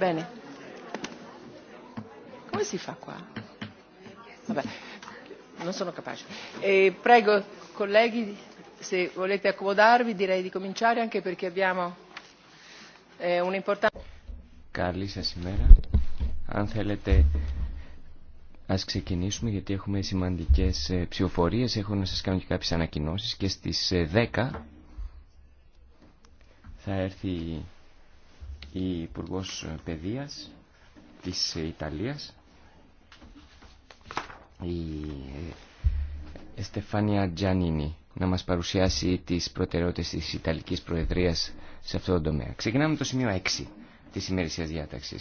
Bene. Come si fa qua? Vabbè, non sono capace. E prego, colleghi, se volete accomodarvi, direi di cominciare anche perché abbiamo eh, un'importante. Καλή σας ημέρα. Αν θέλετε α ξεκινήσουμε γιατί έχουμε σημαντικέ ψηφοφορίε. Έχω να σα κάνω και κάποιε ανακοινώσει και στι 10 θα έρθει η Υπουργό παιδεια τη Ιταλία. η Στεφάνια Τζανίνη να μα παρουσιάσει τι προτεραιότητε τη Ιταλική Προεδρία σε αυτό το τομέα. Ξεκινάμε το σημείο 6 τη ημερησία διάταξη.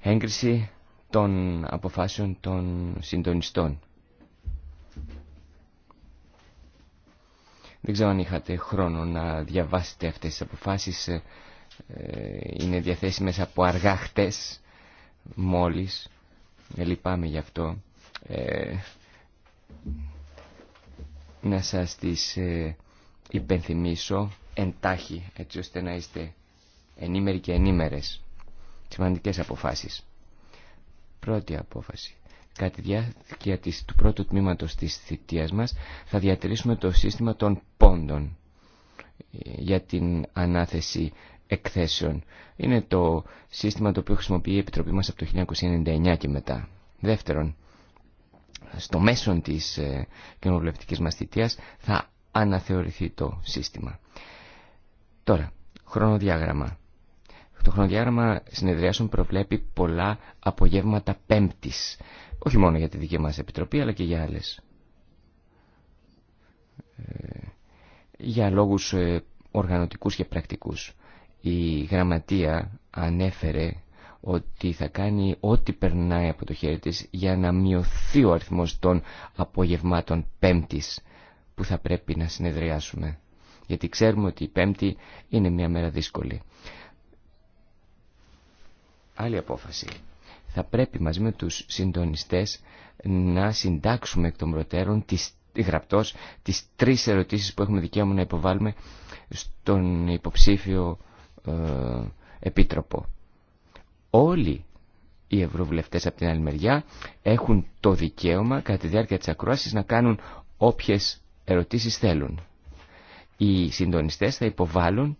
Έγκριση των αποφάσεων των συντονιστών. Δεν ξέρω αν είχατε χρόνο να διαβάσετε αυτές τις αποφάσεις. Ε, είναι διαθέσιμες από αργά χτες μόλις ε, λυπάμαι γι' αυτό ε, να σας τις ε, υπενθυμίσω εντάχει έτσι ώστε να είστε ενήμεροι και ενήμερες σημαντικές αποφάσεις πρώτη απόφαση κατά τη διάρκεια του πρώτου τμήματος της θητείας μας θα διατηρήσουμε το σύστημα των πόντων για την ανάθεση εκθέσεων. Είναι το σύστημα το οποίο χρησιμοποιεί η Επιτροπή μας από το 1999 και μετά. Δεύτερον, στο μέσον της ε, κοινοβουλευτικής μας θητείας θα αναθεωρηθεί το σύστημα. Τώρα, χρονοδιάγραμμα. Το χρονοδιάγραμμα συνεδριάσεων προβλέπει πολλά απογεύματα πέμπτης. Όχι μόνο για τη δική μας επιτροπή, αλλά και για άλλες. Ε, για λόγους ε, οργανωτικούς και πρακτικούς η γραμματεία ανέφερε ότι θα κάνει ό,τι περνάει από το χέρι της για να μειωθεί ο αριθμός των απογευμάτων πέμπτης που θα πρέπει να συνεδριάσουμε. Γιατί ξέρουμε ότι η πέμπτη είναι μια μέρα δύσκολη. Άλλη απόφαση. Θα πρέπει μαζί με τους συντονιστές να συντάξουμε εκ των προτέρων τις γραπτός τις τρεις ερωτήσεις που έχουμε δικαίωμα να υποβάλουμε στον υποψήφιο ε, Επίτροπο. Όλοι οι ευρωβουλευτές από την άλλη μεριά έχουν το δικαίωμα κατά τη διάρκεια της ακρόασης να κάνουν όποιες ερωτήσεις θέλουν. Οι συντονιστές θα υποβάλουν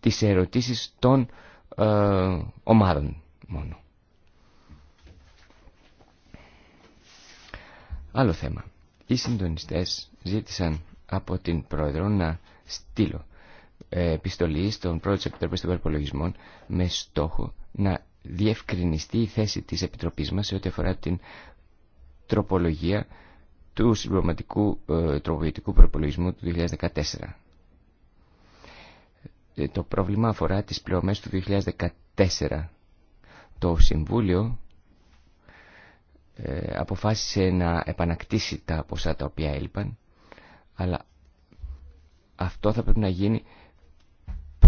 τις ερωτήσεις των ε, ομάδων μόνο. Άλλο θέμα. Οι συντονιστές ζήτησαν από την Πρόεδρο να στείλω ε, επιστολή στον πρόεδρο τη Επιτροπή των Περιπολογισμών με στόχο να διευκρινιστεί η θέση της Επιτροπής μας σε ό,τι αφορά την τροπολογία του συμπληρωματικού ε, τροποποιητικού προπολογισμού του 2014. Ε, το πρόβλημα αφορά τις πληρωμές του 2014. Το Συμβούλιο ε, αποφάσισε να επανακτήσει τα ποσά τα οποία έλειπαν, αλλά αυτό θα πρέπει να γίνει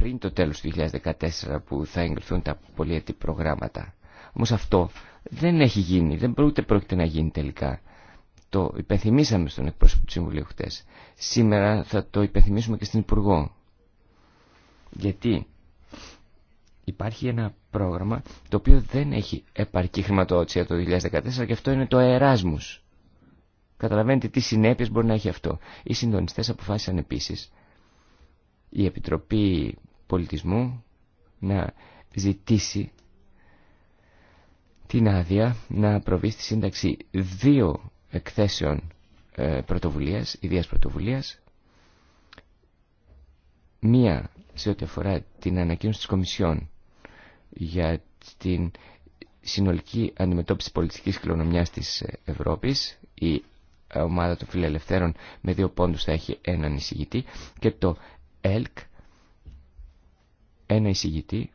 πριν το τέλος του 2014 που θα εγκριθούν τα πολυετή προγράμματα. Όμω αυτό δεν έχει γίνει, δεν ούτε πρόκειται να γίνει τελικά. Το υπενθυμίσαμε στον εκπρόσωπο του Συμβουλίου χτες. Σήμερα θα το υπενθυμίσουμε και στην Υπουργό. Γιατί υπάρχει ένα πρόγραμμα το οποίο δεν έχει επαρκή χρηματοδότηση το 2014 και αυτό είναι το Εράσμους. Καταλαβαίνετε τι συνέπειε μπορεί να έχει αυτό. Οι συντονιστέ αποφάσισαν επίση η Επιτροπή πολιτισμού να ζητήσει την άδεια να προβεί στη σύνταξη δύο εκθέσεων ε, πρωτοβουλίας, ιδίας πρωτοβουλίας. Μία σε ό,τι αφορά την ανακοίνωση της Κομισιόν για την συνολική αντιμετώπιση πολιτικής κληρονομιάς της Ευρώπης. Η ομάδα των φιλελευθέρων με δύο πόντους θα έχει έναν εισηγητή και το ΕΛΚ ένα εισηγητή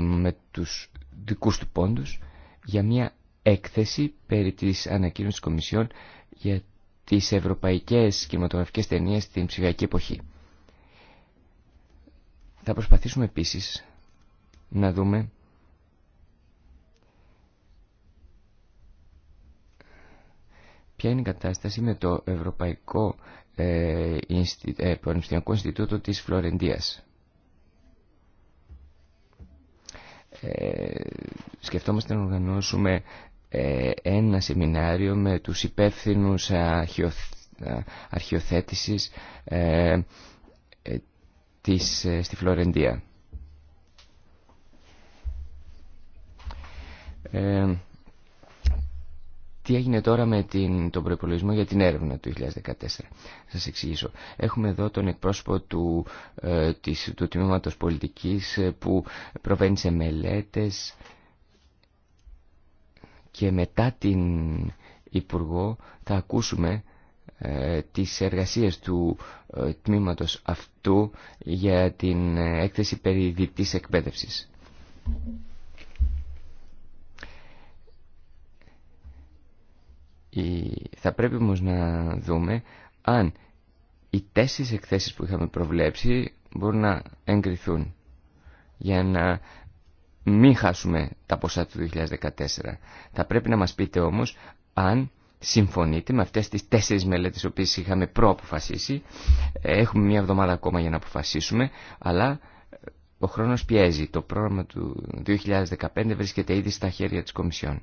με τους δικούς του πόντους για μια έκθεση περί της ανακοίνωσης κομισιών για τις ευρωπαϊκές κινηματογραφικές ταινίες στην ψηφιακή εποχή. Θα προσπαθήσουμε επίσης να δούμε ποια είναι η κατάσταση με το Ευρωπαϊκό ε, ε, Πανεπιστημιακό Ινστιτούτο της Φλωρεντίας. Ε, σκεφτόμαστε να οργανώσουμε ένα σεμινάριο με τους υπεύθυνους αρχιοθέτησης της, στη Φλωρεντία. Τι έγινε τώρα με την, τον προπολογισμό για την έρευνα του 2014. Σας εξηγήσω. Έχουμε εδώ τον εκπρόσωπο του, ε, της, του Τμήματος Πολιτικής ε, που προβαίνει σε μελέτες και μετά την Υπουργό θα ακούσουμε ε, τις εργασίες του ε, τμήματος αυτού για την ε, έκθεση περί διπτής εκπαίδευσης. Θα πρέπει όμως να δούμε αν οι τέσσερις εκθέσεις που είχαμε προβλέψει μπορούν να εγκριθούν για να μην χάσουμε τα ποσά του 2014. Θα πρέπει να μας πείτε όμως αν συμφωνείτε με αυτές τις τέσσερις μελέτες τις οποίες είχαμε προαποφασίσει. Έχουμε μια εβδομάδα ακόμα για να αποφασίσουμε, αλλά ε, ο χρόνος πιέζει. Το πρόγραμμα του 2015 βρίσκεται ήδη στα χέρια της Κομισιόν.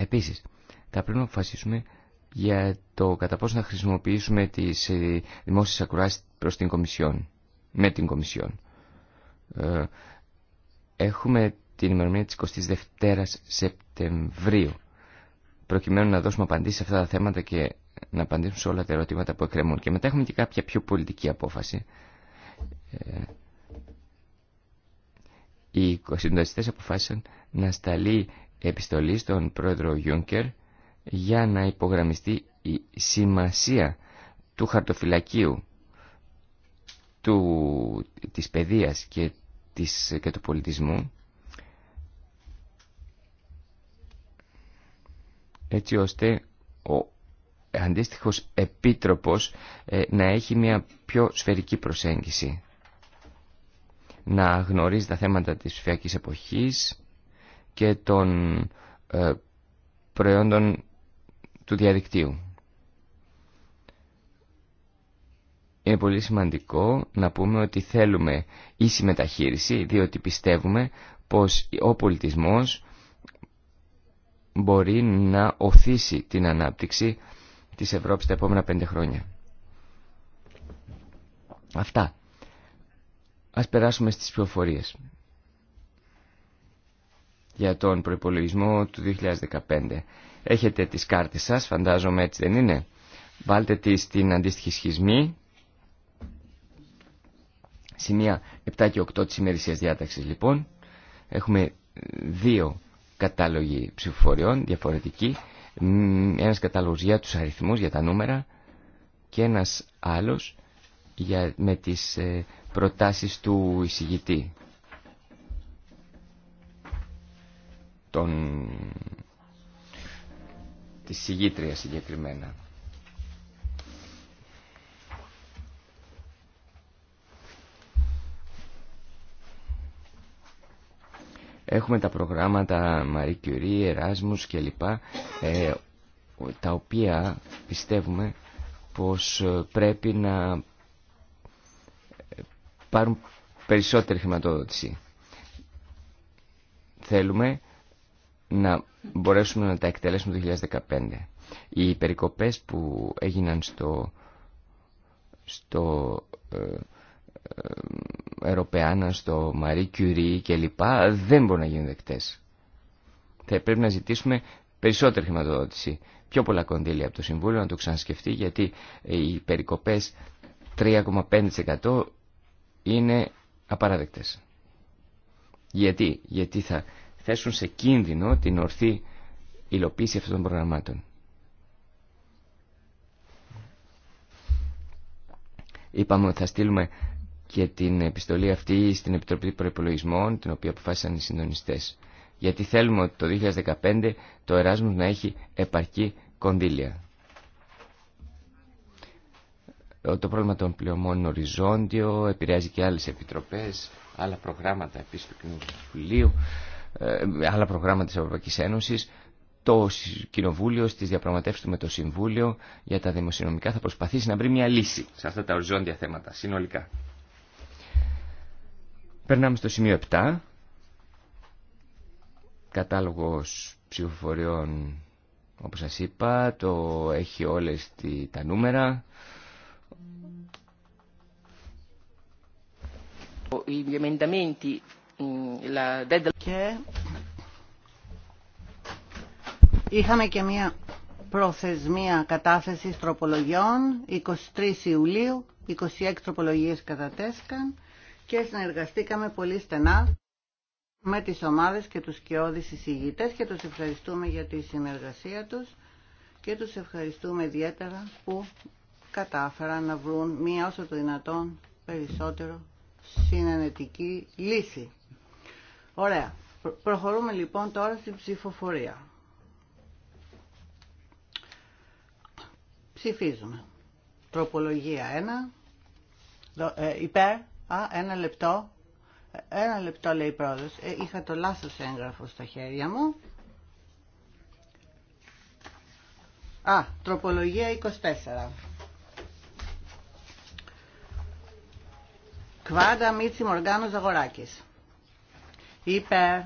Επίση, θα πρέπει να αποφασίσουμε για το κατά πόσο να χρησιμοποιήσουμε τι ε, δημόσιε ακροάσει προ την Κομισιόν, με την Κομισιόν. Ε, έχουμε την ημερομηνία της 22 Σεπτεμβρίου, προκειμένου να δώσουμε απαντήσει σε αυτά τα θέματα και να απαντήσουμε σε όλα τα ερωτήματα που εκκρεμούν. Και μετά έχουμε και κάποια πιο πολιτική απόφαση. Ε, οι συντονιστές αποφάσισαν να σταλεί επιστολή στον πρόεδρο Γιούνκερ για να υπογραμμιστεί η σημασία του χαρτοφυλακίου του, της παιδείας και, της, του πολιτισμού έτσι ώστε ο αντίστοιχος επίτροπος ε, να έχει μια πιο σφαιρική προσέγγιση να γνωρίζει τα θέματα της ψηφιακής εποχής και των ε, προϊόντων του διαδικτύου. Είναι πολύ σημαντικό να πούμε ότι θέλουμε ίση μεταχείριση, διότι πιστεύουμε πως ο πολιτισμός μπορεί να οθήσει την ανάπτυξη της Ευρώπης τα επόμενα πέντε χρόνια. Αυτά. Ας περάσουμε στις πληροφορίε για τον προϋπολογισμό του 2015. Έχετε τις κάρτες σας, φαντάζομαι έτσι δεν είναι. Βάλτε τις στην αντίστοιχη σχισμή. Σημεία 7 και 8 της ημερησίας διάταξης λοιπόν. Έχουμε δύο κατάλογοι ψηφοφοριών διαφορετικοί. Ένας κατάλογος για τους αριθμούς, για τα νούμερα και ένας άλλος για, με τις ε, προτάσεις του εισηγητή. των, της συγγήτρια συγκεκριμένα. Έχουμε τα προγράμματα Marie Εράσμους Erasmus κλπ. Ε, τα οποία πιστεύουμε πως ε, πρέπει να ε, πάρουν περισσότερη χρηματοδότηση. Θέλουμε να μπορέσουμε να τα εκτελέσουμε το 2015. Οι περικοπές που έγιναν στο, στο ε, ε στο Marie Κιουρί κλπ. δεν μπορούν να γίνουν δεκτές. Θα πρέπει να ζητήσουμε περισσότερη χρηματοδότηση, πιο πολλά κονδύλια από το Συμβούλιο, να το ξανασκεφτεί, γιατί οι περικοπές 3,5% είναι απαράδεκτες. Γιατί, γιατί θα θέσουν σε κίνδυνο την ορθή υλοποίηση αυτών των προγραμμάτων. Είπαμε ότι θα στείλουμε και την επιστολή αυτή στην Επιτροπή Προπολογισμών, την οποία αποφάσισαν οι συντονιστέ. Γιατί θέλουμε ότι το 2015 το Εράσμος να έχει επαρκή κονδύλια. Ε, το πρόβλημα των πληρωμών οριζόντιο επηρεάζει και άλλες επιτροπές, άλλα προγράμματα επίσης του Κοινού ε, άλλα προγράμματα της Ευρωπαϊκής Ένωσης. Το Κοινοβούλιο στις διαπραγματεύσεις του με το Συμβούλιο για τα δημοσιονομικά θα προσπαθήσει να βρει μια λύση σε αυτά τα οριζόντια θέματα συνολικά. Περνάμε στο σημείο 7. Κατάλογος ψηφοφοριών, όπως σας είπα, το έχει όλες τα νούμερα. Οι και είχαμε και μια προθεσμία κατάθεσης τροπολογιών 23 Ιουλίου, 26 τροπολογίες κατατέσκαν και συνεργαστήκαμε πολύ στενά με τις ομάδες και τους κοιόδης εισηγητές και τους ευχαριστούμε για τη συνεργασία τους και τους ευχαριστούμε ιδιαίτερα που κατάφεραν να βρουν μία όσο το δυνατόν περισσότερο συνενετική λύση. Ωραία. Προχωρούμε λοιπόν τώρα στην ψηφοφορία. Ψηφίζουμε. Τροπολογία 1. Ε, υπέρ. Α, ένα λεπτό. Ε, ένα λεπτό λέει η πρόεδρος. Ε, είχα το λάθος έγγραφο στα χέρια μου. Α, τροπολογία 24. Κβάντα Μίτσι Μοργάνο Αγοράκης υπέρ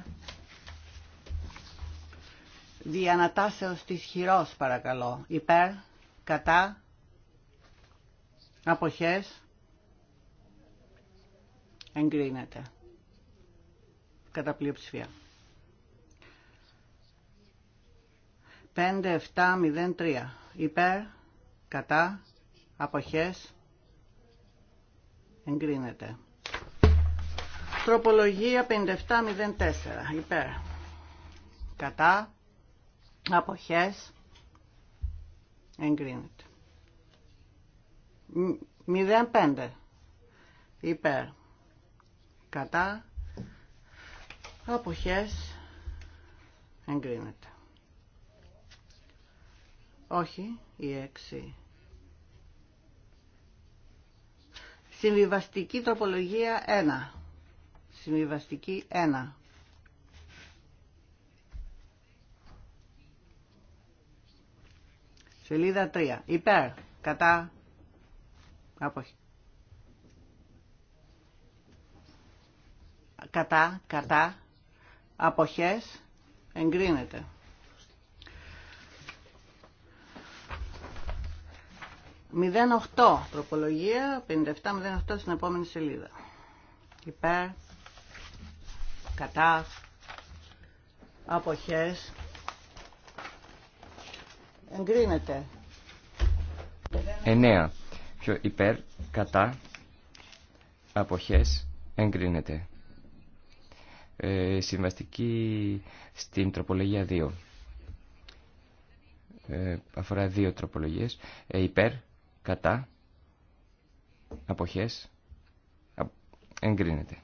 διανατάσεως της χειρός παρακαλώ υπέρ κατά αποχές εγκρίνεται κατά πλειοψηφία 5703 υπέρ κατά αποχές εγκρίνεται Τροπολογία 5704. Υπέρ. Κατά. Αποχές. Εγκρίνεται. 05. Υπέρ. Κατά. Αποχές. Εγκρίνεται. Όχι, η 6. Συμβιβαστική τροπολογία 1 Συμβιβαστική 1. Σελίδα 3. Υπέρ. Κατά. Αποχή. Κατά. Κατά. Αποχές. Εγκρίνεται. προπολογια τροπολογία, 57-08 στην επόμενη σελίδα. Υπέρ, κατά, αποχές, εγκρίνεται. 9. Πιο υπέρ, κατά, αποχές, εγκρίνεται. Ε, συμβαστική στην τροπολογία 2. Ε, αφορά δύο τροπολογίες. Ε, υπέρ, κατά, αποχές, εγκρίνεται.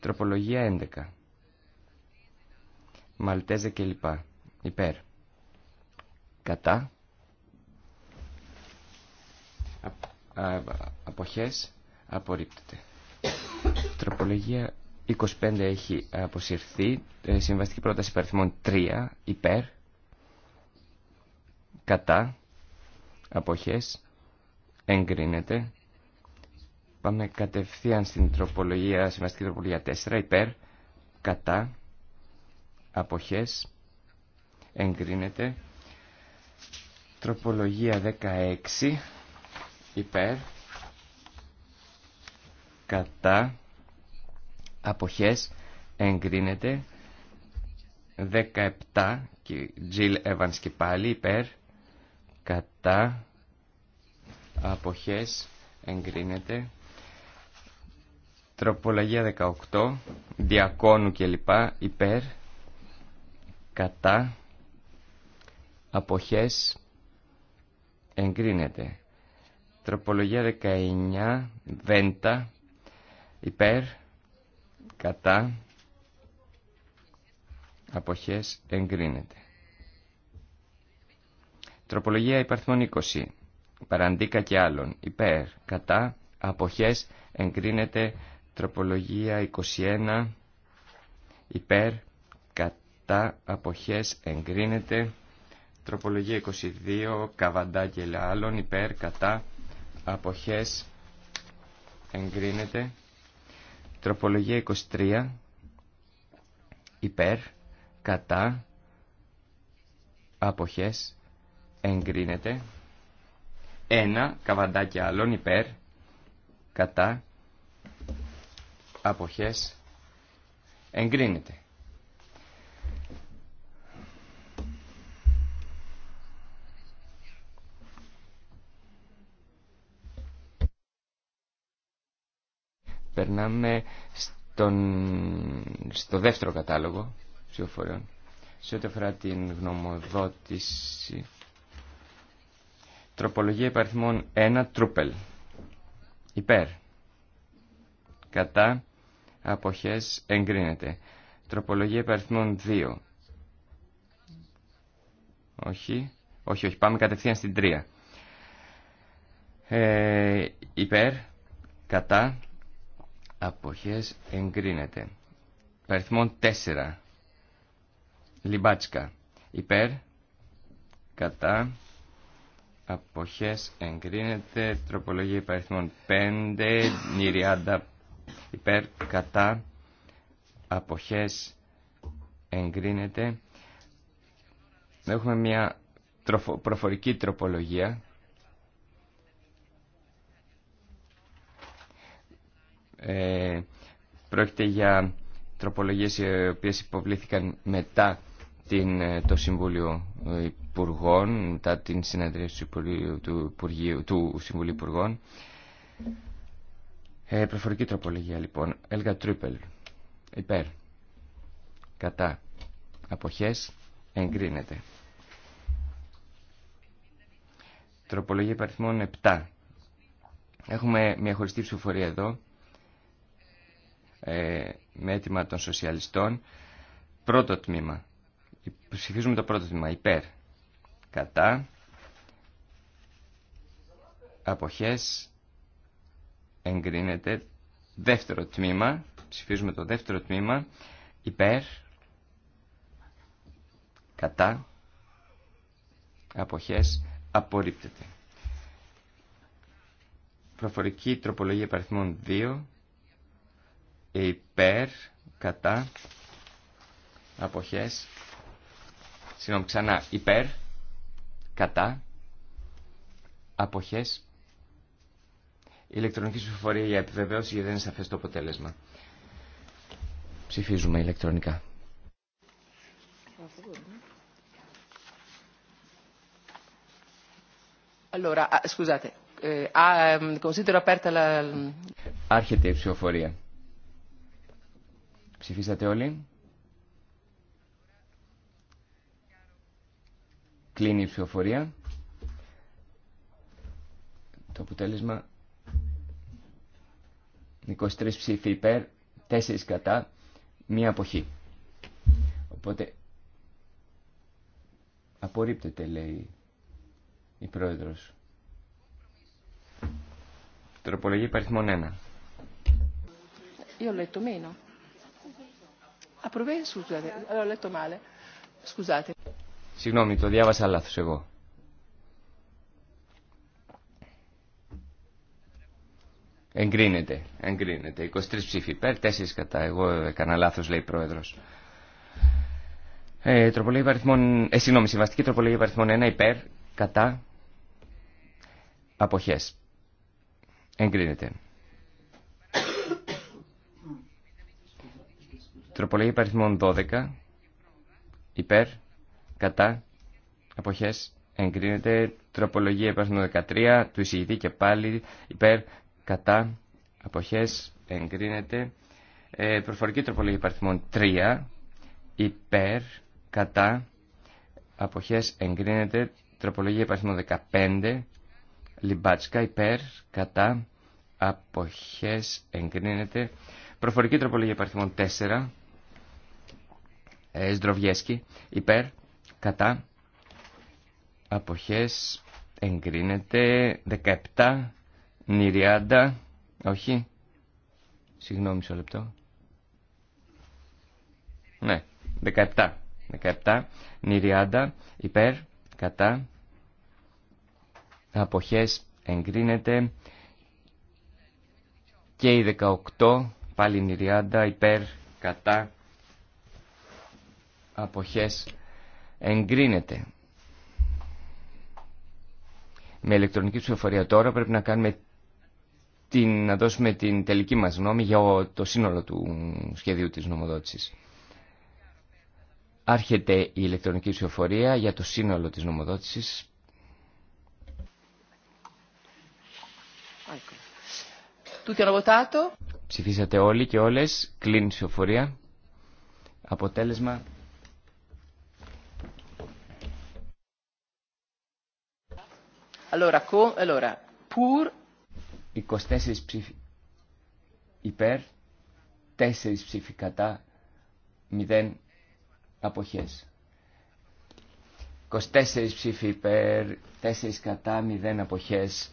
Τροπολογία 11. Μαλτέζε κλπ. Υπέρ. Κατά. Αποχές. Απορρίπτεται. Τροπολογία 25 έχει αποσυρθεί. Ε, συμβαστική πρόταση παριθμών 3. Υπέρ. Κατά. Αποχές. Εγκρίνεται. Πάμε κατευθείαν στην τροπολογία, σημαντική τροπολογία 4, υπέρ, κατά, αποχές, εγκρίνεται. Τροπολογία 16, υπέρ, κατά, αποχές, εγκρίνεται. 17, Jill Evans και πάλι, υπέρ, κατά, αποχές, εγκρίνεται. Τροπολογία 18, διακόνου κλπ. Υπέρ, κατά, αποχές, εγκρίνεται. Τροπολογία 19, βέντα, υπέρ, κατά, αποχές, εγκρίνεται. Τροπολογία υπαρθμών 20, παραντίκα και άλλων, υπέρ, κατά, αποχές, εγκρίνεται Τροπολογία 21 υπέρ κατά αποχές εγκρίνεται. Τροπολογία 22 καβαντά και άλλων υπέρ κατά αποχές εγκρίνεται. Τροπολογία 23 υπέρ κατά αποχές εγκρίνεται. 1 καβαντά και άλλων υπέρ κατά αποχές εγκρίνεται. Περνάμε στον, στο δεύτερο κατάλογο ψηφοφοριών. Σε ό,τι αφορά την γνωμοδότηση, τροπολογία υπαριθμών 1 τρούπελ. Υπέρ. Κατά αποχές εγκρίνεται. Τροπολογία υπαριθμών 2. Όχι, όχι, όχι, πάμε κατευθείαν στην 3. Ε, υπέρ, κατά, αποχές εγκρίνεται. Υπαριθμών 4. Λιμπάτσκα. Υπέρ, κατά, αποχές εγκρίνεται. Τροπολογία υπαριθμών 5. Νιριάντα υπέρ κατά αποχές εγκρίνεται. Έχουμε μια προφορική τροπολογία. Ε, πρόκειται για τροπολογίες οι οποίες υποβλήθηκαν μετά την, ε, το Συμβούλιο Υπουργών, μετά την συνεδρία του, του, του Συμβουλίου Υπουργών. Ε, προφορική τροπολογία λοιπόν. Έλγα Τρίπελ. Υπέρ. Κατά. Αποχές. Εγκρίνεται. Τροπολογία υπαριθμών 7. Έχουμε μια χωριστή ψηφοφορία εδώ. Ε, με αίτημα των σοσιαλιστών. Πρώτο τμήμα. Ψηφίζουμε το πρώτο τμήμα. Υπέρ. Κατά. Αποχές εγκρίνεται. Δεύτερο τμήμα, ψηφίζουμε το δεύτερο τμήμα, υπέρ, κατά, αποχές, απορρίπτεται. Προφορική τροπολογία παριθμών 2, ε, υπέρ, κατά, αποχές, συγγνώμη ξανά, υπέρ, κατά, αποχές, Ηλεκτρονική ψηφοφορία για επιβεβαίωση γιατί δεν είναι σαφές το αποτέλεσμα. Ψηφίζουμε ηλεκτρονικά. Allora, ah, scusate, eh, ah, ehm, considero aperta la... Άρχεται η ψηφοφορία. Ψηφίσατε όλοι. Κλείνει η ψηφοφορία. Το αποτέλεσμα 23 ψήφοι υπέρ, 4 κατά, μία αποχή. Οπότε απορρίπτεται λέει η πρόεδρος. Τροπολογή παριθμών 1. Io ho letto Συγγνώμη, το διάβασα λάθος εγώ. Εγκρίνεται. Εγκρίνεται. 23 ψήφοι υπέρ, 4 κατά. Εγώ έκανα λάθο, λέει πρόεδρο. Ε, τροπολογία Ε, συγγνώμη, συμβαστική τροπολογία υπαριθμών 1 υπέρ, κατά. Αποχέ. Εγκρίνεται. τροπολογία υπαριθμών 12 υπέρ, κατά. Αποχέ. Εγκρίνεται. Τροπολογία υπαριθμών 13 του εισηγητή και πάλι υπέρ, κατά, αποχές, εγκρίνεται. Ε, προφορική τροπολογία υπαριθμών 3, υπέρ, κατά, αποχές, εγκρίνεται. Τροπολογία υπαριθμών 15, λιμπάτσκα, υπέρ, κατά, αποχές, εγκρίνεται. Προφορική τροπολογία υπαριθμών 4, ε, υπέρ, κατά, αποχές, εγκρίνεται. 17, Νιριάντα, όχι. Συγγνώμη, μισό λεπτό. Ναι, 17. 17. Νιριάντα, υπέρ, κατά. Αποχές εγκρίνεται. Και η 18, πάλι Νιριάντα, υπέρ, κατά. Αποχές εγκρίνεται. Με ηλεκτρονική ψηφοφορία τώρα πρέπει να κάνουμε την, να δώσουμε την τελική μας γνώμη για το σύνολο του σχεδίου της νομοδότησης. Άρχεται η ηλεκτρονική ψηφοφορία για το σύνολο της νομοδότησης. Ψηφίσατε όλοι και όλες. Κλείνει η ψηφοφορία. Αποτέλεσμα... Allora, allora, pur 24 ψήφοι υπέρ, 4 ψήφοι κατά, 0 αποχές. 24 ψήφοι υπέρ, 4 κατά, 0 αποχές.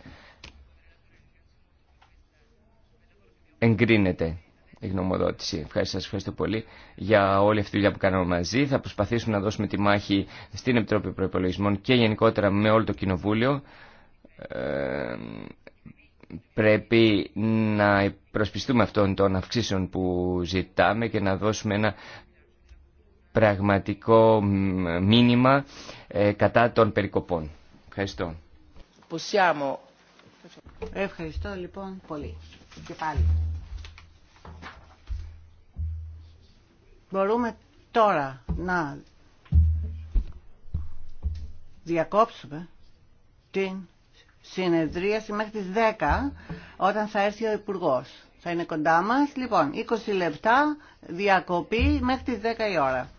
Εγκρίνεται η γνωμοδότηση. Ευχαριστώ, σας ευχαριστώ πολύ για όλη αυτή τη δουλειά που κάναμε μαζί. Θα προσπαθήσουμε να δώσουμε τη μάχη στην Επιτροπή Προπολογισμών και γενικότερα με όλο το Κοινοβούλιο ε, πρέπει να προσπιστούμε αυτών των αυξήσεων που ζητάμε και να δώσουμε ένα πραγματικό μήνυμα ε, κατά των περικοπών. Ευχαριστώ. Ευχαριστώ λοιπόν πολύ. Και πάλι. Μπορούμε τώρα να διακόψουμε την συνεδρίαση μέχρι τις 10 όταν θα έρθει ο υπουργό. Θα είναι κοντά μας. Λοιπόν, 20 λεπτά διακοπή μέχρι τις 10 η ώρα.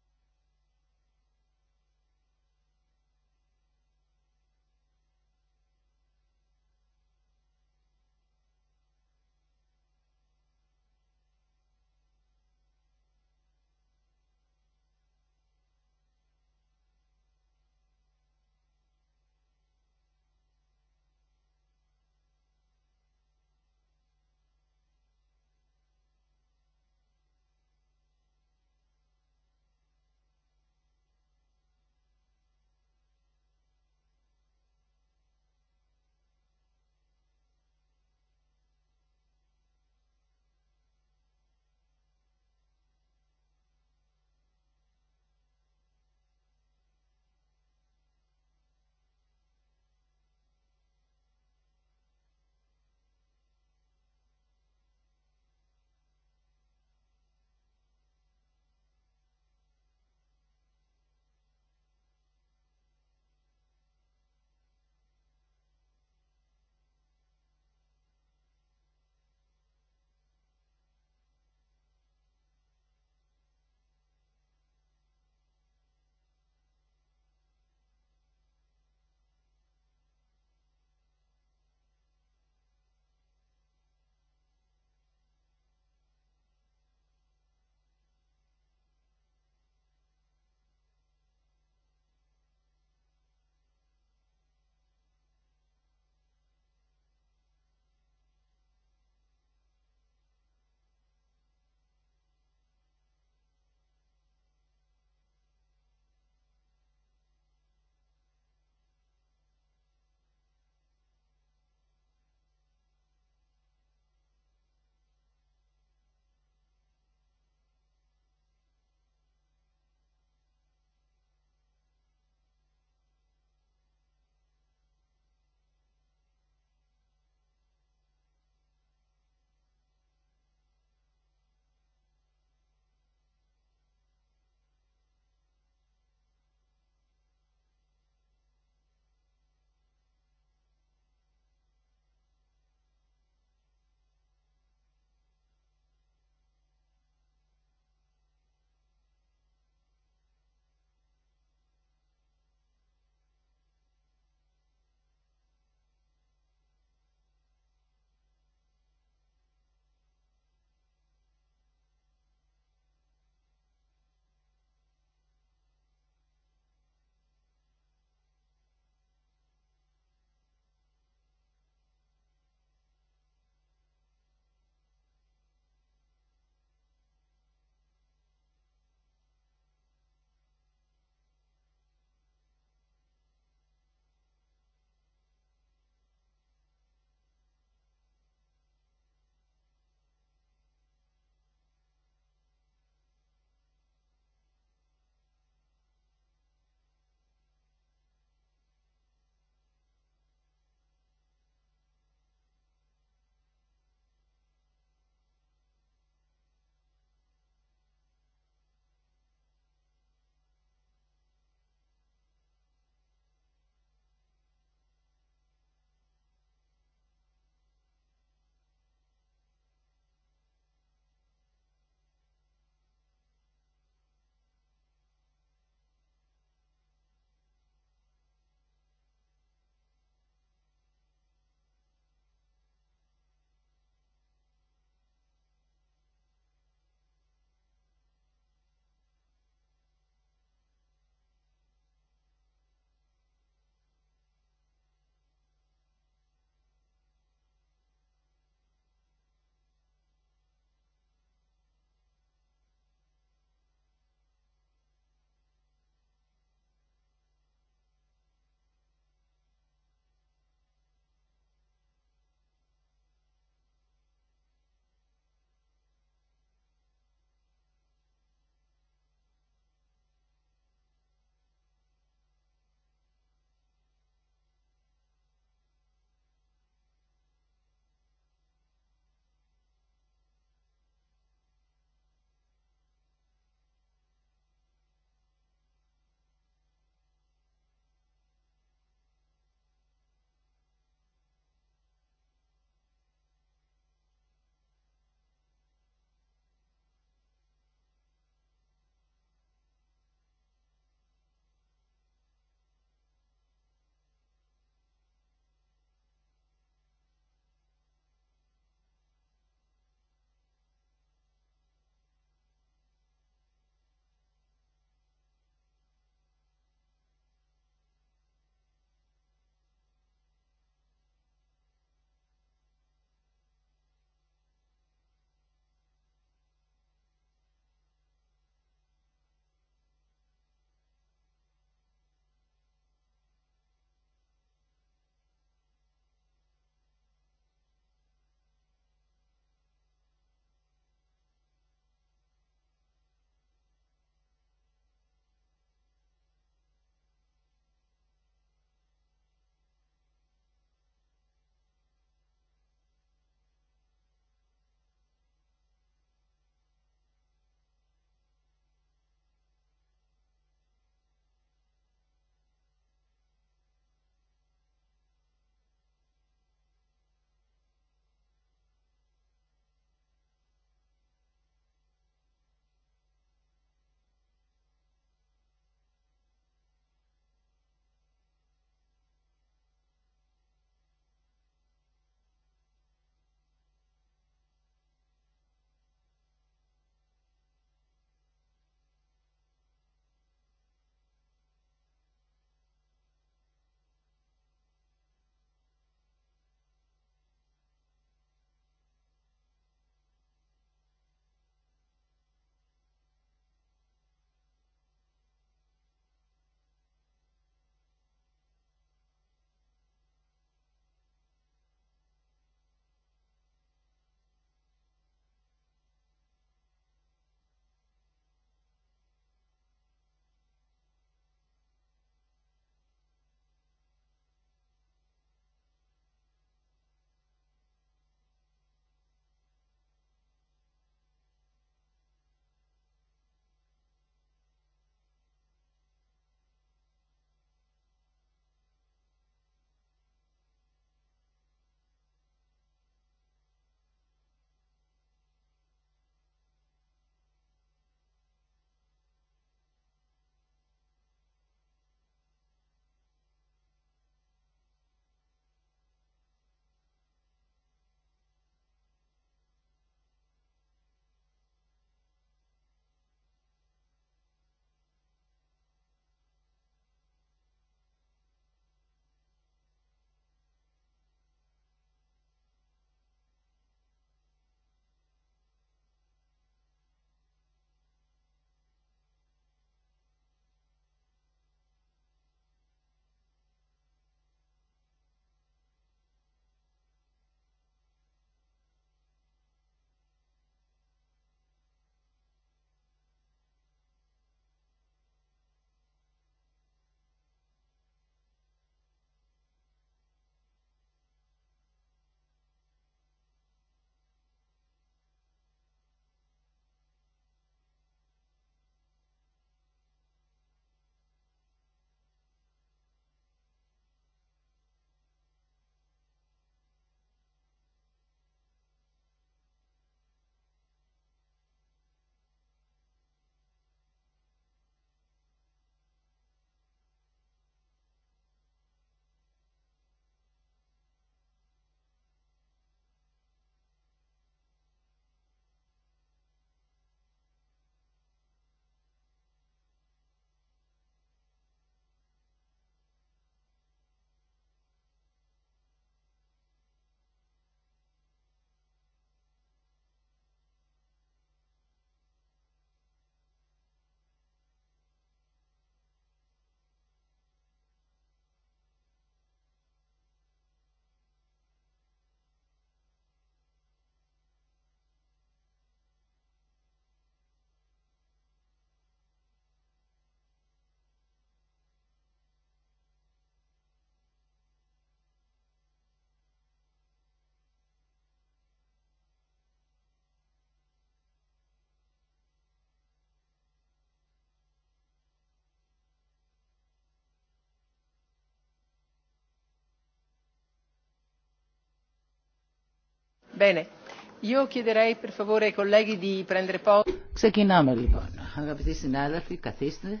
Ξεκινάμε λοιπόν. Αγαπητοί συνάδελφοι, καθίστε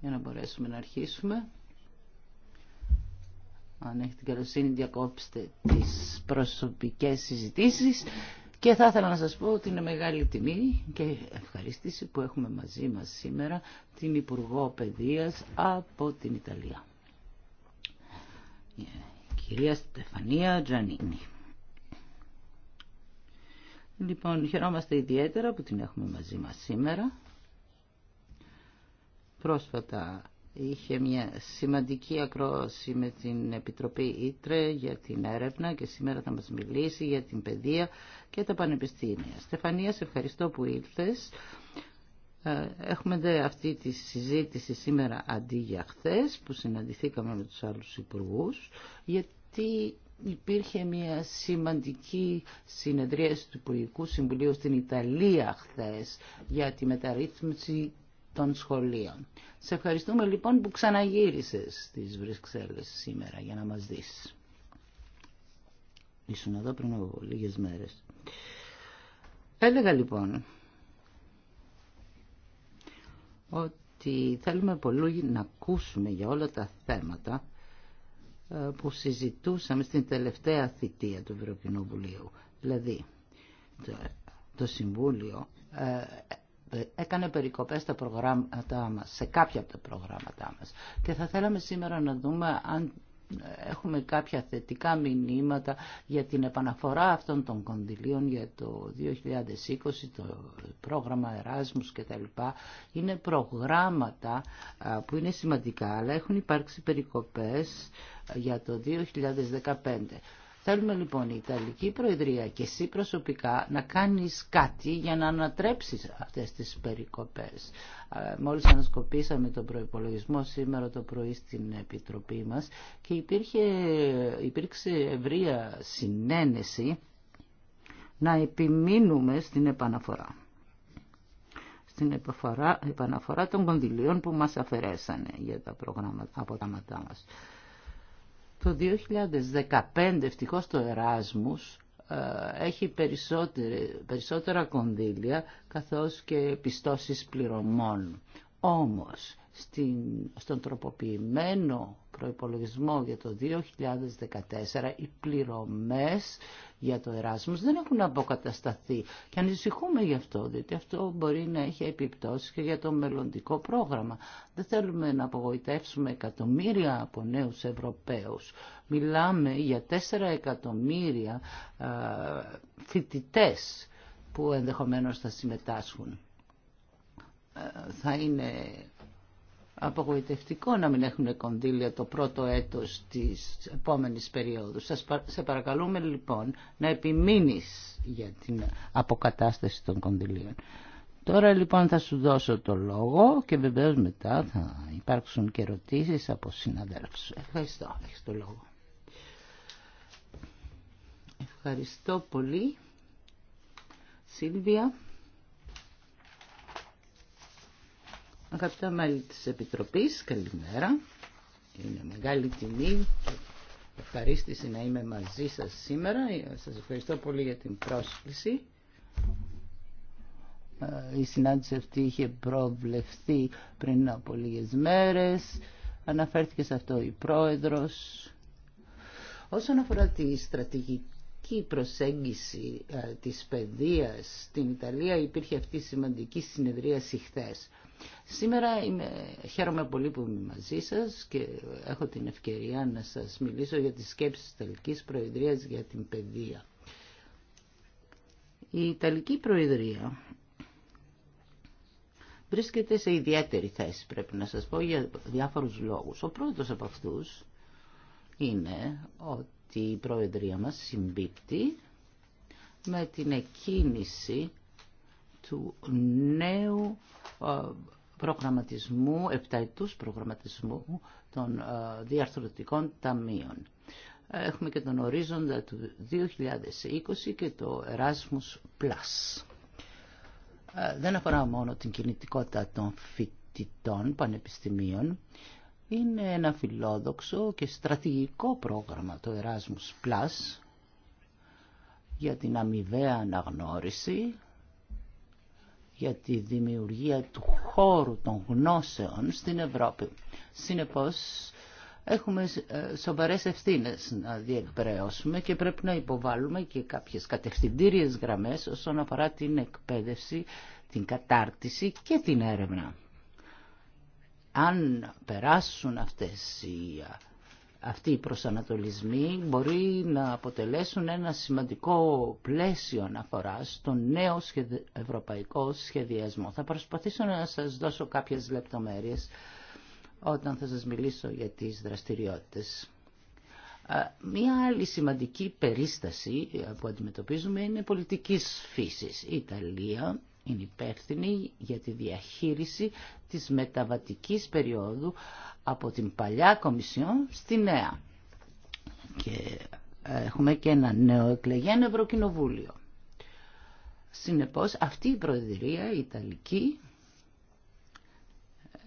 για να μπορέσουμε να αρχίσουμε. Αν έχετε την καλοσύνη, διακόψτε τις προσωπικές συζητήσεις. Και θα ήθελα να σας πω ότι είναι μεγάλη τιμή και ευχαρίστηση που έχουμε μαζί μας σήμερα την Υπουργό Παιδείας από την Ιταλία. Η ε, κυρία Στεφανία Τζανίνη. Λοιπόν, χαιρόμαστε ιδιαίτερα που την έχουμε μαζί μας σήμερα. Πρόσφατα είχε μια σημαντική ακρόαση με την Επιτροπή Ήτρε για την έρευνα και σήμερα θα μας μιλήσει για την παιδεία και τα πανεπιστήμια. Στεφανία, σε ευχαριστώ που ήλθες. Ε, έχουμε δε αυτή τη συζήτηση σήμερα αντί για χθες που συναντηθήκαμε με τους άλλους υπουργούς γιατί υπήρχε μια σημαντική συνεδρίαση του Υπουργικού Συμβουλίου στην Ιταλία χθες για τη μεταρρύθμιση των σχολείων. Σε ευχαριστούμε λοιπόν που ξαναγύρισες στις Βρυξέλλες σήμερα για να μας δεις. Ήσουν εδώ πριν από λίγες μέρες. Έλεγα λοιπόν ότι θέλουμε πολύ να ακούσουμε για όλα τα θέματα ε, που συζητούσαμε στην τελευταία θητεία του Ευρωκοινοβουλίου. Δηλαδή, το, το Συμβούλιο ε, ε, έκανε περικοπές στα προγράμματά μας, σε κάποια από τα προγράμματά μας. Και θα θέλαμε σήμερα να δούμε αν έχουμε κάποια θετικά μηνύματα για την επαναφορά αυτών των κονδυλίων για το 2020, το πρόγραμμα Εράσμους κτλ. Είναι προγράμματα που είναι σημαντικά, αλλά έχουν υπάρξει περικοπές για το 2015. Θέλουμε λοιπόν η Ιταλική Προεδρία και εσύ προσωπικά να κάνεις κάτι για να ανατρέψεις αυτές τις περικοπές. Ε, μόλις ανασκοπήσαμε τον προϋπολογισμό σήμερα το πρωί στην Επιτροπή μας και υπήρχε, υπήρξε ευρεία συνένεση να επιμείνουμε στην επαναφορά. Στην επαναφορά των κονδυλίων που μας αφαιρέσανε για τα προγράμματα, από τα μας. Το 2015 ευτυχώς το Εράσμους ε, έχει περισσότερα κονδύλια καθώς και πιστώσεις πληρωμών. Όμως στην, στον τροποποιημένο προϋπολογισμό για το 2014 οι πληρωμές για το Εράσμος δεν έχουν αποκατασταθεί και ανησυχούμε γι' αυτό διότι αυτό μπορεί να έχει επιπτώσεις και για το μελλοντικό πρόγραμμα. Δεν θέλουμε να απογοητεύσουμε εκατομμύρια από νέους Ευρωπαίους. Μιλάμε για 4 εκατομμύρια ε, φοιτητές που ενδεχομένως θα συμμετάσχουν ε, θα είναι απογοητευτικό να μην έχουν κονδύλια το πρώτο έτος της επόμενης περίοδου. Σας σε παρακαλούμε λοιπόν να επιμείνεις για την αποκατάσταση των κονδυλίων. Τώρα λοιπόν θα σου δώσω το λόγο και βεβαίως μετά θα υπάρξουν και ερωτήσεις από συναδέλφους. Ευχαριστώ. Έχεις το λόγο. Ευχαριστώ πολύ. Σίλβια. Αγαπητά μέλη της Επιτροπής, καλημέρα. Είναι μεγάλη τιμή και ευχαρίστηση να είμαι μαζί σας σήμερα. Σας ευχαριστώ πολύ για την πρόσκληση. Ε, η συνάντηση αυτή είχε προβλεφθεί πριν από λίγες μέρες. Αναφέρθηκε σε αυτό η Πρόεδρος. Όσον αφορά τη στρατηγική προσέγγιση ε, της παιδείας στην Ιταλία υπήρχε αυτή η σημαντική συνεδρίαση χθες. Σήμερα χαίρομαι πολύ που είμαι μαζί σας και έχω την ευκαιρία να σας μιλήσω για τις σκέψεις της Ιταλικής Προεδρίας για την παιδεία. Η Ιταλική Προεδρία βρίσκεται σε ιδιαίτερη θέση, πρέπει να σας πω, για διάφορους λόγους. Ο πρώτος από αυτούς είναι ότι η Προεδρία μας συμπίπτει με την εκκίνηση του νέου ε, προγραμματισμού, επταετούς προγραμματισμού των ε, διαρθρωτικών ταμείων. Έχουμε και τον ορίζοντα του 2020 και το Erasmus ε, Δεν αφορά μόνο την κινητικότητα των φοιτητών πανεπιστημίων. Είναι ένα φιλόδοξο και στρατηγικό πρόγραμμα το Erasmus Plus για την αμοιβαία αναγνώριση για τη δημιουργία του χώρου των γνώσεων στην Ευρώπη. Συνεπώς, έχουμε ε, σοβαρές ευθύνες να διεκπαιρεώσουμε και πρέπει να υποβάλουμε και κάποιες κατευθυντήριες γραμμές όσον αφορά την εκπαίδευση, την κατάρτιση και την έρευνα. Αν περάσουν αυτές οι αυτοί οι προσανατολισμοί μπορεί να αποτελέσουν ένα σημαντικό πλαίσιο αναφορά στον νέο ευρωπαϊκό σχεδιασμό. Θα προσπαθήσω να σας δώσω κάποιες λεπτομέρειες όταν θα σας μιλήσω για τις δραστηριότητες. Μία άλλη σημαντική περίσταση ε, που αντιμετωπίζουμε είναι πολιτικής φύσης. Η Ιταλία είναι υπεύθυνη για τη διαχείριση της μεταβατικής περίοδου από την παλιά Κομισιόν στη νέα. Και ε, έχουμε και ένα νεοεκλεγέν Ευρωκοινοβούλιο. Συνεπώς αυτή η Προεδρία, η Ιταλική,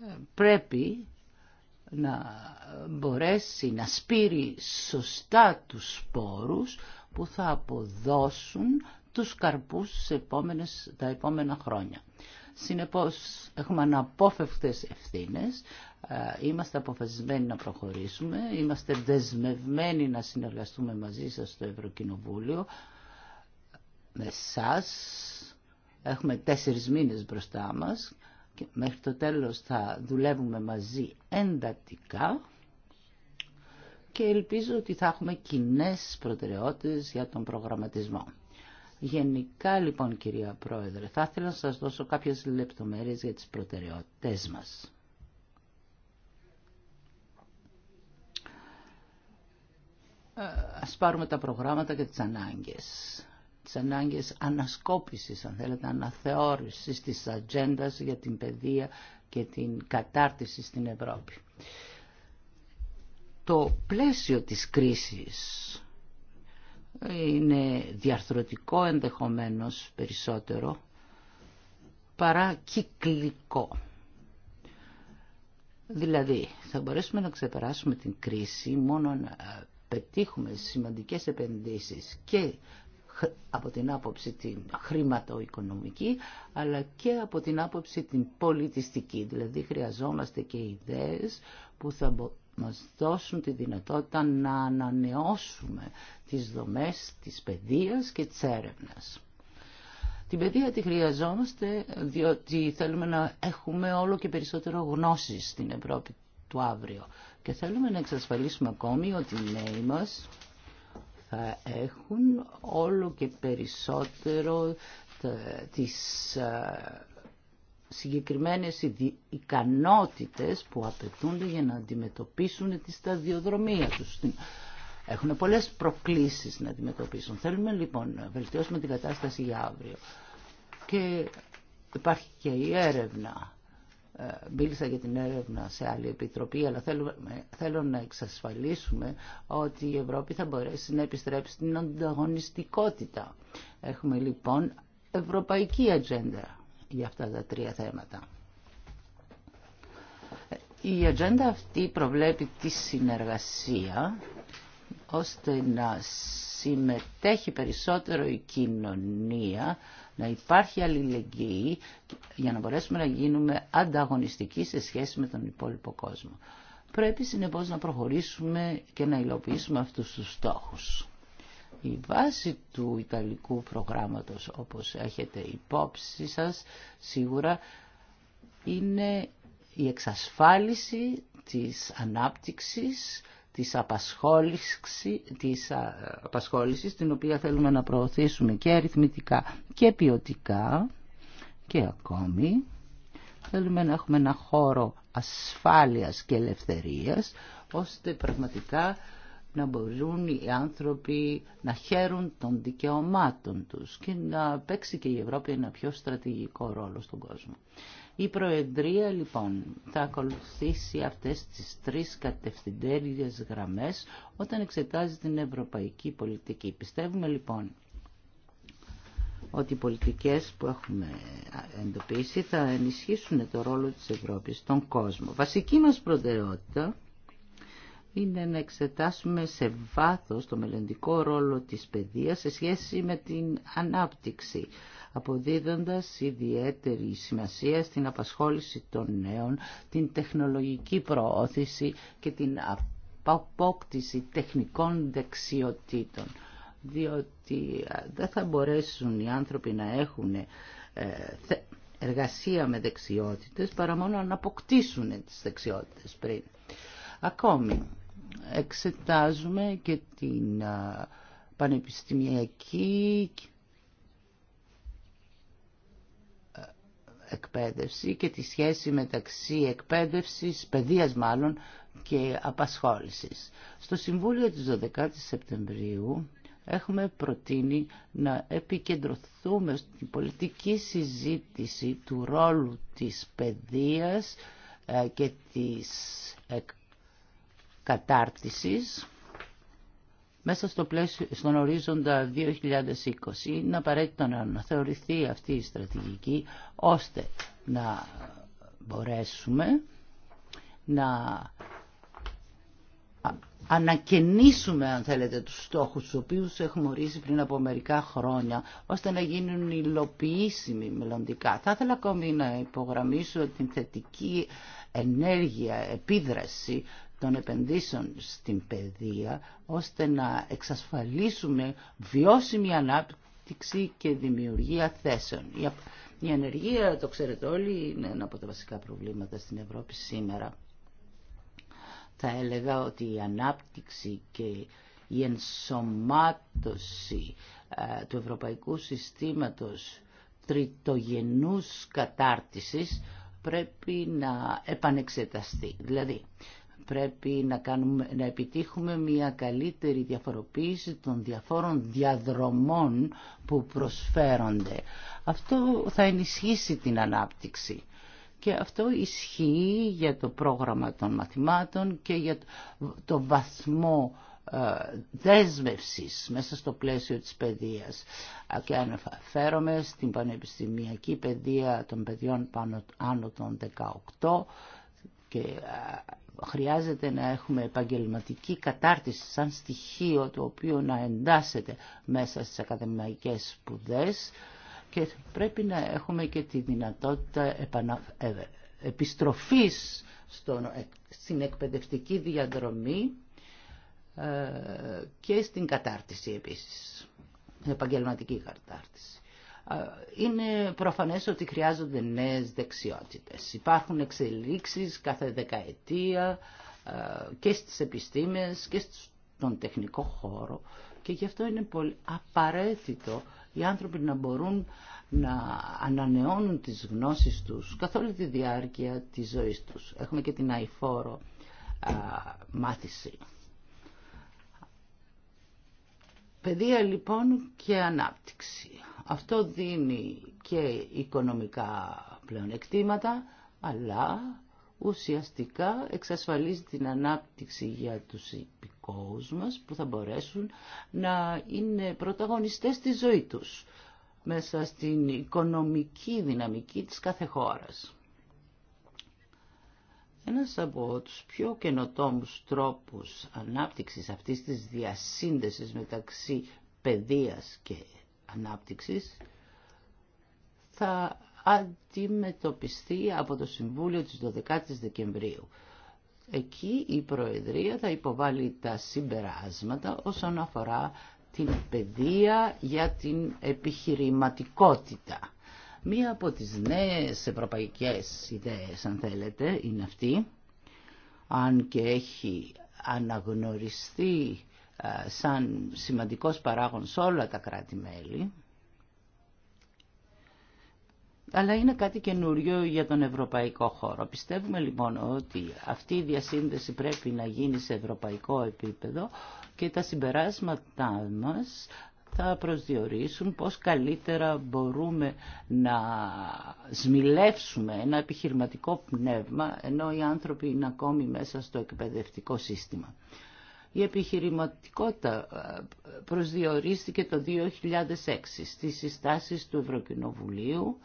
ε, πρέπει να μπορέσει να σπείρει σωστά τους σπόρους που θα αποδώσουν τους καρπούς επόμενες, τα επόμενα χρόνια. Συνεπώς έχουμε αναπόφευκτες ευθύνες, Είμαστε αποφασισμένοι να προχωρήσουμε, είμαστε δεσμευμένοι να συνεργαστούμε μαζί σας στο Ευρωκοινοβούλιο, με σας. Έχουμε τέσσερις μήνες μπροστά μας και μέχρι το τέλος θα δουλεύουμε μαζί εντατικά και ελπίζω ότι θα έχουμε κοινέ προτεραιότητες για τον προγραμματισμό. Γενικά λοιπόν κυρία Πρόεδρε, θα ήθελα να σας δώσω κάποιες λεπτομέρειες για τις προτεραιότητες μας. Ε, ας πάρουμε τα προγράμματα και τις ανάγκες. Τις ανάγκες ανασκόπησης, αν θέλετε, αναθεώρησης της ατζέντα για την παιδεία και την κατάρτιση στην Ευρώπη. Το πλαίσιο της κρίσης είναι διαρθρωτικό ενδεχομένως περισσότερο παρά κυκλικό. Δηλαδή, θα μπορέσουμε να ξεπεράσουμε την κρίση μόνο ε, πετύχουμε σημαντικές επενδύσεις και από την άποψη την χρηματοοικονομική αλλά και από την άποψη την πολιτιστική. Δηλαδή χρειαζόμαστε και ιδέες που θα μας δώσουν τη δυνατότητα να ανανεώσουμε τις δομές της παιδείας και της έρευνας. Την παιδεία τη χρειαζόμαστε διότι θέλουμε να έχουμε όλο και περισσότερο γνώση στην Ευρώπη του αύριο. Και θέλουμε να εξασφαλίσουμε ακόμη ότι οι νέοι μας θα έχουν όλο και περισσότερο τις ε, συγκεκριμένες ικανότητες που απαιτούνται για να αντιμετωπίσουν τη σταδιοδρομία τους. Έχουν πολλές προκλήσεις να αντιμετωπίσουν. Θέλουμε λοιπόν να βελτιώσουμε την κατάσταση για αύριο. Και υπάρχει και η έρευνα μίλησα για την έρευνα σε άλλη επιτροπή, αλλά θέλω να εξασφαλίσουμε ότι η Ευρώπη θα μπορέσει να επιστρέψει στην ανταγωνιστικότητα. Έχουμε λοιπόν ευρωπαϊκή ατζέντα για αυτά τα τρία θέματα. Η ατζέντα αυτή προβλέπει τη συνεργασία ώστε να συμμετέχει περισσότερο η κοινωνία, να υπάρχει αλληλεγγύη για να μπορέσουμε να γίνουμε ανταγωνιστικοί σε σχέση με τον υπόλοιπο κόσμο. Πρέπει συνεπώς να προχωρήσουμε και να υλοποιήσουμε αυτούς τους στόχους. Η βάση του Ιταλικού προγράμματος, όπως έχετε υπόψη σας, σίγουρα είναι η εξασφάλιση της ανάπτυξης της απασχόλησης, της την οποία θέλουμε να προωθήσουμε και αριθμητικά και ποιοτικά και ακόμη θέλουμε να έχουμε ένα χώρο ασφάλειας και ελευθερίας ώστε πραγματικά να μπορούν οι άνθρωποι να χαίρουν των δικαιωμάτων τους και να παίξει και η Ευρώπη ένα πιο στρατηγικό ρόλο στον κόσμο. Η Προεδρία λοιπόν θα ακολουθήσει αυτές τις τρεις κατευθυντέριες γραμμές όταν εξετάζει την ευρωπαϊκή πολιτική. Πιστεύουμε λοιπόν ότι οι πολιτικές που έχουμε εντοπίσει θα ενισχύσουν το ρόλο της Ευρώπης στον κόσμο. Βασική μας προτεραιότητα είναι να εξετάσουμε σε βάθος το μελλοντικό ρόλο της παιδείας σε σχέση με την ανάπτυξη αποδίδοντας ιδιαίτερη σημασία στην απασχόληση των νέων, την τεχνολογική προώθηση και την απόκτηση τεχνικών δεξιοτήτων. Διότι δεν θα μπορέσουν οι άνθρωποι να έχουν ε, εργασία με δεξιότητες παρά μόνο να αποκτήσουν τις δεξιότητες πριν. Ακόμη, εξετάζουμε και την πανεπιστημιακή εκπαίδευση και τη σχέση μεταξύ εκπαίδευσης, παιδείας μάλλον, και απασχόλησης. Στο Συμβούλιο της 12 η Σεπτεμβρίου έχουμε προτείνει να επικεντρωθούμε στην πολιτική συζήτηση του ρόλου της παιδείας ε, και της κατάρτισης μέσα στο πλαίσιο, στον ορίζοντα 2020 είναι απαραίτητο να αναθεωρηθεί αυτή η στρατηγική ώστε να μπορέσουμε να ανακαινήσουμε αν θέλετε τους στόχους τους οποίους έχουμε ορίσει πριν από μερικά χρόνια ώστε να γίνουν υλοποιήσιμοι μελλοντικά. Θα ήθελα ακόμη να υπογραμμίσω την θετική ενέργεια, επίδραση των επενδύσεων στην παιδεία ώστε να εξασφαλίσουμε βιώσιμη ανάπτυξη και δημιουργία θέσεων. Η ανεργία, το ξέρετε όλοι, είναι ένα από τα βασικά προβλήματα στην Ευρώπη σήμερα. Θα έλεγα ότι η ανάπτυξη και η ενσωμάτωση ε, του ευρωπαϊκού συστήματος τριτογενούς κατάρτισης πρέπει να επανεξεταστεί. Δηλαδή, πρέπει να, κάνουμε, επιτύχουμε μια καλύτερη διαφοροποίηση των διαφόρων διαδρομών που προσφέρονται. Αυτό θα ενισχύσει την ανάπτυξη. Και αυτό ισχύει για το πρόγραμμα των μαθημάτων και για το βαθμό ε, δέσμευσης μέσα στο πλαίσιο της παιδείας και αναφέρομαι στην πανεπιστημιακή παιδεία των παιδιών πάνω, άνω των 18 και χρειάζεται να έχουμε επαγγελματική κατάρτιση σαν στοιχείο το οποίο να εντάσσεται μέσα στις ακαδημαϊκές σπουδές και πρέπει να έχουμε και τη δυνατότητα ε, επιστροφής στον... στην εκπαιδευτική διαδρομή ε, και στην κατάρτιση επίσης, επαγγελματική κατάρτιση είναι προφανές ότι χρειάζονται νέες δεξιότητες. Υπάρχουν εξελίξεις κάθε δεκαετία ε, και στις επιστήμες και στον τεχνικό χώρο και γι' αυτό είναι πολύ απαραίτητο οι άνθρωποι να μπορούν να ανανεώνουν τις γνώσεις τους καθ' όλη τη διάρκεια της ζωής τους. Έχουμε και την αηφόρο ε, μάθηση. Παιδεία λοιπόν και ανάπτυξη. Αυτό δίνει και οικονομικά πλεονεκτήματα, αλλά ουσιαστικά εξασφαλίζει την ανάπτυξη για τους υπηκόους μας που θα μπορέσουν να είναι πρωταγωνιστές στη ζωή τους μέσα στην οικονομική δυναμική της κάθε χώρας. Ένας από τους πιο καινοτόμους τρόπους ανάπτυξης αυτής της διασύνδεσης μεταξύ παιδείας και ανάπτυξης θα αντιμετωπιστεί από το Συμβούλιο της 12ης Δεκεμβρίου. Εκεί η Προεδρία θα υποβάλει τα συμπεράσματα όσον αφορά την παιδεία για την επιχειρηματικότητα. Μία από τις νέες ευρωπαϊκές ιδέες, αν θέλετε, είναι αυτή, αν και έχει αναγνωριστεί σαν σημαντικός παράγον σε όλα τα κράτη-μέλη, αλλά είναι κάτι καινούριο για τον ευρωπαϊκό χώρο. Πιστεύουμε λοιπόν ότι αυτή η διασύνδεση πρέπει να γίνει σε ευρωπαϊκό επίπεδο και τα συμπεράσματά μας θα προσδιορίσουν πώς καλύτερα μπορούμε να σμιλεύσουμε ένα επιχειρηματικό πνεύμα ενώ οι άνθρωποι είναι ακόμη μέσα στο εκπαιδευτικό σύστημα. Η επιχειρηματικότητα ε, προσδιορίστηκε το 2006 στις συστάσεις του Ευρωκοινοβουλίου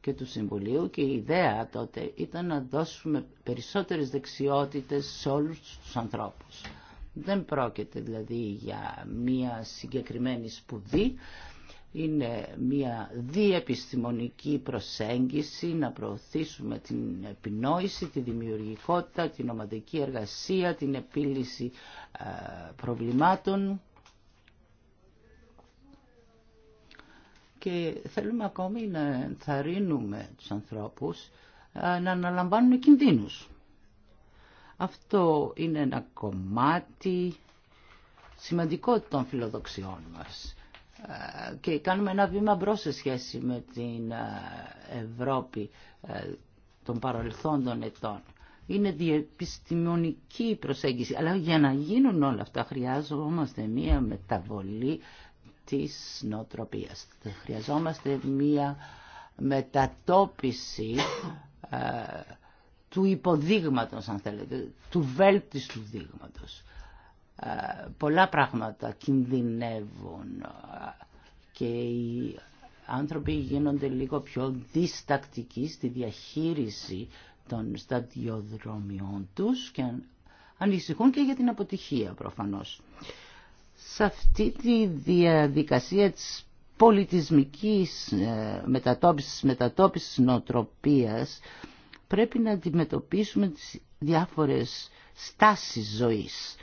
και του Συμβουλίου και η ιδέα τότε ήταν να δώσουμε περισσότερες δεξιότητες σε όλους τους ανθρώπους. Δεν πρόκειται δηλαδή για μία συγκεκριμένη σπουδή, είναι μία διεπιστημονική προσέγγιση να προωθήσουμε την επινόηση, τη δημιουργικότητα, την ομαδική εργασία, την επίλυση ε, προβλημάτων. Και θέλουμε ακόμη να ενθαρρύνουμε τους ανθρώπους ε, να αναλαμβάνουν κινδύνους. Αυτό είναι ένα κομμάτι σημαντικό των φιλοδοξιών μας ε, και κάνουμε ένα βήμα μπρος σε σχέση με την ε, Ευρώπη ε, των παρελθόντων ετών. Είναι διεπιστημονική προσέγγιση, αλλά για να γίνουν όλα αυτά χρειάζομαστε μία μεταβολή της νοοτροπίας. Χρειαζόμαστε μία μετατόπιση του υποδείγματος αν θέλετε, του βέλτιστου δείγματος. Ε, πολλά πράγματα κινδυνεύουν ε, και οι άνθρωποι γίνονται λίγο πιο διστακτικοί στη διαχείριση των σταδιοδρομιών τους και ανησυχούν και για την αποτυχία προφανώς. Σε αυτή τη διαδικασία της πολιτισμικής ε, μετατόπισης, μετατόπισης νοοτροπίας πρέπει να αντιμετωπίσουμε τις διάφορες στάσεις ζωής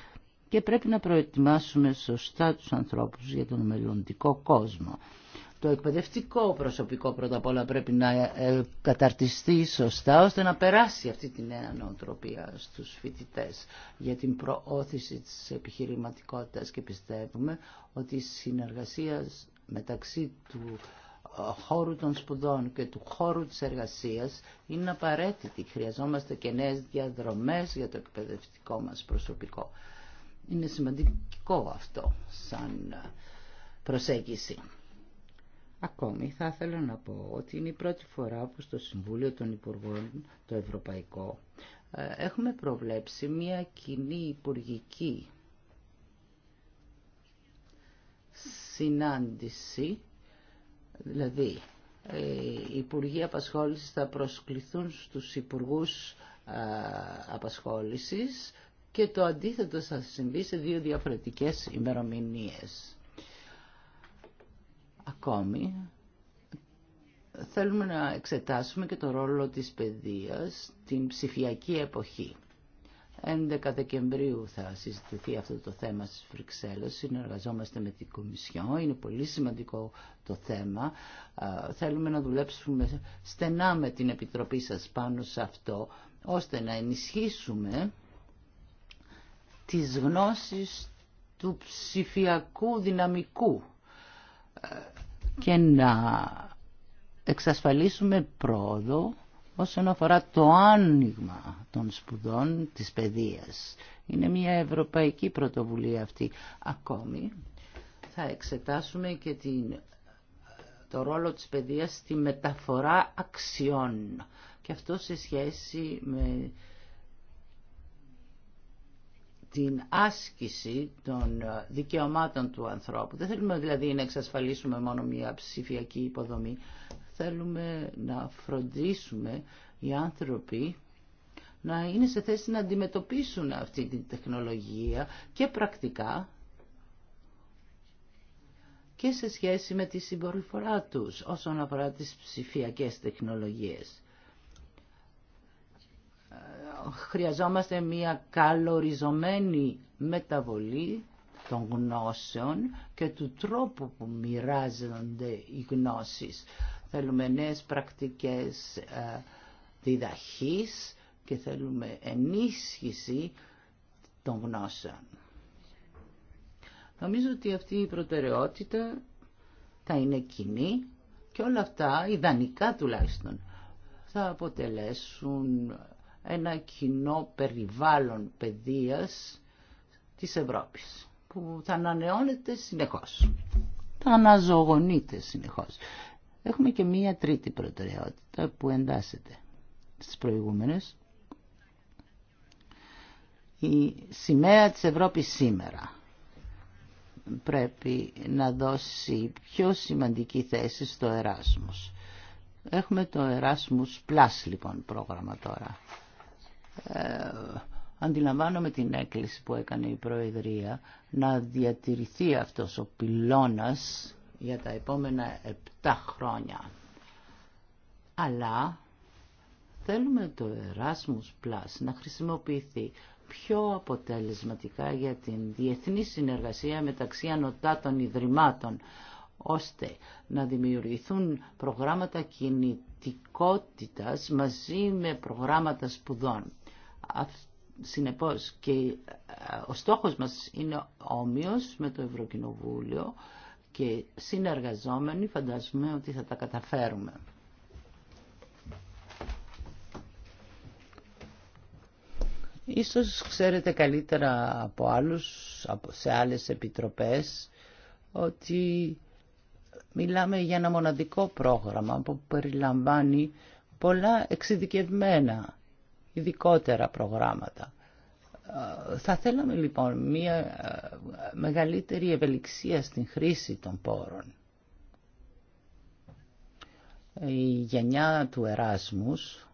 και πρέπει να προετοιμάσουμε σωστά τους ανθρώπους για τον μελλοντικό κόσμο. Το εκπαιδευτικό προσωπικό πρώτα απ' όλα πρέπει να ε, καταρτιστεί σωστά ώστε να περάσει αυτή τη νέα νοοτροπία στους φοιτητές για την προώθηση της επιχειρηματικότητας και πιστεύουμε ότι η συνεργασία μεταξύ του χώρου των σπουδών και του χώρου της εργασίας είναι απαραίτητη. Χρειαζόμαστε και νέες διαδρομές για το εκπαιδευτικό μας προσωπικό. Είναι σημαντικό αυτό σαν προσέγγιση. Ακόμη θα ήθελα να πω ότι είναι η πρώτη φορά που στο Συμβούλιο των Υπουργών το Ευρωπαϊκό ε, έχουμε προβλέψει μια κοινή υπουργική συνάντηση Δηλαδή, ε, οι Υπουργοί Απασχόλησης θα προσκληθούν στους Υπουργούς Απασχόλησης και το αντίθετο θα συμβεί σε δύο διαφορετικές ημερομηνίες. Ακόμη, θέλουμε να εξετάσουμε και το ρόλο της παιδείας στην ψηφιακή εποχή. 11 Δεκεμβρίου θα συζητηθεί αυτό το θέμα στις Βρυξέλλες, συνεργαζόμαστε με την Κομισιό, είναι πολύ σημαντικό το θέμα. Θέλουμε να δουλέψουμε στενά με την Επιτροπή σας πάνω σε αυτό, ώστε να ενισχύσουμε τις γνώσεις του ψηφιακού δυναμικού ε, και να εξασφαλίσουμε πρόοδο όσον αφορά το άνοιγμα των σπουδών της παιδείας. Είναι μια ευρωπαϊκή πρωτοβουλία αυτή. Ακόμη θα εξετάσουμε και την, το ρόλο της παιδείας στη μεταφορά αξιών. Και αυτό σε σχέση με την άσκηση των δικαιωμάτων του ανθρώπου. Δεν θέλουμε δηλαδή να εξασφαλίσουμε μόνο μια ψηφιακή υποδομή θέλουμε να φροντίσουμε οι άνθρωποι να είναι σε θέση να αντιμετωπίσουν αυτή την τεχνολογία και πρακτικά και σε σχέση με τη συμπεριφορά τους όσον αφορά τις ψηφιακές τεχνολογίες. Χρειαζόμαστε μια καλοριζωμένη μεταβολή των γνώσεων και του τρόπου που μοιράζονται οι γνώσεις. Θέλουμε νέες πρακτικές ε, διδαχής και θέλουμε ενίσχυση των γνώσεων. Νομίζω ότι αυτή η προτεραιότητα θα είναι κοινή και όλα αυτά, ιδανικά τουλάχιστον, θα αποτελέσουν ένα κοινό περιβάλλον παιδείας της Ευρώπης που θα ανανεώνεται συνεχώς, θα αναζωογονείται συνεχώς. Έχουμε και μία τρίτη προτεραιότητα που εντάσσεται στις προηγούμενες. Η σημαία της Ευρώπης σήμερα πρέπει να δώσει πιο σημαντική θέση στο Εράσμους. Έχουμε το Εράσμους Plus λοιπόν πρόγραμμα τώρα. Ε, αντιλαμβάνομαι την έκκληση που έκανε η Προεδρία να διατηρηθεί αυτός ο πυλώνας για τα επόμενα 7 χρόνια. Αλλά θέλουμε το Erasmus Plus να χρησιμοποιηθεί πιο αποτελεσματικά για την διεθνή συνεργασία μεταξύ ανωτάτων ιδρυμάτων, ώστε να δημιουργηθούν προγράμματα κινητικότητας μαζί με προγράμματα σπουδών. Συνεπώς και ε, ο στόχος μας είναι όμοιος με το Ευρωκοινοβούλιο και συνεργαζόμενοι φαντάζομαι ότι θα τα καταφέρουμε. Ίσως ξέρετε καλύτερα από άλλους, σε άλλες επιτροπές, ότι μιλάμε για ένα μοναδικό πρόγραμμα που περιλαμβάνει πολλά εξειδικευμένα, ειδικότερα προγράμματα. Θα θέλαμε λοιπόν μια ε, μεγαλύτερη ευελιξία στην χρήση των πόρων. Η γενιά του Εράσμους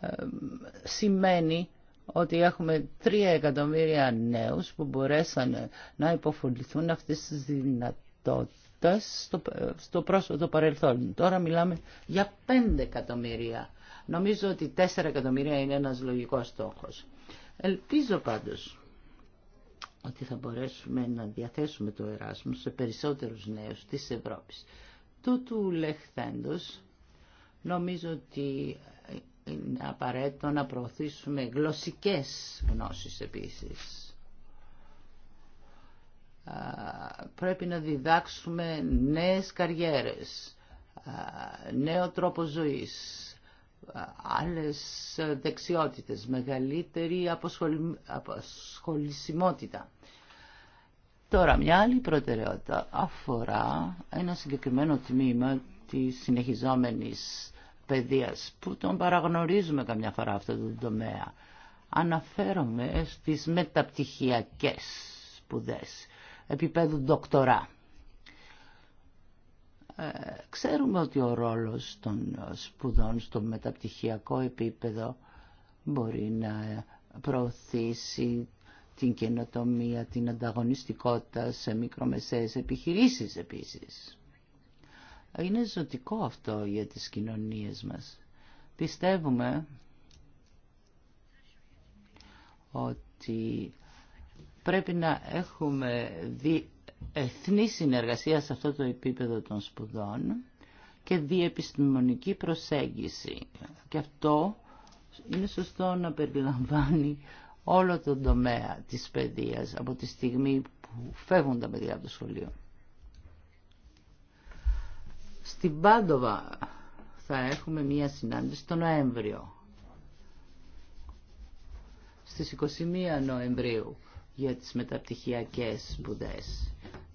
ε, σημαίνει ότι έχουμε τρία εκατομμύρια νέους που μπορέσαν να υποφοληθούν αυτές τις δυνατότητες στο, ε, στο πρόσφατο παρελθόν. Τώρα μιλάμε για πέντε εκατομμύρια Νομίζω ότι 4 εκατομμύρια είναι ένας λογικός στόχος. Ελπίζω πάντως ότι θα μπορέσουμε να διαθέσουμε το Εράσμο σε περισσότερους νέους της Ευρώπης. Τούτου λεχθέντος νομίζω ότι είναι απαραίτητο να προωθήσουμε γλωσσικές γνώσεις επίσης. Πρέπει να διδάξουμε νέες καριέρες, νέο τρόπο ζωής, άλλες δεξιότητες, μεγαλύτερη αποσχολησιμότητα. Τώρα, μια άλλη προτεραιότητα αφορά ένα συγκεκριμένο τμήμα της συνεχιζόμενης παιδείας, που τον παραγνωρίζουμε καμιά φορά αυτό το τομέα. Αναφέρομαι στις μεταπτυχιακές σπουδές, επίπεδου δοκτορά. Ε, ξέρουμε ότι ο ρόλος των ε, σπουδών στο μεταπτυχιακό επίπεδο μπορεί να ε, προωθήσει την καινοτομία, την ανταγωνιστικότητα σε μικρομεσαίες επιχειρήσεις επίσης. Είναι ζωτικό αυτό για τις κοινωνίες μας. Πιστεύουμε ότι πρέπει να έχουμε δει εθνή συνεργασία σε αυτό το επίπεδο των σπουδών και διεπιστημονική προσέγγιση. Και αυτό είναι σωστό να περιλαμβάνει όλο τον τομέα της παιδείας από τη στιγμή που φεύγουν τα παιδιά από το σχολείο. Στην Πάντοβα θα έχουμε μία συνάντηση το Νοέμβριο. Στις 21 Νοεμβρίου για τις μεταπτυχιακές σπουδές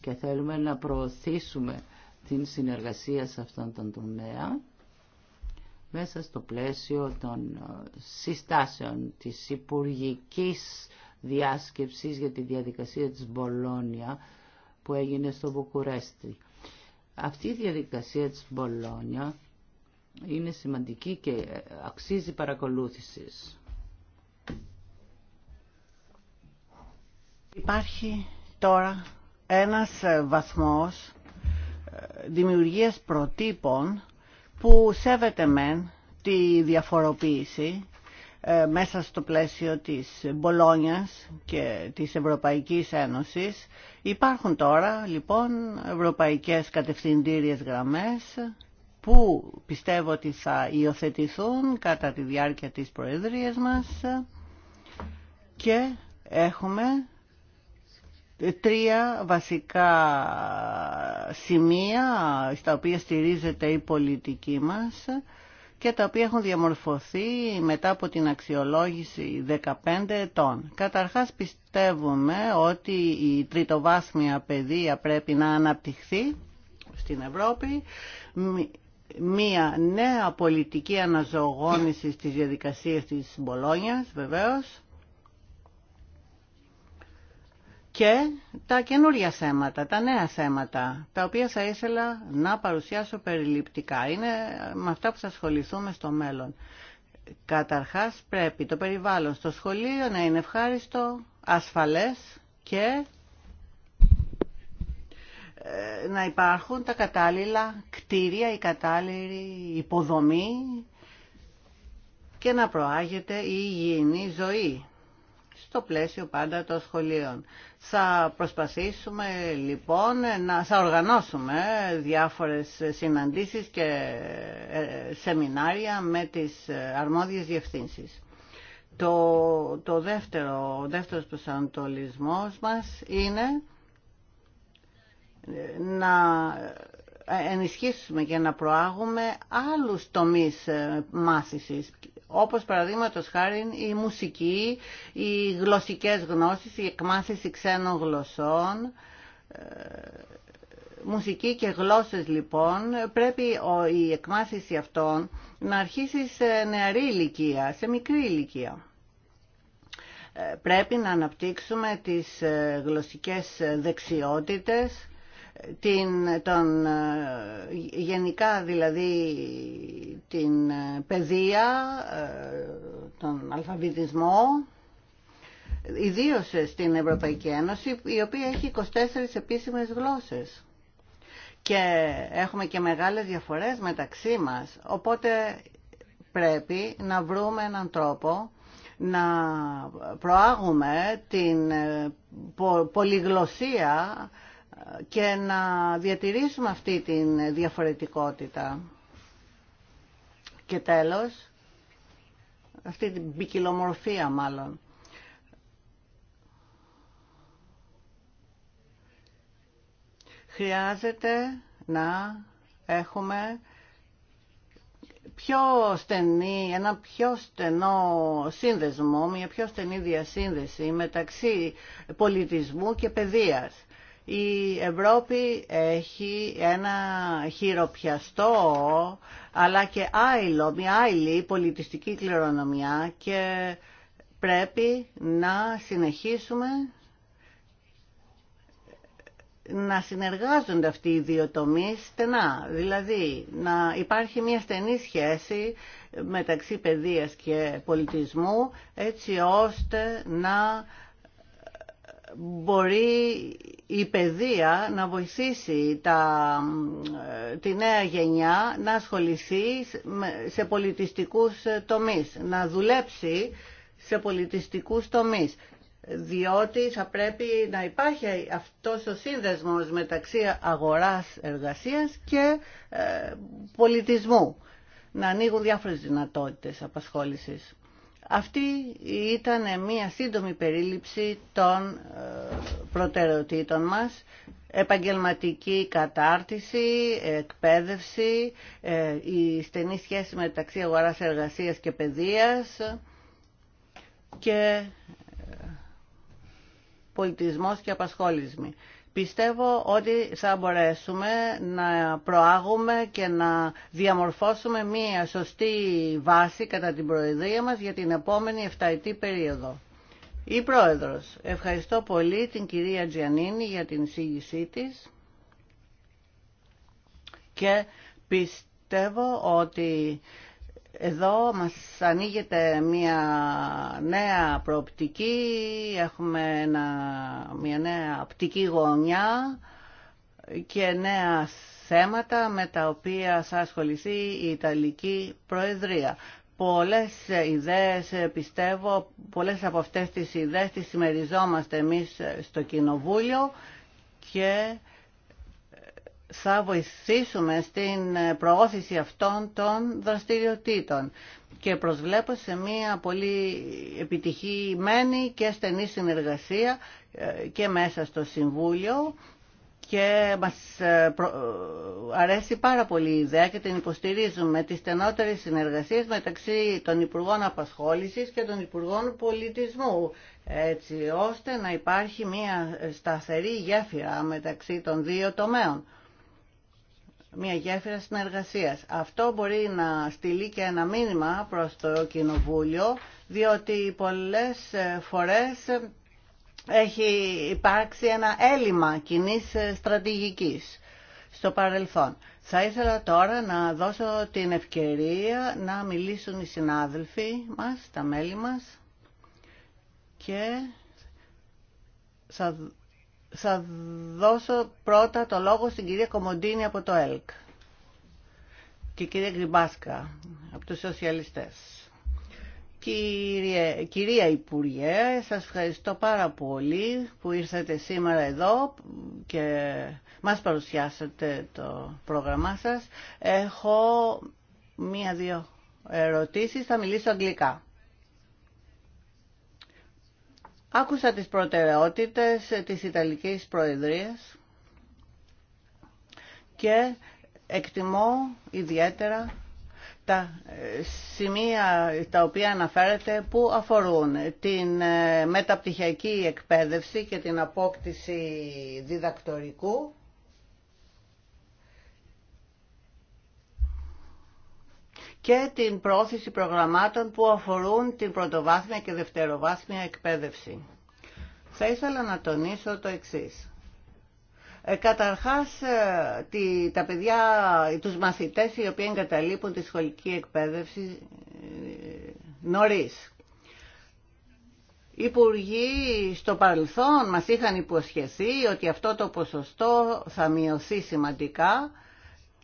και θέλουμε να προωθήσουμε την συνεργασία σε αυτόν τον τομέα μέσα στο πλαίσιο των ε, συστάσεων της Υπουργικής Διάσκεψης για τη διαδικασία της Μπολόνια που έγινε στο Βουκουρέστι. Αυτή η διαδικασία της Μπολόνια είναι σημαντική και αξίζει παρακολούθησης. Υπάρχει τώρα ένας ε, βαθμός ε, δημιουργίας προτύπων που σέβεται μεν τη διαφοροποίηση ε, μέσα στο πλαίσιο της Μπολόνιας και της Ευρωπαϊκής Ένωσης. Υπάρχουν τώρα λοιπόν ευρωπαϊκές κατευθυντήριες γραμμές που πιστεύω ότι θα υιοθετηθούν κατά τη διάρκεια της Προεδρίας μας και έχουμε τρία βασικά σημεία στα οποία στηρίζεται η πολιτική μας και τα οποία έχουν διαμορφωθεί μετά από την αξιολόγηση 15 ετών. Καταρχάς πιστεύουμε ότι η τριτοβάθμια παιδεία πρέπει να αναπτυχθεί στην Ευρώπη μία νέα πολιτική αναζωογόνηση στις διαδικασίες της Μπολόνιας βεβαίως και τα καινούργια θέματα, τα νέα θέματα, τα οποία θα ήθελα να παρουσιάσω περιληπτικά. Είναι με αυτά που θα ασχοληθούμε στο μέλλον. Καταρχάς πρέπει το περιβάλλον στο σχολείο να είναι ευχάριστο, ασφαλές και ε, να υπάρχουν τα κατάλληλα κτίρια, η κατάλληλη υποδομή και να προάγεται η υγιεινή ζωή στο πλαίσιο πάντα των σχολείων. Θα προσπαθήσουμε λοιπόν να θα οργανώσουμε διάφορες συναντήσεις και ε, σεμινάρια με τις αρμόδιες διευθύνσεις. Το, το δεύτερο, ο δεύτερος προσανατολισμός μας είναι ε, να ενισχύσουμε και να προάγουμε άλλους τομείς ε, μάθησης όπως παραδείγματο χάρη η μουσική, οι γλωσσικές γνώσεις, η εκμάθηση ξένων γλωσσών, ε, μουσική και γλώσσες λοιπόν, πρέπει η εκμάθηση αυτών να αρχίσει σε νεαρή ηλικία, σε μικρή ηλικία. Ε, πρέπει να αναπτύξουμε τις ε, γλωσσικές δεξιότητες, την, τον, ε, γενικά δηλαδή την ε, παιδεία, ε, τον αλφαβητισμό, ιδίως στην Ευρωπαϊκή Ένωση, η οποία έχει 24 επίσημες γλώσσες. Και έχουμε και μεγάλες διαφορές μεταξύ μας, οπότε πρέπει να βρούμε έναν τρόπο να προάγουμε την πολυγλωσσία και να διατηρήσουμε αυτή την διαφορετικότητα. Και τέλος, αυτή την ποικιλομορφία μάλλον. Χρειάζεται να έχουμε πιο στενή, ένα πιο στενό σύνδεσμο, μια πιο στενή διασύνδεση μεταξύ πολιτισμού και παιδείας η Ευρώπη έχει ένα χειροπιαστό αλλά και άειλο, μια άειλη πολιτιστική κληρονομιά και πρέπει να συνεχίσουμε να συνεργάζονται αυτοί οι δύο τομείς στενά. Δηλαδή να υπάρχει μια στενή σχέση μεταξύ παιδείας και πολιτισμού έτσι ώστε να μπορεί η παιδεία να βοηθήσει τα, τη νέα γενιά να ασχοληθεί σε πολιτιστικούς τομείς, να δουλέψει σε πολιτιστικούς τομείς διότι θα πρέπει να υπάρχει αυτός ο σύνδεσμος μεταξύ αγοράς εργασίας και ε, πολιτισμού. Να ανοίγουν διάφορες δυνατότητες απασχόλησης. Αυτή ήταν μια σύντομη περίληψη των ε, προτεραιοτήτων μας, επαγγελματική κατάρτιση, εκπαίδευση, ε, η στενή σχέση μεταξύ αγοράς εργασίας και παιδείας και ε, πολιτισμός και απασχόλησμη πιστεύω ότι θα μπορέσουμε να προάγουμε και να διαμορφώσουμε μία σωστή βάση κατά την Προεδρία μας για την επόμενη εφταετή περίοδο. Η Πρόεδρος, ευχαριστώ πολύ την κυρία Τζιανίνη για την εισήγησή της και πιστεύω ότι εδώ μας ανοίγεται μια νέα προοπτική, έχουμε μια νέα οπτική γωνιά και νέα θέματα με τα οποία θα ασχοληθεί η Ιταλική Προεδρία. Πολλές ιδέες, πιστεύω, πολλές από αυτές τις ιδέες τις συμμεριζόμαστε εμείς στο Κοινοβούλιο και θα βοηθήσουμε στην προώθηση αυτών των δραστηριοτήτων και προσβλέπω σε μια πολύ επιτυχημένη και στενή συνεργασία ε, και μέσα στο Συμβούλιο και μας ε, ε, αρέσει πάρα πολύ η ιδέα και την υποστηρίζουμε τη στενότερη συνεργασία μεταξύ των Υπουργών Απασχόλησης και των Υπουργών Πολιτισμού έτσι ώστε να υπάρχει μια σταθερή γέφυρα μεταξύ των δύο τομέων μια γέφυρα συνεργασίας. Αυτό μπορεί να στείλει και ένα μήνυμα προς το Κοινοβούλιο, διότι πολλές φορές έχει υπάρξει ένα έλλειμμα κοινή στρατηγικής στο παρελθόν. Θα ήθελα τώρα να δώσω την ευκαιρία να μιλήσουν οι συνάδελφοι μας, τα μέλη μας και θα δώσω πρώτα το λόγο στην κυρία Κομοντίνη από το ΕΛΚ και κυρία Γκριμπάσκα από τους Σοσιαλιστές. κυρία Υπουργέ, σας ευχαριστώ πάρα πολύ που ήρθατε σήμερα εδώ και μας παρουσιάσατε το πρόγραμμά σας. Έχω μία-δύο ερωτήσεις, θα μιλήσω αγγλικά. Άκουσα τις προτεραιότητες της Ιταλικής Προεδρίας και εκτιμώ ιδιαίτερα τα σημεία τα οποία αναφέρεται που αφορούν την ε, μεταπτυχιακή εκπαίδευση και την απόκτηση διδακτορικού και την πρόθεση προγραμμάτων που αφορούν την πρωτοβάθμια και δευτεροβάθμια εκπαίδευση. Θα ήθελα να τονίσω το εξής. Ε, καταρχάς, ε, τη, τα παιδιά, τους μαθητές οι οποίοι εγκαταλείπουν τη σχολική εκπαίδευση ε, νωρίς. υπουργοί στο παρελθόν μας είχαν υποσχεθεί ότι αυτό το ποσοστό θα μειωθεί σημαντικά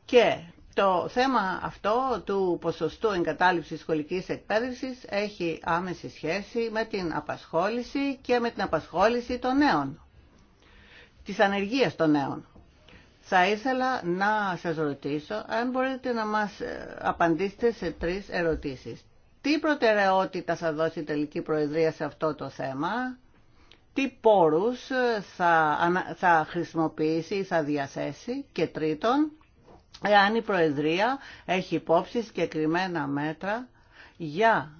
και το θέμα αυτό του ποσοστού εγκατάλειψης σχολικής εκπαίδευσης έχει άμεση σχέση με την απασχόληση και με την απασχόληση των νέων, της ανεργίας των νέων. Θα ήθελα να σας ρωτήσω αν μπορείτε να μας ε, απαντήσετε σε τρεις ερωτήσεις. Τι προτεραιότητα θα δώσει η τελική προεδρία σε αυτό το θέμα, τι πόρους ε, θα, χρησιμοποιήσει ή θα διαθέσει και τρίτον, εάν η Προεδρία έχει υπόψη συγκεκριμένα μέτρα για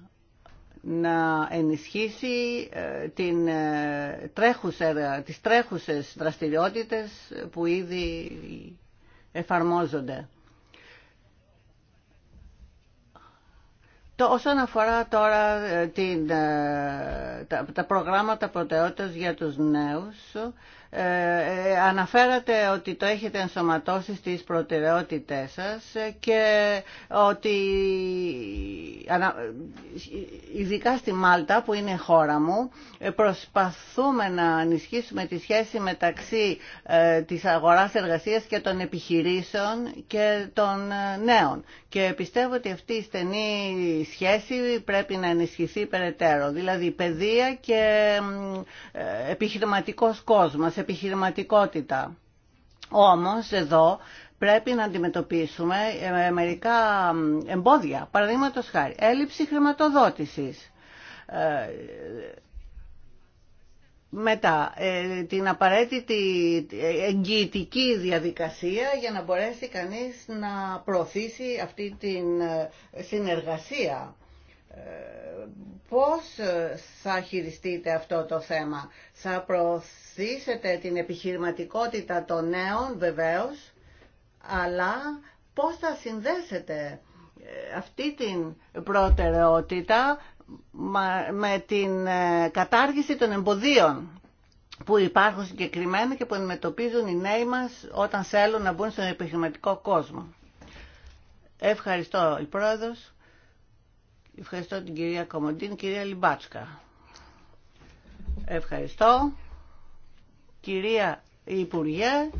να ενισχύσει ε, την, ε, τρέχουσα, τις τρέχουσες δραστηριότητες που ήδη εφαρμόζονται. Το, όσον αφορά τώρα ε, την, τα, προγράμματα προτεραιότητας για τους νέους, αναφέρατε ότι το έχετε ενσωματώσει στις προτεραιότητές σας και ότι ειδικά στη Μάλτα που είναι η χώρα μου προσπαθούμε να ενισχύσουμε τη σχέση μεταξύ ε, της αγοράς εργασίας και των επιχειρήσεων και των ε, νέων και πιστεύω ότι αυτή η στενή σχέση πρέπει να ενισχυθεί περαιτέρω δηλαδή παιδεία και ε, επιχειρηματικός κόσμος επιχειρηματικότητα. Όμως εδώ πρέπει να αντιμετωπίσουμε ε, μερικά εμπόδια. Παραδείγματο χάρη, έλλειψη χρηματοδότησης. Ε, μετά, ε, την απαραίτητη εγγυητική διαδικασία για να μπορέσει κανείς να προωθήσει αυτή την συνεργασία. Πώς θα χειριστείτε αυτό το θέμα, θα προωθήσετε αυξήσετε την επιχειρηματικότητα των νέων βεβαίως, αλλά πώς θα συνδέσετε ε, αυτή την προτεραιότητα με την ε, κατάργηση των εμποδίων που υπάρχουν συγκεκριμένα και που αντιμετωπίζουν οι νέοι μας όταν θέλουν να μπουν στον επιχειρηματικό κόσμο. Ευχαριστώ η Πρόεδρος, ευχαριστώ την κυρία Κομοντίν, κυρία Λιμπάτσκα. Ευχαριστώ. Κυρία Υπουργέ,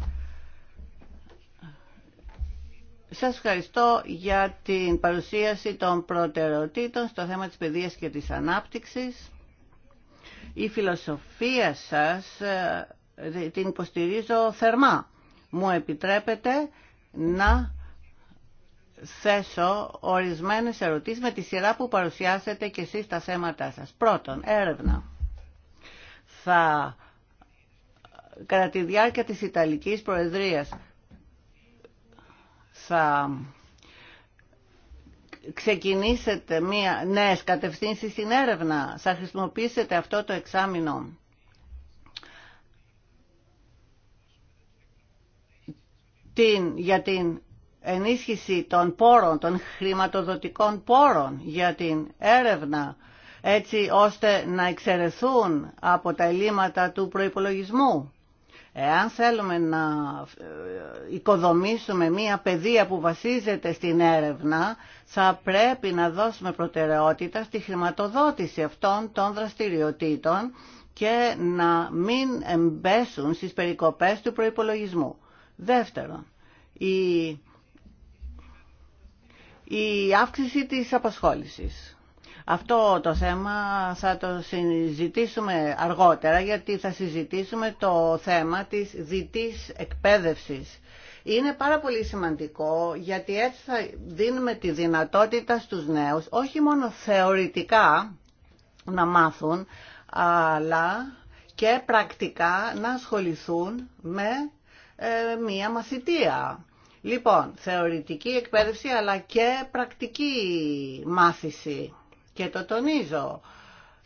σας ευχαριστώ για την παρουσίαση των προτεραιοτήτων στο θέμα της παιδείας και της ανάπτυξης. Η φιλοσοφία σας ε, την υποστηρίζω θερμά. Μου επιτρέπετε να θέσω ορισμένες ερωτήσεις με τη σειρά που παρουσιάσετε και εσείς τα θέματά σας. Πρώτον, έρευνα. Θα κατά τη διάρκεια της Ιταλικής Προεδρίας θα ξεκινήσετε μία νέες κατευθύνσεις στην έρευνα, θα χρησιμοποιήσετε αυτό το εξάμεινο. Την, για την ενίσχυση των πόρων, των χρηματοδοτικών πόρων για την έρευνα, έτσι ώστε να εξαιρεθούν από τα ελλείμματα του προϋπολογισμού. Εάν θέλουμε να ε, οικοδομήσουμε μία παιδεία που βασίζεται στην έρευνα, θα πρέπει να δώσουμε προτεραιότητα στη χρηματοδότηση αυτών των δραστηριοτήτων και να μην εμπέσουν στις περικοπές του προϋπολογισμού. Δεύτερον, η, η αύξηση της απασχόλησης. Αυτό το θέμα θα το συζητήσουμε αργότερα γιατί θα συζητήσουμε το θέμα της διτής εκπαίδευσης. Είναι πάρα πολύ σημαντικό γιατί έτσι θα δίνουμε τη δυνατότητα στους νέους όχι μόνο θεωρητικά να μάθουν αλλά και πρακτικά να ασχοληθούν με ε, μία μαθητεία. Λοιπόν, θεωρητική εκπαίδευση αλλά και πρακτική μάθηση και το τονίζω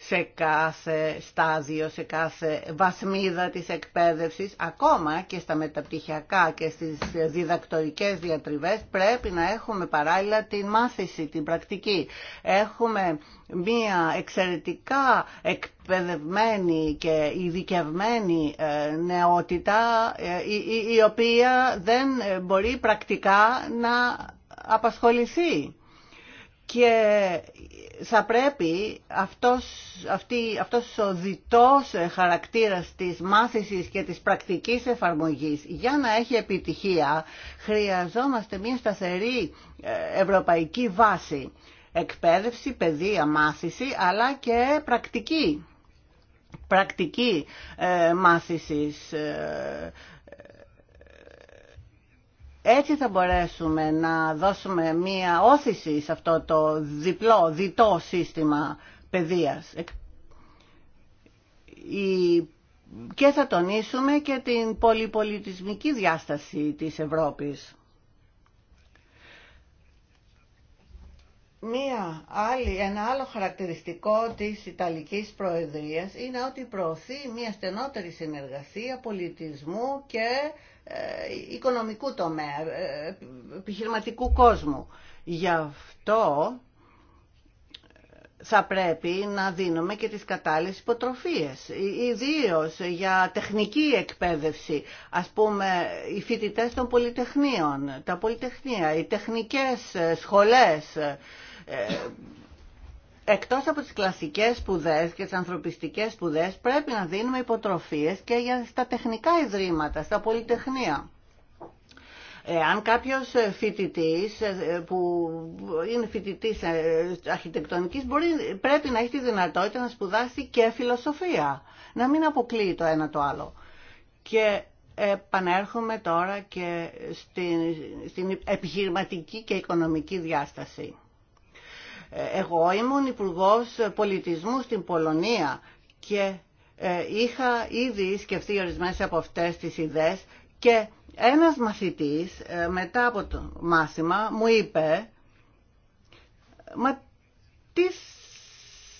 σε κάθε στάδιο, σε κάθε βασμίδα της εκπαίδευσης, ακόμα και στα μεταπτυχιακά και στις διδακτορικές διατριβές, πρέπει να έχουμε παράλληλα την μάθηση, την πρακτική. Έχουμε μία εξαιρετικά εκπαιδευμένη και ειδικευμένη ε, νεότητα, ε, η οποία δεν μπορεί πρακτικά να απασχοληθεί. Και θα πρέπει αυτός, αυτή, αυτός ο διτός ε, χαρακτήρας της μάθησης και της πρακτικής εφαρμογής για να έχει επιτυχία χρειαζόμαστε μια σταθερή ε, ευρωπαϊκή βάση εκπαίδευση, παιδεία, μάθηση αλλά και πρακτική πρακτική ε, μάθησης έτσι θα μπορέσουμε να δώσουμε μία όθηση σε αυτό το διπλό, διτό σύστημα παιδείας. Και θα τονίσουμε και την πολυπολιτισμική διάσταση της Ευρώπης. Μία άλλη, ένα άλλο χαρακτηριστικό της Ιταλικής Προεδρίας είναι ότι προωθεί μια στενότερη συνεργασία πολιτισμού και ε, οικονομικού τομέα, ε, επιχειρηματικού κόσμου. Γι' αυτό ε, θα πρέπει να δίνουμε και τις κατάλληλες υποτροφίες, ιδίω για τεχνική εκπαίδευση, ας πούμε οι φοιτητέ των πολυτεχνείων, τα πολυτεχνία, οι τεχνικές σχολές, εκτός από τις κλασικές σπουδέ και τις ανθρωπιστικές σπουδέ, πρέπει να δίνουμε υποτροφίες και για στα τεχνικά ιδρύματα, στα πολυτεχνία. Αν κάποιος ε, φοιτητής ε, ε, που είναι φοιτητής αρχιτεκτονικής μπορεί, πρέπει να έχει τη δυνατότητα να σπουδάσει και φιλοσοφία, να μην αποκλείει το ένα το άλλο. Και επανέρχομαι τώρα και στην, στην επιχειρηματική και οικονομική διάσταση. Εγώ ήμουν υπουργό πολιτισμού στην Πολωνία και ε, είχα ήδη σκεφτεί ορισμένες από αυτές τις ιδέες και ένας μαθητής ε, μετά από το μάθημα μου είπε «Μα τι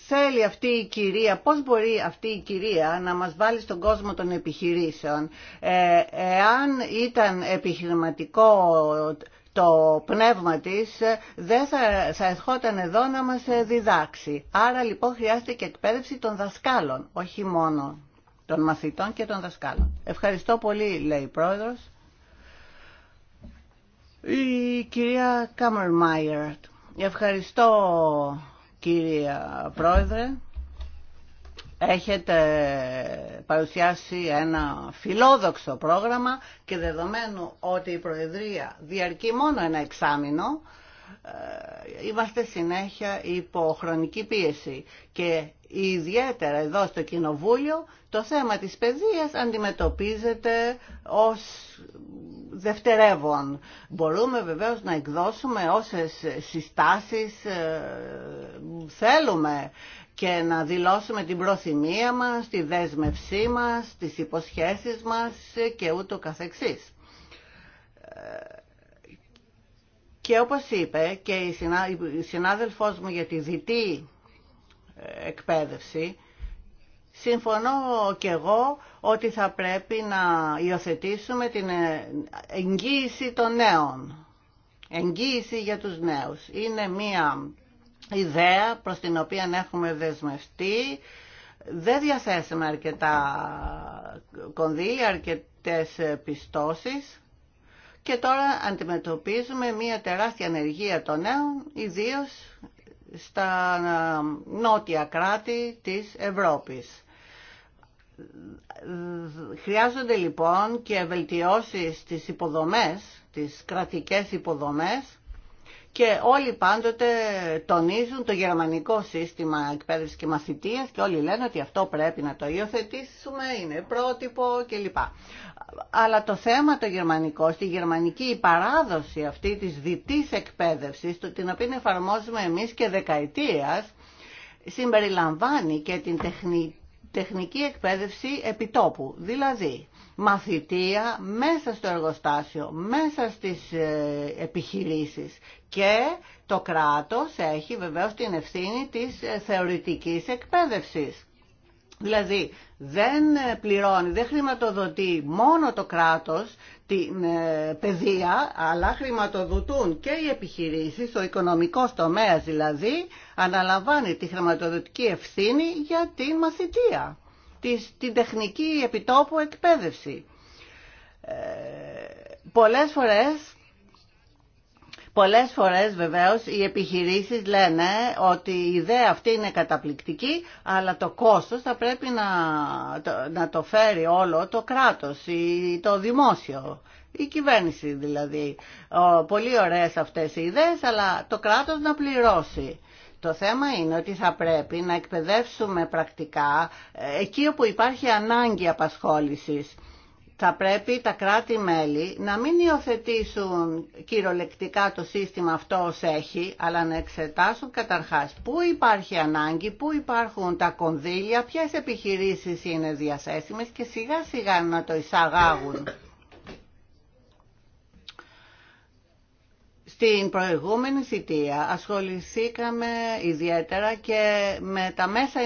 θέλει αυτή η κυρία, πώς μπορεί αυτή η κυρία να μας βάλει στον κόσμο των επιχειρήσεων. Ε, εάν ήταν επιχειρηματικό το πνεύμα της ε, δεν θα, θα ερχόταν εδώ να μας ε, διδάξει. Άρα λοιπόν χρειάζεται και εκπαίδευση των δασκάλων, όχι μόνο των μαθητών και των δασκάλων. Ευχαριστώ πολύ, λέει η πρόεδρος. Η κυρία Κάμερ Μάιερτ. Ευχαριστώ, κυρία πρόεδρε έχετε παρουσιάσει ένα φιλόδοξο πρόγραμμα και δεδομένου ότι η Προεδρία διαρκεί μόνο ένα εξάμεινο, ε, είμαστε συνέχεια υπό χρονική πίεση και ιδιαίτερα εδώ στο Κοινοβούλιο το θέμα της παιδείας αντιμετωπίζεται ως δευτερεύον. Μπορούμε βεβαίως να εκδώσουμε όσες συστάσεις ε, θέλουμε και να δηλώσουμε την προθυμία μας, τη δέσμευσή μας, τις υποσχέσεις μας και ούτω καθεξής. Και όπως είπε και η συνάδελφός μου για τη διτή ε, εκπαίδευση, συμφωνώ και εγώ ότι θα πρέπει να υιοθετήσουμε την ε, εγγύηση των νέων. Εγγύηση για τους νέους. Είναι μία ιδέα προς την οποία έχουμε δεσμευτεί. Δεν διαθέσαμε αρκετά κονδύλια, αρκετές πιστώσεις και τώρα αντιμετωπίζουμε μια τεράστια ανεργία των νέων, ιδίως στα νότια κράτη της Ευρώπης. Χρειάζονται λοιπόν και βελτιώσεις στις υποδομές, τις κρατικές υποδομές, και όλοι πάντοτε τονίζουν το γερμανικό σύστημα εκπαίδευση και μαθητεία και όλοι λένε ότι αυτό πρέπει να το υιοθετήσουμε, είναι πρότυπο κλπ. Αλλά το θέμα το γερμανικό, στη γερμανική παράδοση αυτή της διτής εκπαίδευσης, την οποία εφαρμόζουμε εμείς και δεκαετίας, συμπεριλαμβάνει και την τεχνική τεχνική εκπαίδευση επιτόπου. Δηλαδή, μαθητεία μέσα στο εργοστάσιο, μέσα στις ε, επιχειρήσεις και το κράτος έχει βεβαίως την ευθύνη της ε, θεωρητικής εκπαίδευσης. Δηλαδή δεν ε, πληρώνει, δεν χρηματοδοτεί μόνο το κράτος την παιδεία, αλλά χρηματοδοτούν και οι επιχειρήσεις, ο οικονομικός τομέας δηλαδή, αναλαμβάνει τη χρηματοδοτική ευθύνη για την μαθητεία την τεχνική επιτόπου εκπαίδευση. Ε, πολλές φορές Πολλές φορές βεβαίως οι επιχειρήσεις λένε ότι η ιδέα αυτή είναι καταπληκτική αλλά το κόστος θα πρέπει να, να το φέρει όλο το κράτος ή το δημόσιο, η κυβέρνηση δηλαδή. Πολύ ωραίες αυτές οι ιδέες αλλά το κράτος να πληρώσει. Το θέμα είναι ότι θα πρέπει να εκπαιδεύσουμε πρακτικά ε, εκεί όπου υπάρχει ανάγκη απασχόλησης. Θα πρέπει τα κράτη-μέλη να μην υιοθετήσουν κυριολεκτικά το σύστημα αυτό ως έχει, αλλά να εξετάσουν καταρχάς πού υπάρχει ανάγκη, πού υπάρχουν τα κονδύλια, ποιες επιχειρήσεις είναι διαθέσιμες και σιγά-σιγά να το εισαγάγουν. Στην προηγούμενη θητεία ασχοληθήκαμε ιδιαίτερα και με τα, μέσα,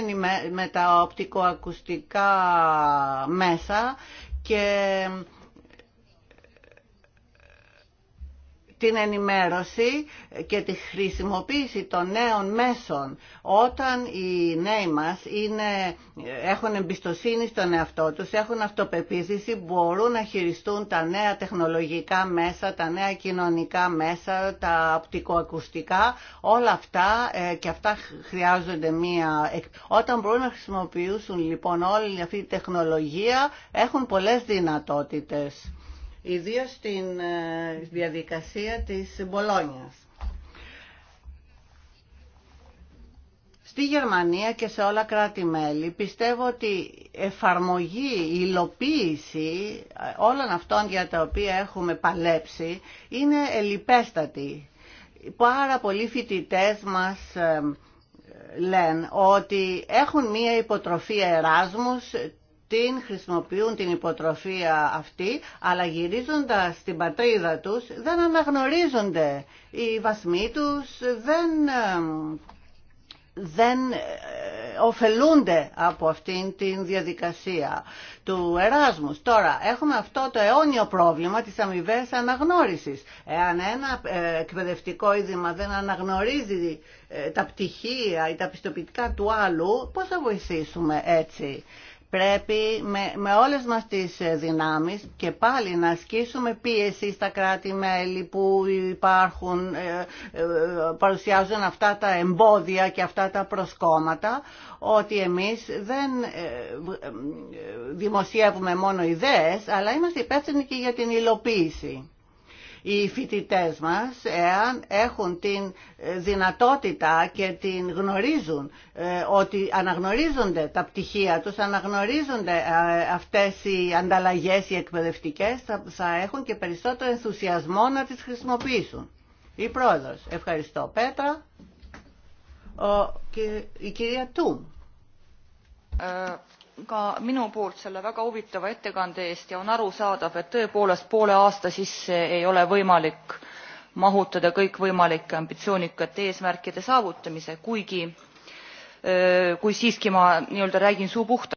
με τα οπτικοακουστικά μέσα και την ενημέρωση και τη χρησιμοποίηση των νέων μέσων όταν οι νέοι μας είναι, έχουν εμπιστοσύνη στον εαυτό τους, έχουν αυτοπεποίθηση, μπορούν να χειριστούν τα νέα τεχνολογικά μέσα, τα νέα κοινωνικά μέσα, τα οπτικοακουστικά, όλα αυτά ε, και αυτά χρειάζονται μία... Όταν μπορούν να χρησιμοποιήσουν λοιπόν όλη αυτή τη τεχνολογία έχουν πολλές δυνατότητες ιδίως στην ε, διαδικασία της Μπολόνιας. Στη Γερμανία και σε όλα κράτη-μέλη πιστεύω ότι εφαρμογή, υλοποίηση ε, όλων αυτών για τα οποία έχουμε παλέψει είναι ελιπέστατη. Πάρα πολλοί φοιτητέ μας ε, λένε ότι έχουν μία υποτροφία Εράσμους την χρησιμοποιούν την υποτροφία αυτή, αλλά γυρίζοντας στην πατρίδα τους δεν αναγνωρίζονται. Οι βασμοί τους δεν, δεν ε, ωφελούνται από αυτήν την διαδικασία του Εράσμους. Τώρα, έχουμε αυτό το αιώνιο πρόβλημα της αμοιβέ αναγνώρισης. Εάν ένα ε, εκπαιδευτικό είδημα δεν αναγνωρίζει ε, τα πτυχία ή τα πιστοποιητικά του άλλου, πώς θα βοηθήσουμε έτσι πρέπει με, με όλες μας τις ε, δυνάμεις και πάλι να ασκήσουμε πίεση στα κράτη-μέλη που υπάρχουν, ε, ε, παρουσιάζουν αυτά τα εμπόδια και αυτά τα προσκόμματα, ότι εμείς δεν δημοσιεύουμε μόνο ιδέες, αλλά είμαστε υπεύθυνοι και για την υλοποίηση οι φοιτητέ μας εάν έχουν την δυνατότητα και την γνωρίζουν ε, ότι αναγνωρίζονται τα πτυχία τους, αναγνωρίζονται ε, αυτές οι ανταλλαγές οι εκπαιδευτικές θα έχουν και περισσότερο ενθουσιασμό να τις χρησιμοποιήσουν. Η πρόεδρος. Ευχαριστώ Πέτρα. Ο, η κυρία Τούμ. Ε, ka minu poolt selle väga huvitava ettekande eest ja on arusaadav et tõepoolest poole aasta sisse ei ole võimalik mahutada kõikvõimalike ambitsioonikate eesmärkide saavutamise kuigi kui siiski ma nii räägin suu puhta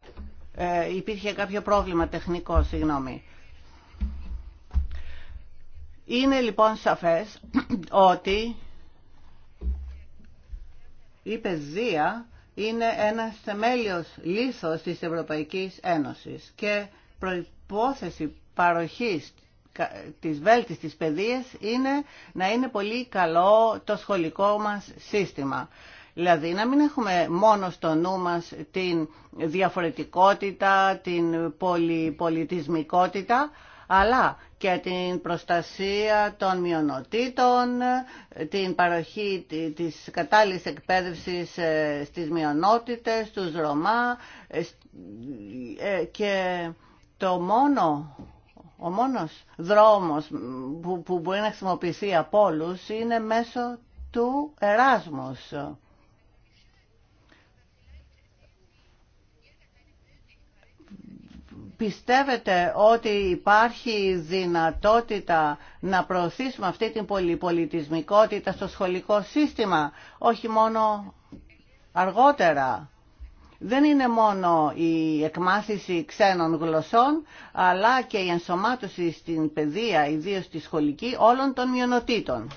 είναι ένα θεμέλιος λίθος της Ευρωπαϊκής Ένωσης και προϋπόθεση παροχής της βέλτιστης παιδείας είναι να είναι πολύ καλό το σχολικό μας σύστημα. Δηλαδή να μην έχουμε μόνο στο νου μας την διαφορετικότητα, την πολυπολιτισμικότητα, αλλά και την προστασία των μειονοτήτων, την παροχή της κατάλληλης εκπαίδευσης ε, στις μειονότητες, τους Ρωμά ε, ε, και το μόνο ο μόνος δρόμος που, που μπορεί να χρησιμοποιηθεί από όλου είναι μέσω του Εράσμους. Πιστεύετε ότι υπάρχει δυνατότητα να προωθήσουμε αυτή την πολυπολιτισμικότητα στο σχολικό σύστημα, όχι μόνο αργότερα. Δεν είναι μόνο η εκμάθηση ξένων γλωσσών, αλλά και η ενσωμάτωση στην παιδεία, ιδίως στη σχολική, όλων των μειονοτήτων.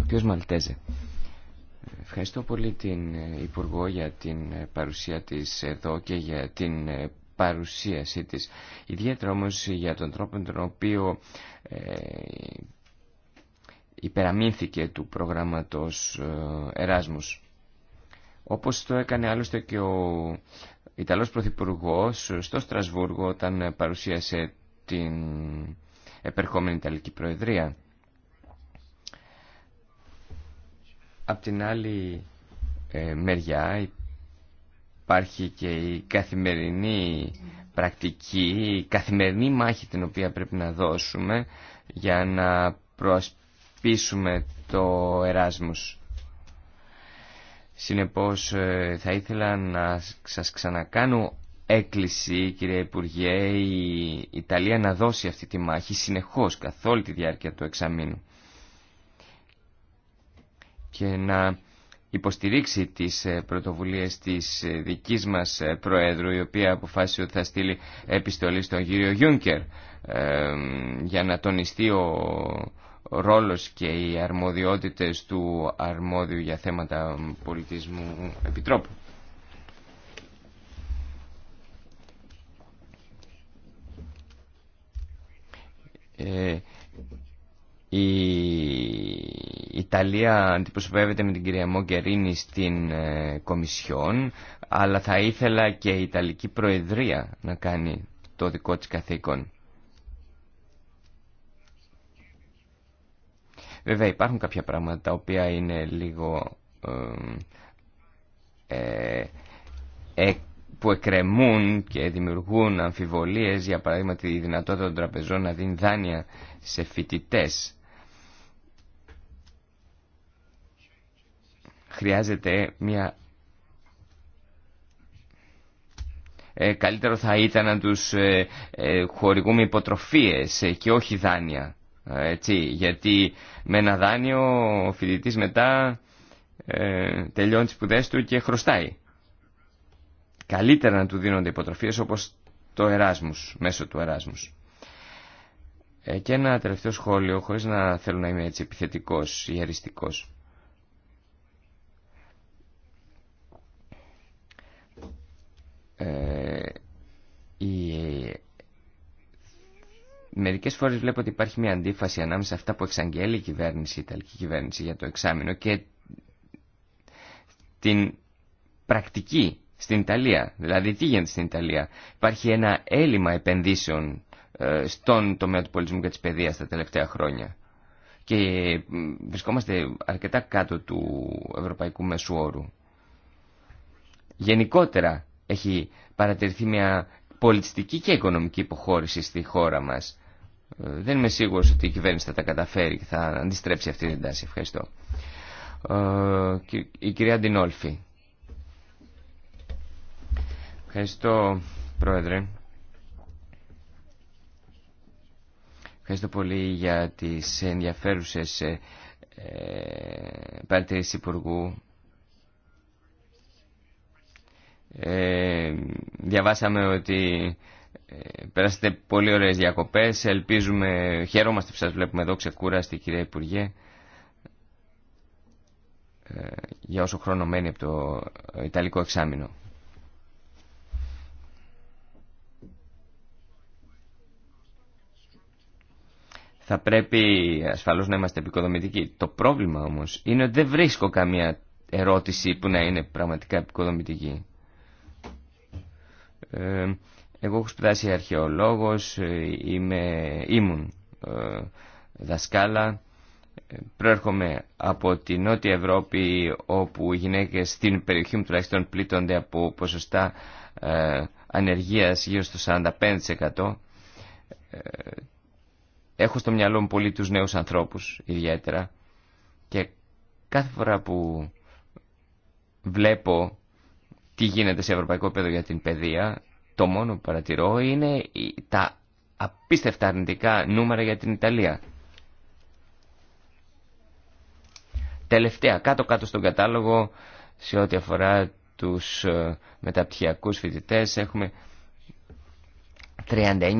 Ο κ. Μαλτέζε. Ευχαριστώ πολύ την Υπουργό για την παρουσία της εδώ και για την παρουσίασή της. Ιδιαίτερα όμως για τον τρόπο τον οποίο ε, υπεραμείνθηκε του προγράμματος ε, Εράσμους. Όπως το έκανε άλλωστε και ο Ιταλός Πρωθυπουργός στο Στρασβούργο όταν παρουσίασε την επερχόμενη Ιταλική Προεδρία. Απ' την άλλη ε, μεριά υπάρχει και η καθημερινή πρακτική, η καθημερινή μάχη την οποία πρέπει να δώσουμε για να προασπίσουμε το Εράσμους. Συνεπώς ε, θα ήθελα να σας ξανακάνω έκκληση κύριε Υπουργέ η Ιταλία να δώσει αυτή τη μάχη συνεχώς καθ' όλη τη διάρκεια του εξαμήνου και να υποστηρίξει τις ε, πρωτοβουλίες της ε, δικής μας ε, Προέδρου η οποία αποφάσισε ότι θα στείλει επιστολή στον κύριο Γιούνκερ για να τονιστεί ο ρόλος και οι αρμοδιότητες του αρμόδιου για θέματα πολιτισμού επιτρόπου. Ε, Ιταλία αντιπροσωπεύεται με την κυρία Μογκερίνη στην ε, Κομισιόν, αλλά θα ήθελα και η Ιταλική Προεδρία να κάνει το δικό της καθήκον. Βέβαια υπάρχουν κάποια πράγματα οποία είναι λίγο ε, ε, που εκκρεμούν και δημιουργούν αμφιβολίες για παράδειγμα τη δυνατότητα των τραπεζών να δίνει δάνεια σε φοιτητές χρειάζεται μια... Ε, καλύτερο θα ήταν να τους ε, ε χορηγούμε υποτροφίες ε, και όχι δάνεια. Έτσι, γιατί με ένα δάνειο ο φοιτητής μετά τελειώνει τις σπουδές του και χρωστάει. Καλύτερα να του δίνονται υποτροφίες όπως το Εράσμους, μέσω του Εράσμους. και ένα τελευταίο σχόλιο, χωρίς να θέλω να είμαι έτσι επιθετικός ή αριστικός. Ε, η... Μερικές φορές βλέπω ότι υπάρχει μια αντίφαση ανάμεσα σε αυτά που εξαγγέλει η κυβέρνηση, η Ιταλική κυβέρνηση για το εξάμεινο και την πρακτική στην Ιταλία. Δηλαδή τι γίνεται στην Ιταλία. Υπάρχει ένα έλλειμμα επενδύσεων ε, στον τομέα του πολιτισμού και τη παιδείας τα τελευταία χρόνια. Και βρισκόμαστε αρκετά κάτω του ευρωπαϊκού μεσουόρου. Γενικότερα έχει παρατηρηθεί μια πολιτιστική και οικονομική υποχώρηση στη χώρα μας. Ε, δεν είμαι σίγουρος ότι η κυβέρνηση θα τα καταφέρει και θα αντιστρέψει αυτή την τάση. Ευχαριστώ. Ε, η κυρία Ντινόλφη. Ευχαριστώ, Πρόεδρε. Ευχαριστώ πολύ για τις ενδιαφέρουσες ε, ε παρατηρήσεις Υπουργού ε, διαβάσαμε ότι ε, πέρασατε πολύ ωραίες διακοπές. Ελπίζουμε, χαίρομαστε που σας βλέπουμε εδώ ξεκούραστη κυρία Υπουργέ. Ε, για όσο χρόνο μένει από το Ιταλικό εξάμεινο. Θα πρέπει ασφαλώς να είμαστε επικοδομητικοί. Το πρόβλημα όμως είναι ότι δεν βρίσκω καμία ερώτηση που να είναι πραγματικά επικοδομητική. Ε, εγώ έχω σπουδάσει αρχαιολόγος, ε, είμαι, ήμουν ε, δασκάλα, προέρχομαι από την Νότια Ευρώπη όπου οι γυναίκες στην περιοχή μου τουλάχιστον πλήττονται από ποσοστά ανεργίας γύρω στο 45%. Έχω στο μυαλό μου πολύ τους νέους ανθρώπους ιδιαίτερα και κάθε φορά που βλέπω τι γίνεται σε ευρωπαϊκό επίπεδο για την παιδεία, το μόνο που παρατηρώ είναι τα απίστευτα αρνητικά νούμερα για την Ιταλία. Τελευταία, κάτω-κάτω στον κατάλογο, σε ό,τι αφορά τους ε, μεταπτυχιακούς φοιτητές, έχουμε 39.000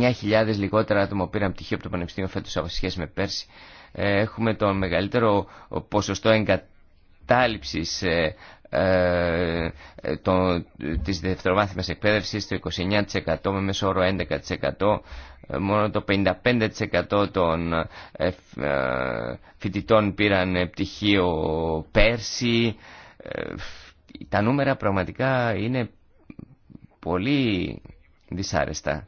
λιγότερα άτομα που πήραν πτυχίο από το Πανεπιστήμιο φέτος από σχέση με πέρσι. Ε, έχουμε το μεγαλύτερο ποσοστό εγκατάλειψης ε, ε, ε, το, της δευτεροβάθμιας εκπαίδευσης το 29% με μέσο όρο 11% ε, μόνο το 55% των φοιτητών πήραν πτυχίο πέρσι τα νούμερα πραγματικά είναι πολύ δυσάρεστα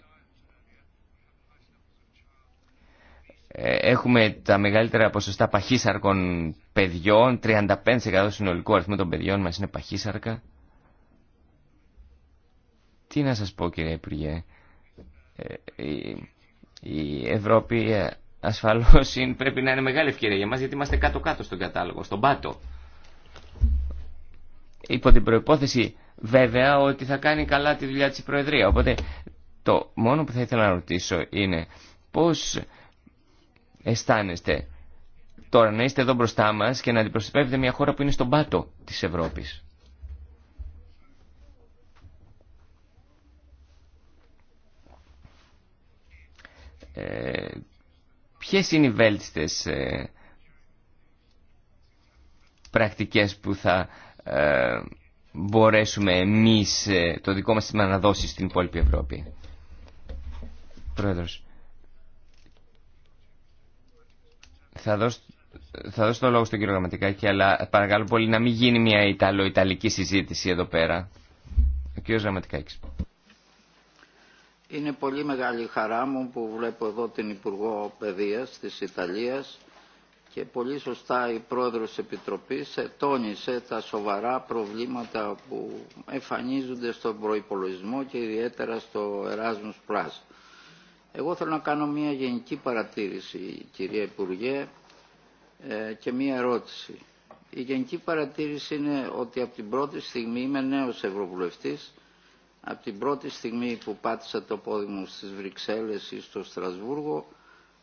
έχουμε τα μεγαλύτερα ποσοστά παχύσαρκων παιδιών, 35% συνολικού αριθμού των παιδιών μας είναι παχύσαρκα. Τι να σας πω κύριε Υπουργέ, ε, η Ευρώπη ε, ασφαλώς πρέπει να είναι μεγάλη ευκαιρία για μας γιατί είμαστε κάτω-κάτω στον κατάλογο, στον πάτο. Υπό την προϋπόθεση βέβαια ότι θα κάνει καλά τη δουλειά της η Προεδρία. Οπότε το μόνο που θα ήθελα να ρωτήσω είναι πώς αισθάνεστε τώρα να είστε εδώ μπροστά μα και να αντιπροσωπεύετε μια χώρα που είναι στον πάτο τη Ευρώπη. Ε, ποιες είναι οι βέλτιστες ε, πρακτικές που θα ε, μπορέσουμε εμείς ε, το δικό μας σήμα να δώσει στην υπόλοιπη Ευρώπη. Πρόεδρος. Θα δώσω θα δώσω το λόγο στον κύριο Γραμματικάκη, αλλά παρακαλώ πολύ να μην γίνει μια Ιταλο-Ιταλική συζήτηση εδώ πέρα. Ο κύριος Γραμματικάκης. Είναι πολύ μεγάλη χαρά μου που βλέπω εδώ την Υπουργό Παιδείας της Ιταλίας και πολύ σωστά η Πρόεδρος της Επιτροπής τόνισε τα σοβαρά προβλήματα που εμφανίζονται στον προϋπολογισμό και ιδιαίτερα στο Erasmus Εγώ θέλω να κάνω μια γενική παρατήρηση, κυρία Υπουργέ, ε, και μία ερώτηση. Η γενική παρατήρηση είναι ότι από την πρώτη στιγμή είμαι νέος Ευρωβουλευτής. Από την πρώτη στιγμή που πάτησα το πόδι μου στις Βρυξέλλες ή στο Στρασβούργο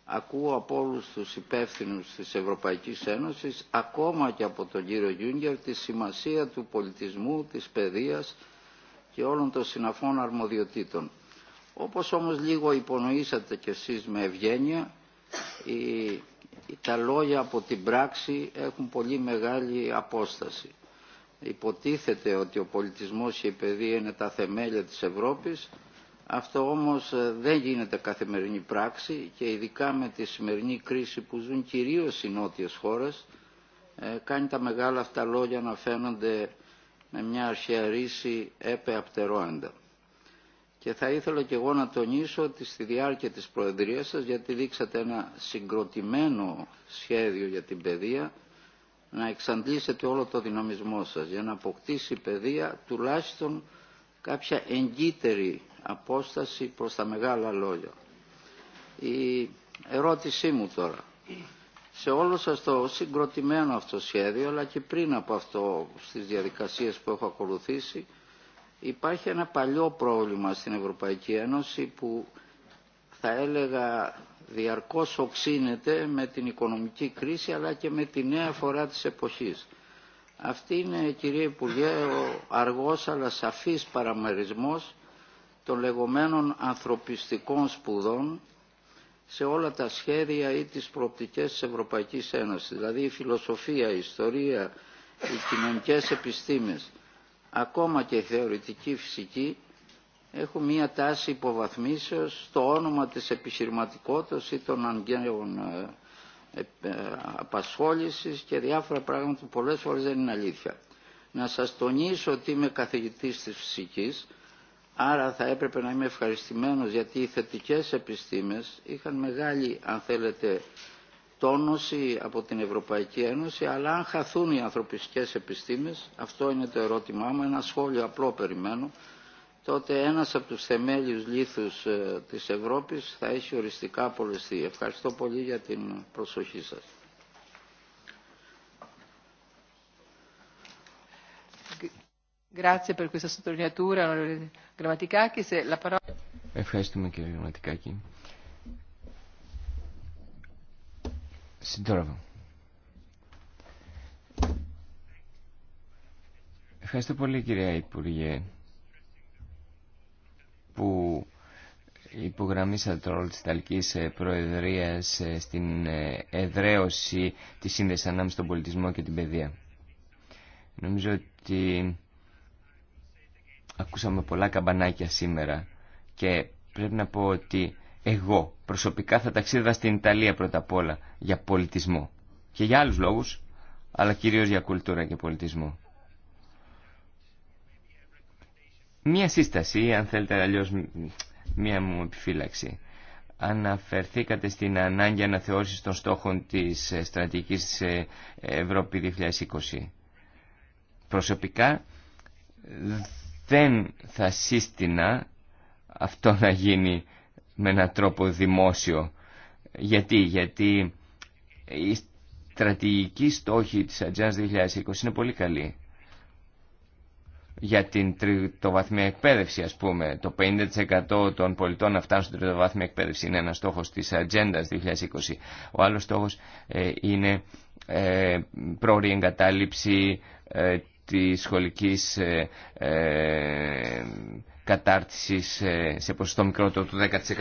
ακούω από όλους τους υπεύθυνους της Ευρωπαϊκής Ένωσης ακόμα και από τον κύριο Γιούγκερ τη σημασία του πολιτισμού, της παιδείας και όλων των συναφών αρμοδιοτήτων. Όπως όμως λίγο υπονοήσατε κι εσείς με ευγένεια η στο στρασβουργο ακουω απο ολους τους υπευθυνους της ευρωπαικης ενωσης ακομα και απο τον κυριο γιουγκερ τη σημασια του πολιτισμου της παιδειας και ολων των συναφων αρμοδιοτητων οπως ομως λιγο υπονοησατε κι εσεις με ευγενεια τα λόγια από την πράξη έχουν πολύ μεγάλη απόσταση. Υποτίθεται ότι ο πολιτισμός και η παιδεία είναι τα θεμέλια της Ευρώπης, αυτό όμως ε, δεν γίνεται καθημερινή πράξη και ειδικά με τη σημερινή κρίση που ζουν κυρίως οι νότιες χώρες, ε, κάνει τα μεγάλα αυτά λόγια να φαίνονται με μια αρχαία ρίση έπεα και θα ήθελα και εγώ να τονίσω ότι στη διάρκεια της Προεδρίας σας, γιατί δείξατε ένα συγκροτημένο σχέδιο για την παιδεία, να εξαντλήσετε όλο το δυναμισμό σας για να αποκτήσει η παιδεία τουλάχιστον κάποια εγκύτερη απόσταση προς τα μεγάλα λόγια. Η ερώτησή μου τώρα, σε όλο σας το συγκροτημένο αυτό σχέδιο, αλλά και πριν από αυτό στις διαδικασίες που έχω ακολουθήσει, Υπάρχει ένα παλιό πρόβλημα στην Ευρωπαϊκή Ένωση που θα έλεγα διαρκώς οξύνεται με την οικονομική κρίση αλλά και με τη νέα φορά της εποχής. Αυτή είναι κυρία Υπουργέ ο αργός αλλά σαφής παραμερισμός των λεγόμενων ανθρωπιστικών σπουδών σε όλα τα σχέδια ή τις προοπτικές της Ευρωπαϊκής Ένωσης. Δηλαδή η φιλοσοφία, η ιστορία, οι κοινωνικές επιστήμες ακόμα και η θεωρητική φυσική έχουν μία τάση υποβαθμίσεως στο όνομα της επιχειρηματικότητας ή των αγκαίων ε, ε, απασχόλησης και διάφορα πράγματα που πολλές φορές δεν είναι αλήθεια. Να σας τονίσω ότι είμαι καθηγητής της φυσικής, άρα θα έπρεπε να είμαι ευχαριστημένος γιατί οι θετικές επιστήμες είχαν μεγάλη, αν θέλετε, τόνωση από την Ευρωπαϊκή Ένωση, αλλά αν χαθούν οι ανθρωπιστικές επιστήμες, αυτό είναι το ερώτημά μου, ένα σχόλιο απλό περιμένω, τότε ένας από τους θεμέλιους λίθους ε, της Ευρώπης θα έχει οριστικά απολυστεί. Ευχαριστώ πολύ για την προσοχή σας. Ευχαριστούμε κύριε Γραμματικάκη. Ευχαριστώ πολύ κυρία Υπουργέ που υπογραμμίσατε ρόλο της Ιταλικής ε, Προεδρίας ε, στην ε, εδραίωση της σύνδεσης ανάμεσα στον πολιτισμό και την παιδεία. Νομίζω ότι ακούσαμε πολλά καμπανάκια σήμερα και πρέπει να πω ότι εγώ προσωπικά θα ταξίδευα στην Ιταλία πρώτα απ' όλα για πολιτισμό και για άλλους λόγους, αλλά κυρίως για κουλτούρα και πολιτισμό. Μία σύσταση, αν θέλετε αλλιώς μία μου επιφύλαξη. Αναφερθήκατε στην ανάγκη αναθεώρησης των στόχων της ε, στρατηγικής ε, Ευρώπη 2020. Προσωπικά δεν θα σύστηνα αυτό να γίνει με έναν τρόπο δημόσιο. Γιατί, γιατί η στρατηγική στόχη της Ατζέντα 2020 είναι πολύ καλή. Για την τριτοβαθμία εκπαίδευση, ας πούμε, το 50% των πολιτών να φτάνουν στην τριτοβαθμία εκπαίδευση είναι ένας στόχος της Ατζέντα 2020. Ο άλλος στόχος ε, είναι ε, πρόορη εγκατάλειψη ε, της σχολικής ε, κατάρτισης ε, σε ποσοστό μικρότερο του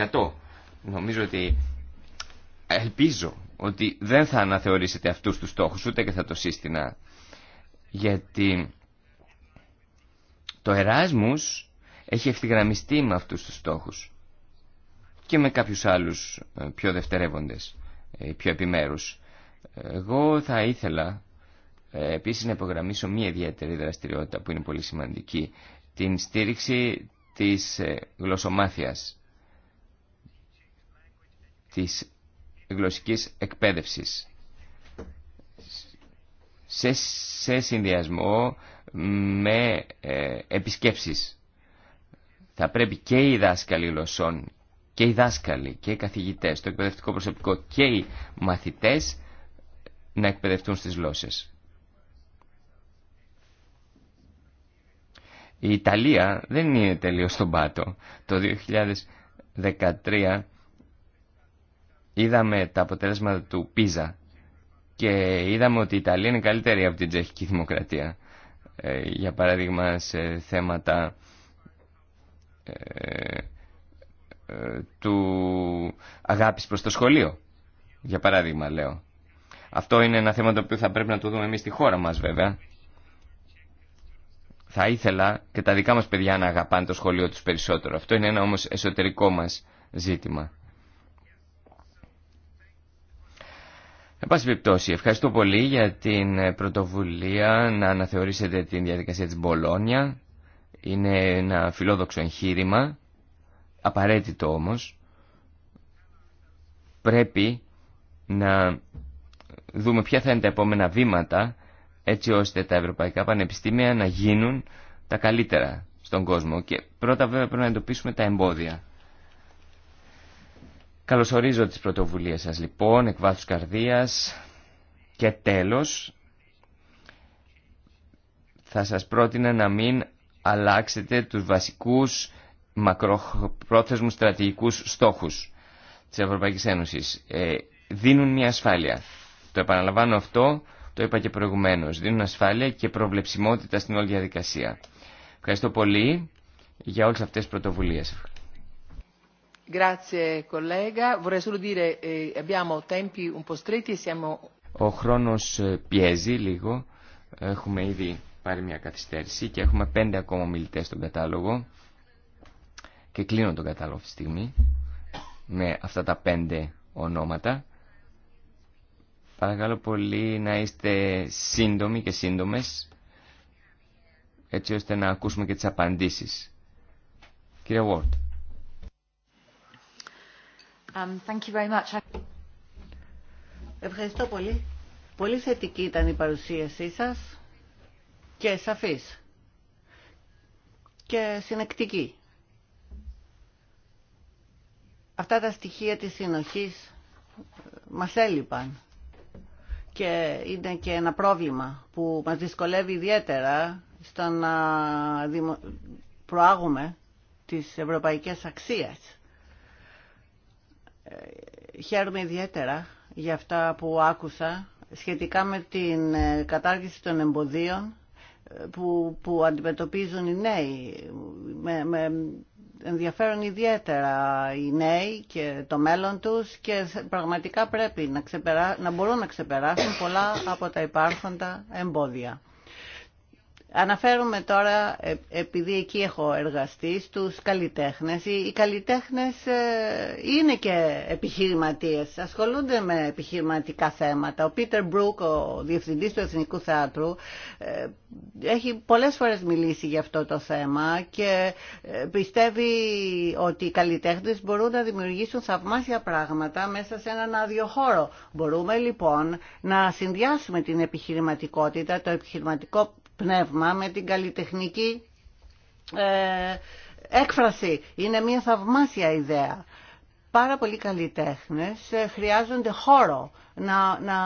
10%. Νομίζω ότι ελπίζω ότι δεν θα αναθεωρήσετε αυτούς τους στόχους ούτε και θα το σύστηνα γιατί το Εράσμους έχει ευθυγραμμιστεί με αυτούς τους στόχους και με κάποιους άλλους ε, πιο δευτερεύοντες, ε, πιο επιμέρους. Εγώ θα ήθελα επίσης να υπογραμμίσω μία ιδιαίτερη δραστηριότητα που είναι πολύ σημαντική, την στήριξη της ε, γλωσσομάθειας, της γλωσσικής εκπαίδευσης. Σε, συνδυασμό με ε, επισκέψεις. Θα πρέπει και οι δάσκαλοι γλωσσών, και οι δάσκαλοι, και οι καθηγητές, το εκπαιδευτικό προσωπικό και οι μαθητές να εκπαιδευτούν στις γλώσσες. Η Ιταλία δεν είναι τελείως στον πάτο. Το 2013 είδαμε τα αποτέλεσματα του Πίζα και είδαμε ότι η Ιταλία είναι καλύτερη από την Τσεχική Δημοκρατία. Ε, για παράδειγμα σε θέματα ε, ε, του αγάπης προς το σχολείο. Για παράδειγμα λέω. Αυτό είναι ένα θέμα το οποίο θα πρέπει να το δούμε εμείς στη χώρα μας βέβαια. Θα ήθελα και τα δικά μας παιδιά να αγαπάνε το σχολείο τους περισσότερο. Αυτό είναι ένα όμως εσωτερικό μας ζήτημα. Εν πάση περιπτώσει, ευχαριστώ πολύ για την ε, πρωτοβουλία να αναθεωρήσετε την διαδικασία της Μπολόνια. Είναι ένα φιλόδοξο εγχείρημα, απαραίτητο όμως. Πρέπει να δούμε ποια θα είναι τα επόμενα βήματα έτσι ώστε τα ευρωπαϊκά πανεπιστήμια να γίνουν τα καλύτερα στον κόσμο. Και πρώτα βέβαια πρέπει να εντοπίσουμε τα εμπόδια. Καλωσορίζω τις πρωτοβουλίες σας λοιπόν, εκ βάθους καρδίας και τέλος θα σας πρότεινα να μην αλλάξετε τους βασικούς μακροπρόθεσμους στρατηγικούς στόχους της Ευρωπαϊκής Ένωσης. Ε, δίνουν μια ασφάλεια. Το επαναλαμβάνω αυτό το είπα και προηγουμένω. Δίνουν ασφάλεια και προβλεψιμότητα στην όλη διαδικασία. Ευχαριστώ πολύ για όλε αυτέ τι πρωτοβουλίε. Ο χρόνο ε, πιέζει λίγο. Έχουμε ήδη πάρει μια καθυστέρηση και έχουμε πέντε ακόμα μιλητέ στον κατάλογο. Και κλείνω τον κατάλογο αυτή τη στιγμή με αυτά τα πέντε ονόματα. Παρακαλώ πολύ να είστε σύντομοι και σύντομες, έτσι ώστε να ακούσουμε και τις απαντήσεις. Κύριε Βόρτ. Um, Ευχαριστώ πολύ. Πολύ θετική ήταν η παρουσίασή σας και σαφής και συνεκτική. Αυτά τα στοιχεία της συνοχής ε, μας έλειπαν και είναι και ένα πρόβλημα που μας δυσκολεύει ιδιαίτερα στο να προάγουμε τις ευρωπαϊκές αξίες. Ε, χαίρομαι ιδιαίτερα για αυτά που άκουσα σχετικά με την ε, κατάργηση των εμποδίων ε, που, που αντιμετωπίζουν οι νέοι με ενδιαφέρουν ιδιαίτερα οι νέοι και το μέλλον τους και πραγματικά πρέπει να, να μπορούν να ξεπεράσουν πολλά από τα υπάρχοντα εμπόδια. Αναφέρομαι τώρα, ε, επειδή εκεί έχω εργαστεί, στους καλλιτέχνες. Οι καλλιτέχνες ε, είναι και επιχειρηματίες, ασχολούνται με επιχειρηματικά θέματα. Ο Πίτερ Μπρουκ, ο διευθυντής του Εθνικού Θεάτρου, ε, έχει πολλές φορές μιλήσει για αυτό το θέμα και πιστεύει ότι οι καλλιτέχνες μπορούν να δημιουργήσουν θαυμάσια πράγματα μέσα σε έναν άδειο χώρο. Μπορούμε λοιπόν να συνδυάσουμε την επιχειρηματικότητα, το επιχειρηματικό πνεύμα, με την καλλιτεχνική ε, έκφραση. Είναι μια θαυμάσια ιδέα. Πάρα πολλοί καλλιτέχνες ε, χρειάζονται χώρο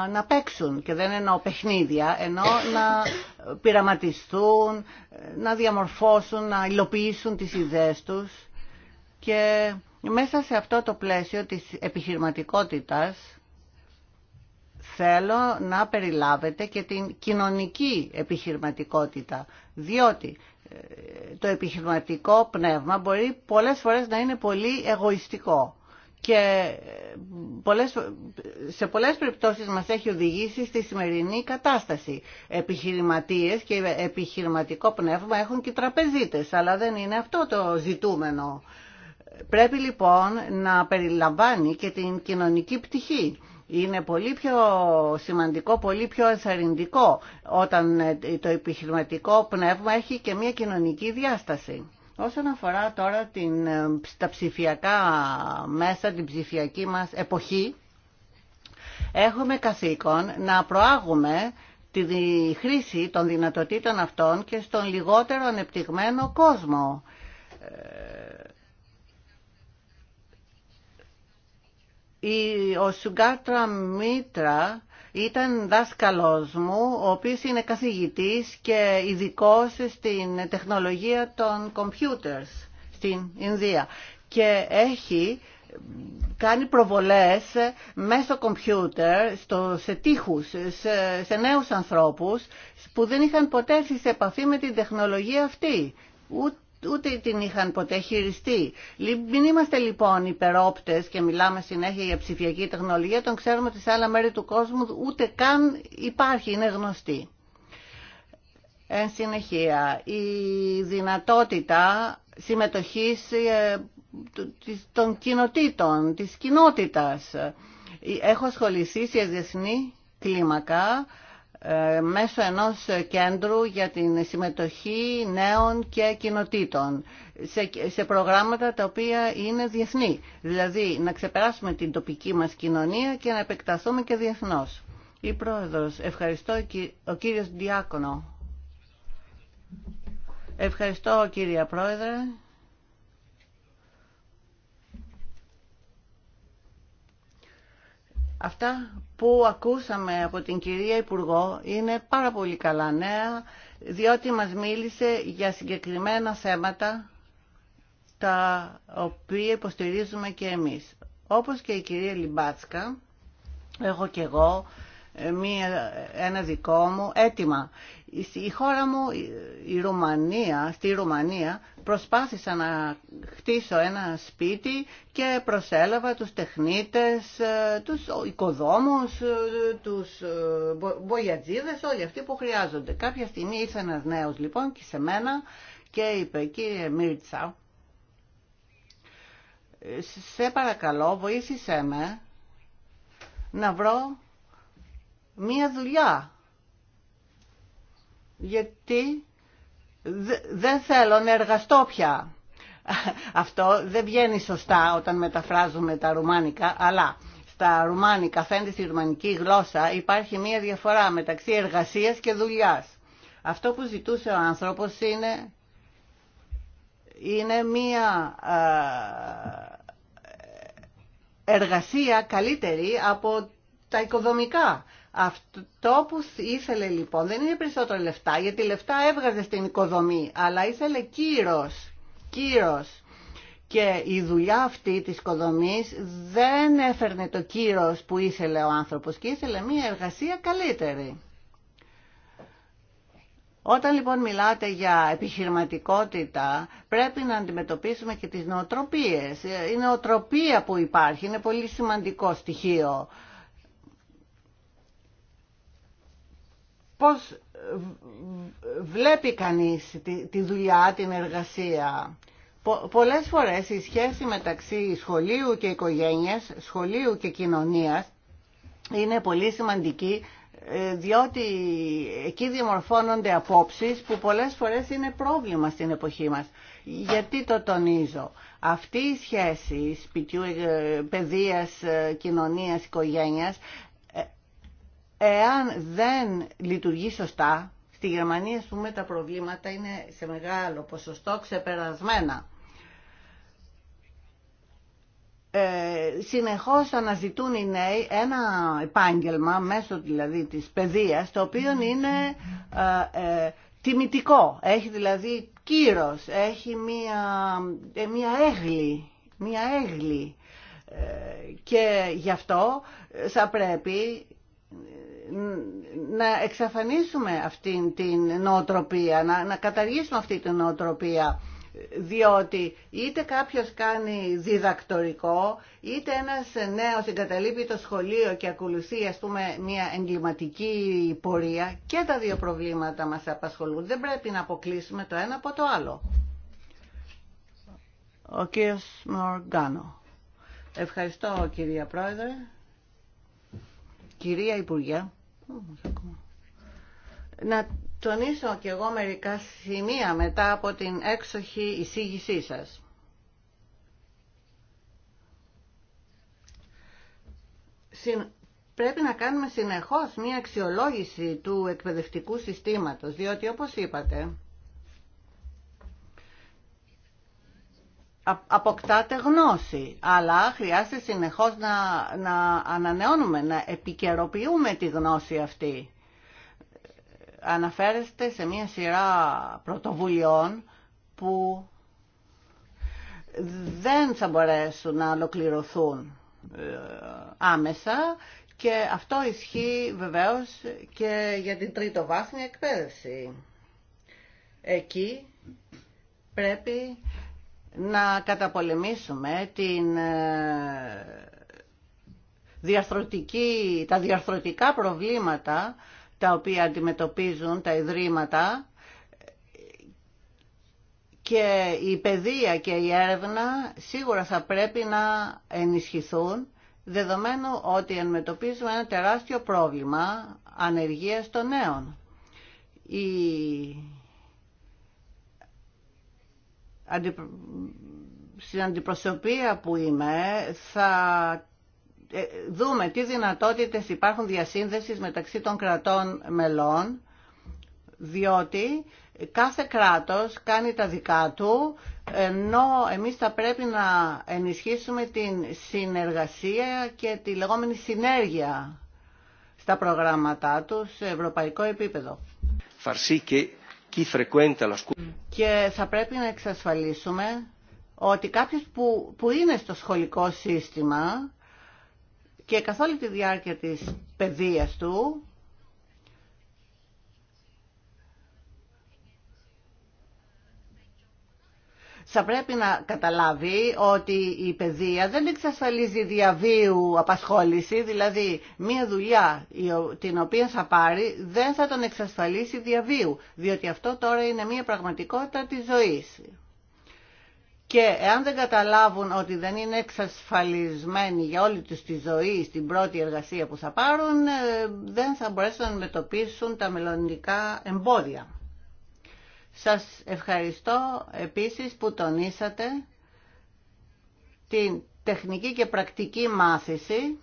να, παίξουν και δεν εννοώ παιχνίδια, ενώ να πειραματιστούν, να διαμορφώσουν, να υλοποιήσουν τις ιδέες τους. Και μέσα σε αυτό το πλαίσιο της επιχειρηματικότητας θέλω να περιλάβετε και την κοινωνική επιχειρηματικότητα, διότι ε, το επιχειρηματικό πνεύμα μπορεί πολλές φορές να είναι πολύ εγωιστικό και ε, πολλές, σε πολλές περιπτώσεις μας έχει οδηγήσει στη σημερινή κατάσταση. Επιχειρηματίες και επιχειρηματικό πνεύμα έχουν και τραπεζίτες, αλλά δεν είναι αυτό το ζητούμενο. Πρέπει λοιπόν να περιλαμβάνει και την κοινωνική πτυχή είναι πολύ πιο σημαντικό, πολύ πιο ενθαρρυντικό όταν ε, το επιχειρηματικό πνεύμα έχει και μια κοινωνική διάσταση. Όσον αφορά τώρα την, ε, τα ψηφιακά μέσα, την ψηφιακή μας εποχή, έχουμε καθήκον να προάγουμε τη χρήση των δυνατοτήτων αυτών και στον λιγότερο ανεπτυγμένο κόσμο ε, ο Σουγκάτρα Μήτρα ήταν δάσκαλός μου, ο οποίος είναι καθηγητής και ειδικό στην τεχνολογία των computers στην Ινδία και έχει κάνει προβολές μέσω κομπιούτερ στο, σε τείχους, σε, σε νέους ανθρώπους που δεν είχαν ποτέ έρθει σε επαφή με την τεχνολογία αυτή ούτε την είχαν ποτέ χειριστεί. Μην είμαστε λοιπόν υπερόπτες και μιλάμε συνέχεια για ψηφιακή τεχνολογία, τον ξέρουμε ότι σε άλλα μέρη του κόσμου ούτε καν υπάρχει, είναι γνωστή. Εν συνεχεία, η δυνατότητα συμμετοχής ε, των κοινοτήτων, της κοινότητας. Ε, έχω ασχοληθεί σε διεθνή κλίμακα ε, μέσω ενός κέντρου για την συμμετοχή νέων και κοινοτήτων σε, προγράμματα τα οποία είναι διεθνή. Δηλαδή να ξεπεράσουμε την τοπική μας κοινωνία και να επεκταθούμε και διεθνώς. Η Πρόεδρος, ευχαριστώ ο κύριος Διάκονο. Ευχαριστώ κύριε Πρόεδρε. Αυτά που ακούσαμε από την κυρία Υπουργό είναι πάρα πολύ καλά νέα, διότι μας μίλησε για συγκεκριμένα θέματα τα οποία υποστηρίζουμε και εμείς. Όπως και η κυρία Λιμπάτσκα, εγώ και εγώ ε, μία, ένα δικό μου έτοιμα. Η χώρα μου, η Ρουμανία, στη Ρουμανία προσπάθησα να χτίσω ένα σπίτι και προσέλαβα τους τεχνίτες, ε, τους οικοδόμους, ε, τους μπογιατζίδες, όλοι αυτοί που χρειάζονται. Κάποια στιγμή ήρθε ένας νέος λοιπόν και σε μένα και είπε «Κύριε Μίρτσα, σε παρακαλώ βοήθησέ με να βρω μία δουλειά. Γιατί δεν θέλω να εργαστώ πια. Αυτό δεν βγαίνει σωστά όταν μεταφράζουμε τα ρουμάνικα, αλλά στα ρουμάνικα, φαίνεται στη ρουμανική γλώσσα, υπάρχει μία διαφορά μεταξύ εργασίας και δουλειάς. Αυτό που ζητούσε ο άνθρωπος είναι, είναι μία εργασία καλύτερη από τα οικοδομικά. Αυτό που ήθελε λοιπόν δεν είναι περισσότερο λεφτά, γιατί λεφτά έβγαζε στην οικοδομή, αλλά ήθελε κύρος, κύρος. Και η δουλειά αυτή της οικοδομής δεν έφερνε το κύρος που ήθελε ο άνθρωπος και ήθελε μια εργασία καλύτερη. Όταν λοιπόν μιλάτε για επιχειρηματικότητα, πρέπει να αντιμετωπίσουμε και τις νοοτροπίες. Η νοοτροπία που υπάρχει είναι πολύ σημαντικό στοιχείο. πώς βλέπει κανείς τη, δουλειά, την εργασία. πολλές φορές η σχέση μεταξύ σχολείου και οικογένειας, σχολείου και κοινωνίας είναι πολύ σημαντική ε, διότι εκεί διαμορφώνονται απόψεις που πολλές φορές είναι πρόβλημα στην εποχή μας. Γιατί το τονίζω. Αυτή η σχέση σπιτιού, ε, παιδείας, ε, κοινωνίας, οικογένειας εάν δεν λειτουργεί σωστά, στη Γερμανία, πούμε, τα προβλήματα είναι σε μεγάλο ποσοστό ξεπερασμένα. Ε, συνεχώς αναζητούν οι νέοι ένα επάγγελμα μέσω δηλαδή της παιδείας το οποίο είναι ε, ε, τιμητικό, έχει δηλαδή κύρος, έχει μία, ε, μία έγλη, μία έγλη. και γι' αυτό θα πρέπει να εξαφανίσουμε αυτήν την νοοτροπία, να, καταργήσουμε αυτή την νοοτροπία διότι είτε κάποιος κάνει διδακτορικό, είτε ένας νέος εγκαταλείπει το σχολείο και ακολουθεί ας πούμε μια εγκληματική πορεία και τα δύο προβλήματα μας απασχολούν. Δεν πρέπει να αποκλείσουμε το ένα από το άλλο. Ο κύριος Μοργάνο. Ευχαριστώ κυρία Πρόεδρε. Κυρία Υπουργέ. Να τονίσω και εγώ μερικά σημεία μετά από την έξοχη εισήγησή σας. Πρέπει να κάνουμε συνεχώς μία αξιολόγηση του εκπαιδευτικού συστήματος, διότι όπως είπατε, αποκτάτε γνώση, αλλά χρειάζεται συνεχώς να, να ανανεώνουμε, να επικαιροποιούμε τη γνώση αυτή. Αναφέρεστε σε μια σειρά πρωτοβουλειών που δεν θα μπορέσουν να ολοκληρωθούν ε, άμεσα και αυτό ισχύει βεβαίως και για την τρίτο βάθμια εκπαίδευση. Εκεί πρέπει να καταπολεμήσουμε την ε, τα διαρθρωτικά προβλήματα τα οποία αντιμετωπίζουν τα ιδρύματα και η παιδεία και η έρευνα σίγουρα θα πρέπει να ενισχυθούν δεδομένου ότι αντιμετωπίζουμε ένα τεράστιο πρόβλημα ανεργίας των νέων. Η στην αντιπροσωπεία που είμαι θα ε, δούμε τι δυνατότητες υπάρχουν διασύνδεσης μεταξύ των κρατών μελών διότι κάθε κράτος κάνει τα δικά του ενώ εμείς θα πρέπει να ενισχύσουμε την συνεργασία και τη λεγόμενη συνέργεια στα προγράμματά τους σε ευρωπαϊκό επίπεδο. Και θα πρέπει να εξασφαλίσουμε ότι κάποιος που, που είναι στο σχολικό σύστημα και καθ' όλη τη διάρκεια της παιδείας του θα πρέπει να καταλάβει ότι η παιδεία δεν εξασφαλίζει διαβίου απασχόληση, δηλαδή μία δουλειά την οποία θα πάρει δεν θα τον εξασφαλίσει διαβίου, διότι αυτό τώρα είναι μία πραγματικότητα της ζωής. Και εάν δεν καταλάβουν ότι δεν είναι εξασφαλισμένοι για όλη τους τη ζωή στην πρώτη εργασία που θα πάρουν, ε, δεν θα μπορέσουν να αντιμετωπίσουν τα μελλοντικά εμπόδια. Σας ευχαριστώ επίσης που τονίσατε την τεχνική και πρακτική μάθηση.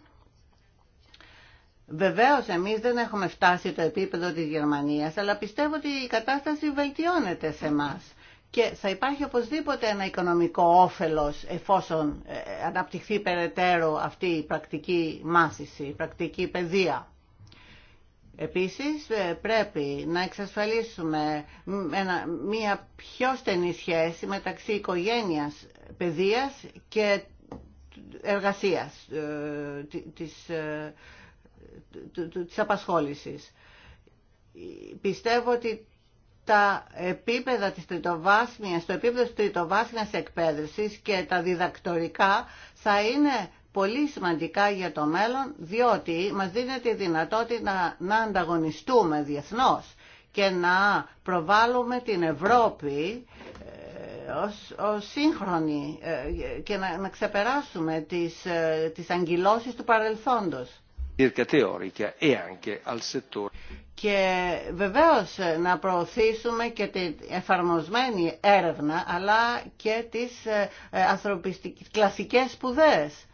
Βεβαίως εμείς δεν έχουμε φτάσει το επίπεδο της Γερμανίας, αλλά πιστεύω ότι η κατάσταση βελτιώνεται σε μας και θα υπάρχει οπωσδήποτε ένα οικονομικό όφελος εφόσον ε, ε, αναπτυχθεί περαιτέρω αυτή η πρακτική μάθηση, η πρακτική παιδεία. Επίσης ε, πρέπει να εξασφαλίσουμε μια πιο στενή σχέση μεταξύ οικογένειας, παιδείας και εργασίας, ε, της, ε, της απασχόλησης. Πιστεύω ότι τα επίπεδα της τριτοβάσμιας, το επίπεδο της τριτοβάσμιας εκπαίδευσης και τα διδακτορικά θα είναι πολύ σημαντικά για το μέλλον, διότι μας δίνεται η δυνατότητα να ανταγωνιστούμε διεθνώς και να προβάλλουμε την Ευρώπη ε, ως, σύγχρονη ε, και να, να ξεπεράσουμε τις, ε, τις αγγυλώσεις του παρελθόντος. E και βεβαίως να προωθήσουμε και την εφαρμοσμένη έρευνα αλλά και τις ανθρωπιστικές κλασικές σπουδές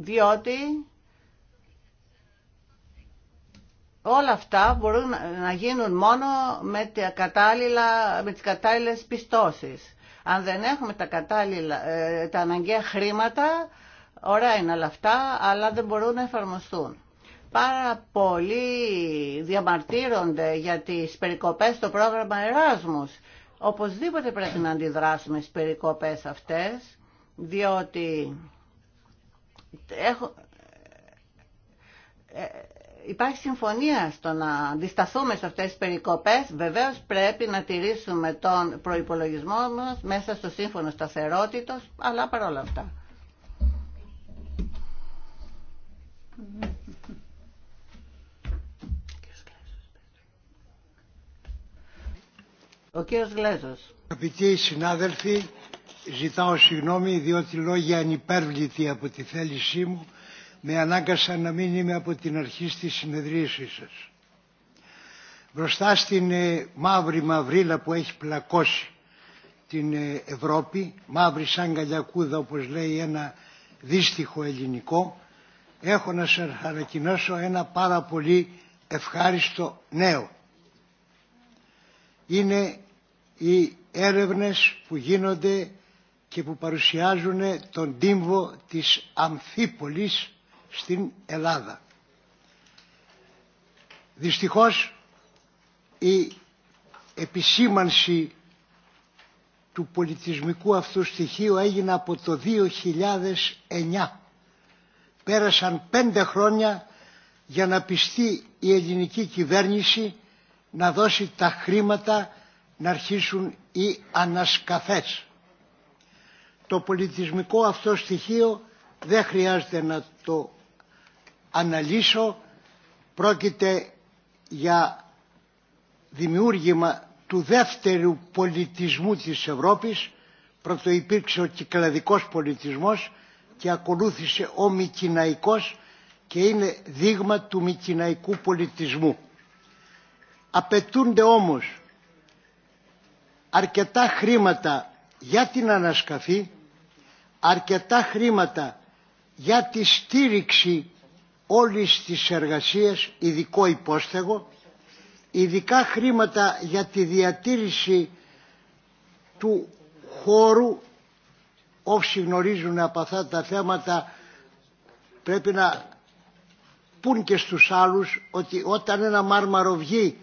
διότι όλα αυτά μπορούν να γίνουν μόνο με, τα κατάλληλα, με τις κατάλληλες πιστώσεις. Αν δεν έχουμε τα, κατάλληλα, ε, τα αναγκαία χρήματα, ωραία είναι όλα αυτά, αλλά δεν μπορούν να εφαρμοστούν. Πάρα πολλοί διαμαρτύρονται για τις περικοπές στο πρόγραμμα Εράσμους. Οπωσδήποτε πρέπει να αντιδράσουμε στις περικοπές αυτές, διότι έχω, ε, ε, υπάρχει συμφωνία στο να αντισταθούμε σε αυτές τις περικοπές. Βεβαίως πρέπει να τηρήσουμε τον προϋπολογισμό μας μέσα στο σύμφωνο σταθερότητος, αλλά παρόλα αυτά. Ο κύριος Γλέζος. Αγαπητοί συνάδελφοι, Ζητάω συγγνώμη διότι λόγια ανυπέρβλητη από τη θέλησή μου με ανάγκασαν να μην είμαι από την αρχή στη συνεδρίασή σας. Μπροστά στην ε, μαύρη μαυρίλα που έχει πλακώσει την ε, Ευρώπη, μαύρη σαν καλιακούδα όπως λέει ένα δύστιχο ελληνικό, έχω να σας ανακοινώσω ένα πάρα πολύ ευχάριστο νέο. Είναι οι έρευνες που γίνονται και που παρουσιάζουν τον τύμβο της Αμφίπολης στην Ελλάδα. Δυστυχώς η επισήμανση του πολιτισμικού αυτού στοιχείου έγινε από το 2009. Πέρασαν πέντε χρόνια για να πιστεί η ελληνική κυβέρνηση να δώσει τα χρήματα να αρχίσουν οι ανασκαφές το πολιτισμικό αυτό στοιχείο δεν χρειάζεται να το αναλύσω. Πρόκειται για δημιούργημα του δεύτερου πολιτισμού της Ευρώπης. Πρώτο υπήρξε ο κυκλαδικός πολιτισμός και ακολούθησε ο μικυναϊκός και είναι δείγμα του μικυναϊκού πολιτισμού. Απαιτούνται όμως αρκετά χρήματα για την ανασκαφή αρκετά χρήματα για τη στήριξη όλης της εργασίας, ειδικό υπόστεγο, ειδικά χρήματα για τη διατήρηση του χώρου, όσοι γνωρίζουν από αυτά τα θέματα πρέπει να πούν και στους άλλους ότι όταν ένα μάρμαρο βγει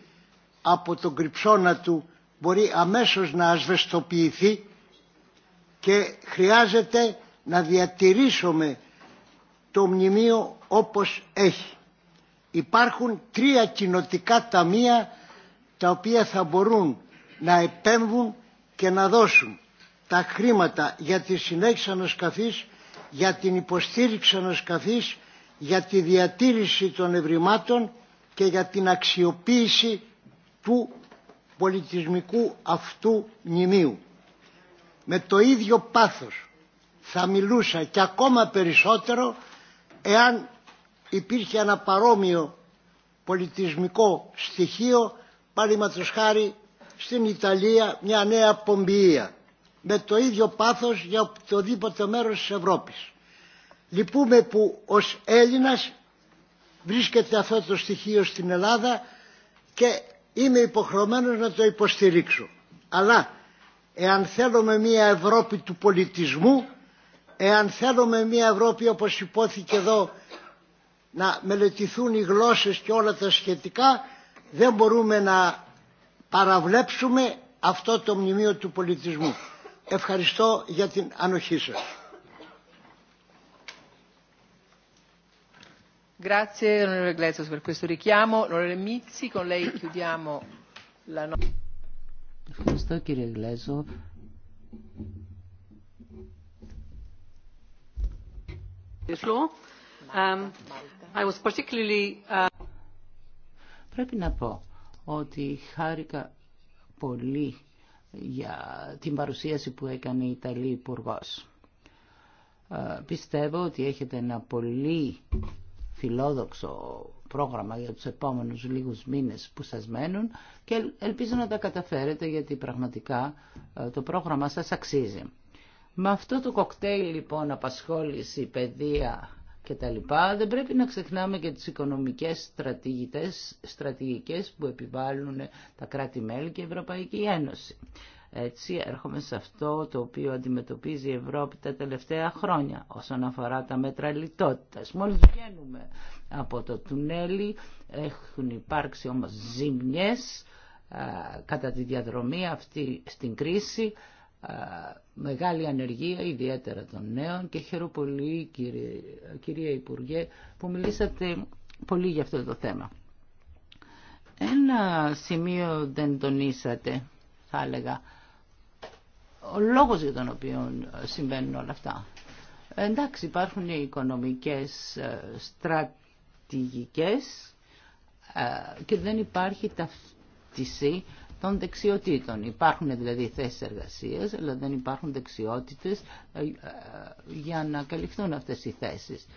από τον κρυψώνα του μπορεί αμέσως να ασβεστοποιηθεί και χρειάζεται να διατηρήσουμε το μνημείο όπως έχει. Υπάρχουν τρία κοινοτικά ταμεία τα οποία θα μπορούν να επέμβουν και να δώσουν τα χρήματα για τη συνέχιση ανασκαφής, για την υποστήριξη ανασκαφής, για τη διατήρηση των ευρημάτων και για την αξιοποίηση του πολιτισμικού αυτού μνημείου με το ίδιο πάθος θα μιλούσα και ακόμα περισσότερο εάν υπήρχε ένα παρόμοιο πολιτισμικό στοιχείο πάλι χάρη στην Ιταλία μια νέα πομπιεία με το ίδιο πάθος για οποιοδήποτε μέρος της Ευρώπης. Λυπούμε που ως Έλληνας βρίσκεται αυτό το στοιχείο στην Ελλάδα και είμαι υποχρεωμένος να το υποστηρίξω. Αλλά εάν θέλουμε μια Ευρώπη του πολιτισμού, εάν θέλουμε μια Ευρώπη όπως υπόθηκε εδώ να μελετηθούν οι γλώσσες και όλα τα σχετικά, δεν μπορούμε να παραβλέψουμε αυτό το μνημείο του πολιτισμού. Ευχαριστώ για την ανοχή σας. Grazie onorevole per questo richiamo. Onorevole Ευχαριστώ κύριε Γλέζο. Um, uh, Πρέπει να πω ότι χάρηκα πολύ για την παρουσίαση που έκανε η Ιταλή υπουργό. Uh, πιστεύω ότι έχετε ένα πολύ φιλόδοξο πρόγραμμα για τους επόμενους λίγους μήνες που σας μένουν και ελπίζω να τα καταφέρετε γιατί πραγματικά ε, το πρόγραμμα σας αξίζει. Με αυτό το κοκτέιλ λοιπόν απασχόληση, παιδεία και τα λοιπά, δεν πρέπει να ξεχνάμε και τις οικονομικές στρατηγικές που επιβάλλουν τα κράτη-μέλη και η Ευρωπαϊκή Ένωση. Έτσι έρχομαι σε αυτό το οποίο αντιμετωπίζει η Ευρώπη τα τελευταία χρόνια όσον αφορά τα μέτρα λιτότητας. Μόλις βγαίνουμε από το τουνέλι. Έχουν υπάρξει όμως ζημιές κατά τη διαδρομή αυτή στην κρίση. Μεγάλη ανεργία, ιδιαίτερα των νέων και χαίρομαι πολύ κυρία Υπουργέ που μιλήσατε πολύ για αυτό το θέμα. Ένα σημείο δεν τονίσατε, θα έλεγα, ο λόγος για τον οποίο συμβαίνουν όλα αυτά. Εντάξει, υπάρχουν οι οικονομικές ε, στρα στρατηγικές ε, και δεν υπάρχει ταυτισή των δεξιοτήτων. Υπάρχουν δηλαδή θέσεις εργασίας, αλλά δεν υπάρχουν δεξιότητες ε, ε, για να καλυφθούν αυτές οι θέσεις.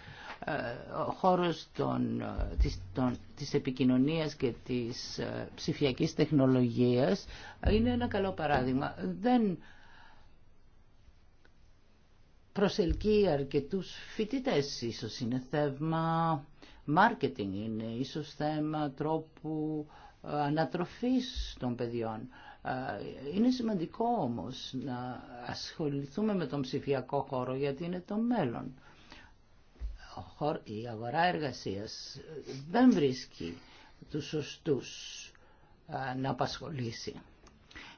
Ο χώρος των, της, των, της επικοινωνίας και της ψηφιακής τεχνολογίας είναι ένα καλό παράδειγμα. Δεν προσελκύει αρκετούς φοιτητές, ίσως είναι θέμα Μάρκετινγκ είναι ίσως θέμα τρόπου ε, ανατροφής των παιδιών. Ε, είναι σημαντικό όμως να ασχοληθούμε με τον ψηφιακό χώρο γιατί είναι το μέλλον. Η αγορά εργασίας δεν βρίσκει τους σωστούς ε, να απασχολήσει.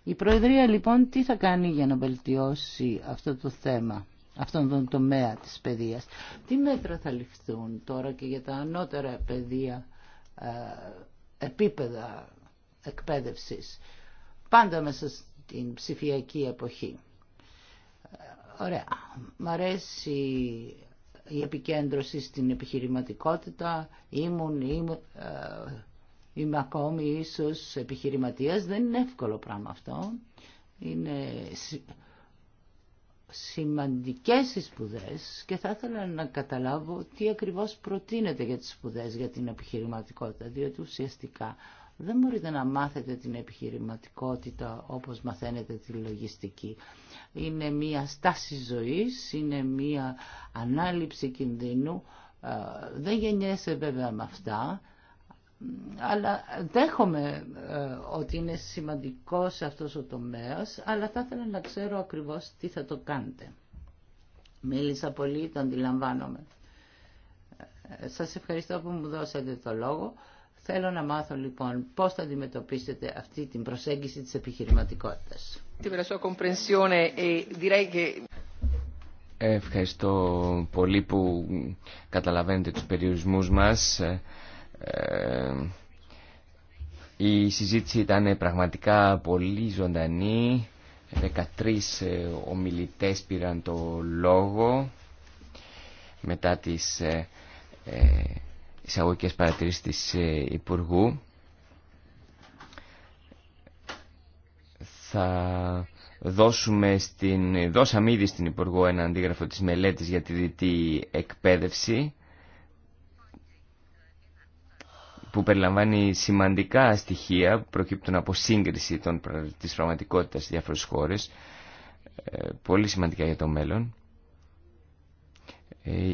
Η Προεδρία λοιπόν τι θα κάνει για να βελτιώσει αυτό το θέμα αυτόν τον τομέα της παιδείας. Τι μέτρα θα ληφθούν τώρα και για τα ανώτερα παιδεία ε, επίπεδα εκπαίδευσης πάντα μέσα στην ψηφιακή εποχή. Ε, ωραία. Μ' αρέσει η επικέντρωση στην επιχειρηματικότητα. Ήμουν, ε, είμαι, ε, ακόμη ίσως επιχειρηματίας. Δεν είναι εύκολο πράγμα αυτό. Είναι σημαντικές οι σπουδές και θα ήθελα να καταλάβω τι ακριβώς προτείνεται για τις σπουδές για την επιχειρηματικότητα, διότι ουσιαστικά δεν μπορείτε να μάθετε την επιχειρηματικότητα όπως μαθαίνετε τη λογιστική. Είναι μία στάση ζωής, είναι μία ανάληψη κινδύνου, ε, δεν γεννιέσαι βέβαια με αυτά, αλλά δέχομαι ε, ότι είναι σε αυτός ο τομέας, αλλά θα ήθελα να ξέρω ακριβώς τι θα το κάνετε. Μίλησα πολύ, το αντιλαμβάνομαι. Ε, σας ευχαριστώ που μου δώσατε το λόγο. Θέλω να μάθω λοιπόν πώς θα αντιμετωπίσετε αυτή την προσέγγιση της επιχειρηματικότητας. Ευχαριστώ πολύ που καταλαβαίνετε τους περιορισμούς μας. Ε, η συζήτηση ήταν πραγματικά πολύ ζωντανή. 13 ε, ομιλητές πήραν το λόγο μετά τις ε, εισαγωγικές παρατηρήσεις της Υπουργού. Θα δώσουμε στην, δώσαμε ήδη στην Υπουργό ένα αντίγραφο της μελέτης για τη διτή εκπαίδευση που περιλαμβάνει σημαντικά στοιχεία που προκύπτουν από σύγκριση των, της πραγματικότητας σε διάφορες χώρες, ε, πολύ σημαντικά για το μέλλον. Ε,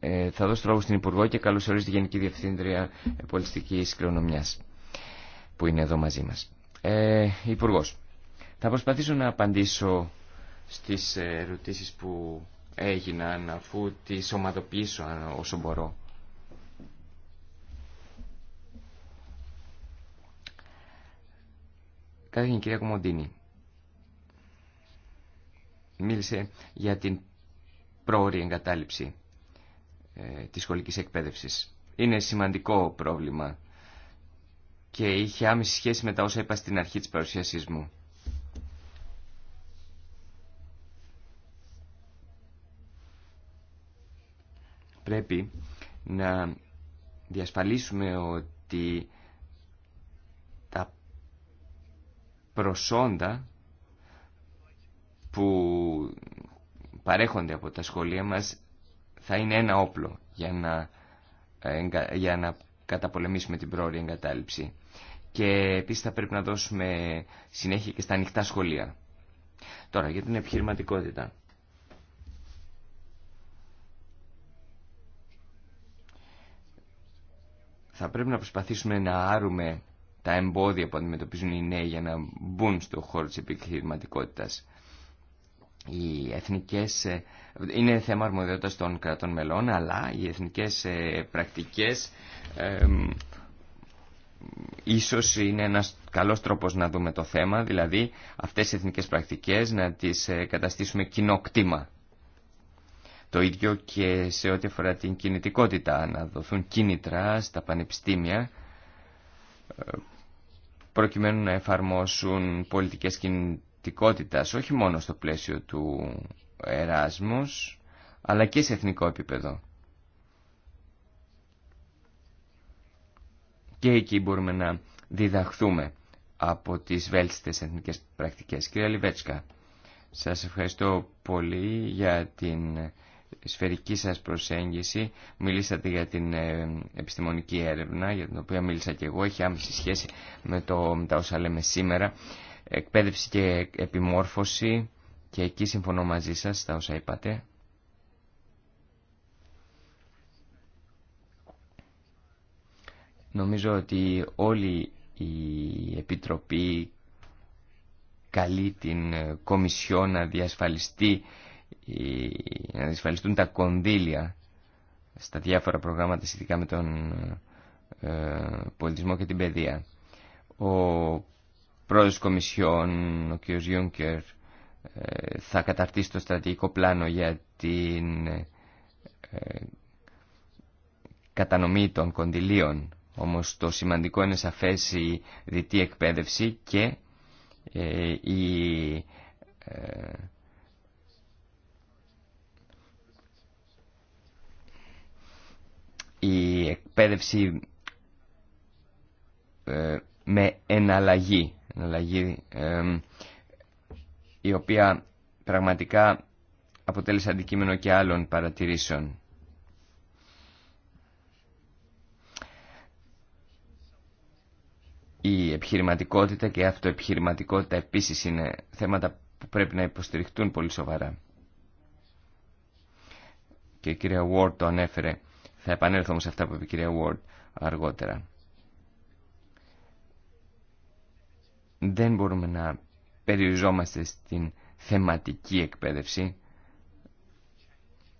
ε, θα δώσω τρόπο στην Υπουργό και καλωσορίζω τη Γενική Διευθύντρια Πολιστικής Κληρονομιάς που είναι εδώ μαζί μας. Ε, Υπουργός, θα προσπαθήσω να απαντήσω στις ερωτήσεις που έγιναν αφού τις ομαδοποιήσω όσο μπορώ. Καταρχήν κυρία Κομοντίνη μίλησε για την πρόορη εγκατάλειψη ε, της σχολικής εκπαίδευσης. Είναι σημαντικό πρόβλημα και είχε άμεση σχέση με τα όσα είπα στην αρχή της παρουσίασής μου. Πρέπει να διασφαλίσουμε ότι προσόντα που παρέχονται από τα σχολεία μας θα είναι ένα όπλο για να, ε, για να καταπολεμήσουμε την πρόορη εγκατάλειψη. Και επίσης θα πρέπει να δώσουμε συνέχεια και στα ανοιχτά σχολεία. Τώρα για την επιχειρηματικότητα. Θα πρέπει να προσπαθήσουμε να άρουμε τα εμπόδια που αντιμετωπίζουν οι νέοι για να μπουν στο χώρο της επιχειρηματικότητας. Οι εθνικές, ε, είναι θέμα αρμοδιότητας των κρατών μελών, αλλά οι εθνικές ε, πρακτικές ε, ίσως είναι ένας καλός τρόπος να δούμε το θέμα, δηλαδή αυτές οι εθνικές πρακτικές να τις ε, καταστήσουμε κοινό κτήμα. Το ίδιο και σε ό,τι αφορά την κινητικότητα, να δοθούν κίνητρα στα πανεπιστήμια προκειμένου να εφαρμόσουν πολιτικές κινητικότητας όχι μόνο στο πλαίσιο του Εράσμους αλλά και σε εθνικό επίπεδο. Και εκεί μπορούμε να διδαχθούμε από τις βέλτιστες εθνικές πρακτικές. Κύριε Λιβέτσκα, σας ευχαριστώ πολύ για την σφαιρική σας προσέγγιση. Μιλήσατε για την ε, επιστημονική έρευνα, για την οποία μίλησα και εγώ. Έχει άμεση σχέση με, το, με τα όσα λέμε σήμερα. Εκπαίδευση και επιμόρφωση. Και εκεί συμφωνώ μαζί σας, τα όσα είπατε. Νομίζω ότι όλη η Επιτροπή καλεί την ε, Κομισιό να διασφαλιστεί να δυσφαλιστούν τα κονδύλια στα διάφορα προγράμματα σχετικά με τον ε, πολιτισμό και την παιδεία. Ο πρόεδρος Κομισιόν, ο κ. Γιούνκερ, ε, θα καταρτήσει το στρατηγικό πλάνο για την ε, κατανομή των κονδυλίων. Όμως το σημαντικό είναι σαφές η διτή εκπαίδευση και η η εκπαίδευση ε, με εναλλαγή, εναλλαγή η οποία πραγματικά αποτέλεσε αντικείμενο και άλλων παρατηρήσεων. Η επιχειρηματικότητα και η αυτοεπιχειρηματικότητα επίσης είναι θέματα που πρέπει να υποστηριχτούν πολύ σοβαρά. Και η κυρία Ward το ανέφερε. Θα επανέλθω όμως σε αυτά που είπε η κυρία Ward αργότερα. Δεν μπορούμε να περιοριζόμαστε στην θεματική εκπαίδευση.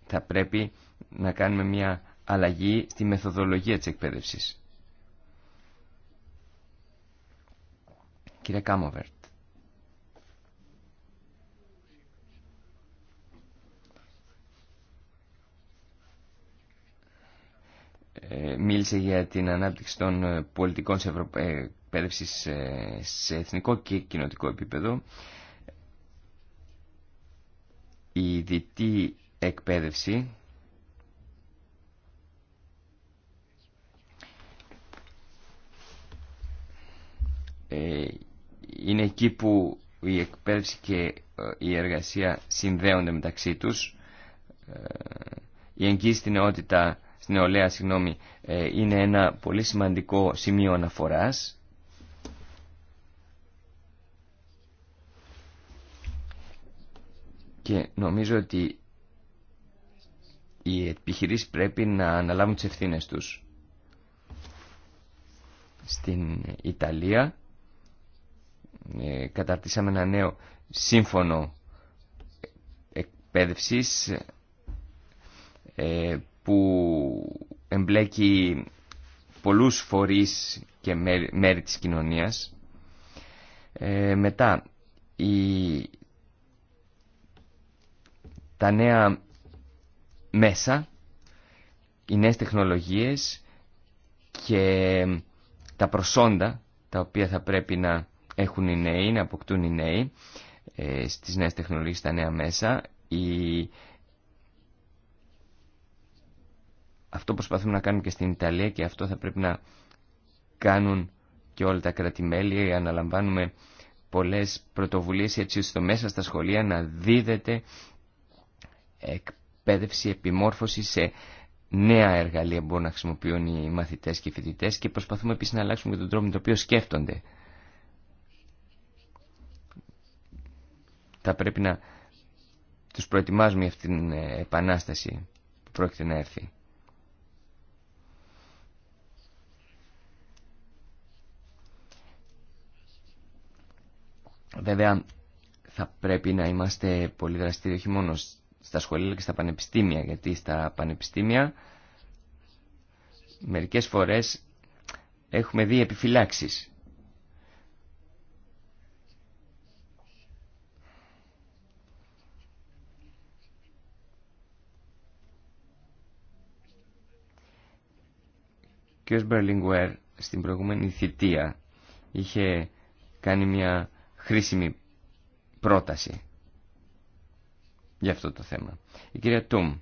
Θα πρέπει να κάνουμε μια αλλαγή στη μεθοδολογία της εκπαίδευσης. Κύριε Κάμοβερτ. Ε, μίλησε για την ανάπτυξη των ε, πολιτικών σε ε, εκπαίδευσης σε εθνικό και κοινοτικό επίπεδο. Η διτή εκπαίδευση είναι εκεί που η εκπαίδευση και η εργασία συνδέονται μεταξύ τους. Η εγγύη στην νεότητα στην νεολαία συγγνώμη, ε, είναι ένα πολύ σημαντικό σημείο αναφοράς. Και νομίζω ότι οι επιχειρήσει πρέπει να αναλάβουν τις ευθύνες τους. Στην Ιταλία ε, καταρτήσαμε ένα νέο σύμφωνο εκπαίδευσης ε, που εμπλέκει πολλούς φορείς και μέρη της κοινωνίας. Ε, μετά, τα νέα μέσα, οι νέες τεχνολογίες και τα προσόντα τα οποία θα πρέπει να έχουν οι νέοι, να αποκτούν οι νέοι ε, στις νέες τεχνολογίες, τα νέα μέσα, η Αυτό προσπαθούμε να κάνουμε και στην Ιταλία και αυτό θα πρέπει να κάνουν και όλα τα κρατημέλη. Αναλαμβάνουμε πολλές πρωτοβουλίες έτσι ώστε μέσα στα σχολεία να δίδεται εκπαίδευση, επιμόρφωση σε νέα εργαλεία που μπορούν να χρησιμοποιούν οι μαθητές και οι φοιτητές και προσπαθούμε επίσης να αλλάξουμε και τον τρόπο με τον οποίο σκέφτονται. Θα πρέπει να τους προετοιμάζουμε για αυτήν την ε, επανάσταση που πρόκειται να έρθει. Βέβαια θα πρέπει να είμαστε πολύ δραστήριοι όχι μόνο στα σχολεία αλλά και στα πανεπιστήμια γιατί στα πανεπιστήμια μερικές φορές έχουμε δει επιφυλάξεις. Και ο στην προηγούμενη θητεία είχε κάνει μια χρήσιμη πρόταση για αυτό το θέμα. Η κυρία Τούμ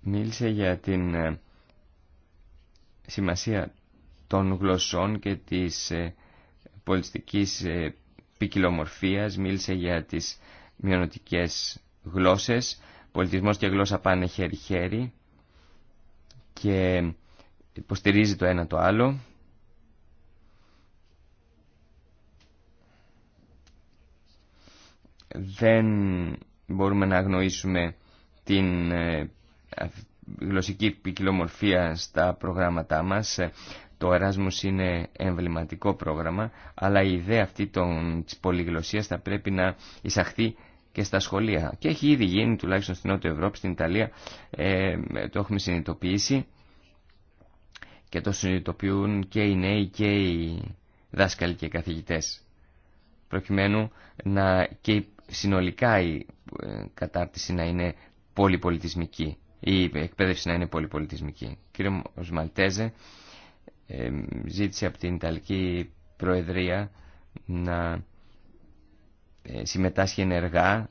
μίλησε για την ε, σημασία των γλωσσών και της ε, πολιτιστικής ε, ποικιλομορφίας, μίλησε για τις μειονοτικές γλώσσες, πολιτισμός και γλώσσα πάνε χέρι-χέρι και υποστηρίζει το ένα το άλλο. δεν μπορούμε να αγνοήσουμε την ε, γλωσσική ποικιλομορφία στα προγράμματά μας. Το Εράσμος είναι εμβληματικό πρόγραμμα, αλλά η ιδέα αυτή των, της πολυγλωσσίας θα πρέπει να εισαχθεί και στα σχολεία. Και έχει ήδη γίνει, τουλάχιστον στην Νότια Ευρώπη, στην Ιταλία, ε, το έχουμε συνειδητοποιήσει και το συνειδητοποιούν και οι νέοι και οι δάσκαλοι και οι καθηγητές προκειμένου να, και συνολικά η ε, κατάρτιση να είναι πολυπολιτισμική ή η εκπαίδευση να είναι πολυπολιτισμική. Ο κύριο Μαλτέζε ε, ζήτησε από την Ιταλική Προεδρία να ε, συμμετάσχει ενεργά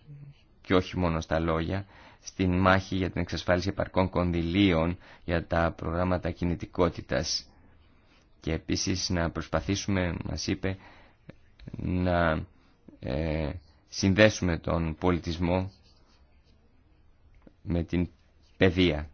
και όχι μόνο στα λόγια στην μάχη για την εξασφάλιση επαρκών κονδυλίων για τα προγράμματα κινητικότητας και επίσης να προσπαθήσουμε, μας είπε, να συνδέσουμε τον πολιτισμό με την παιδεία.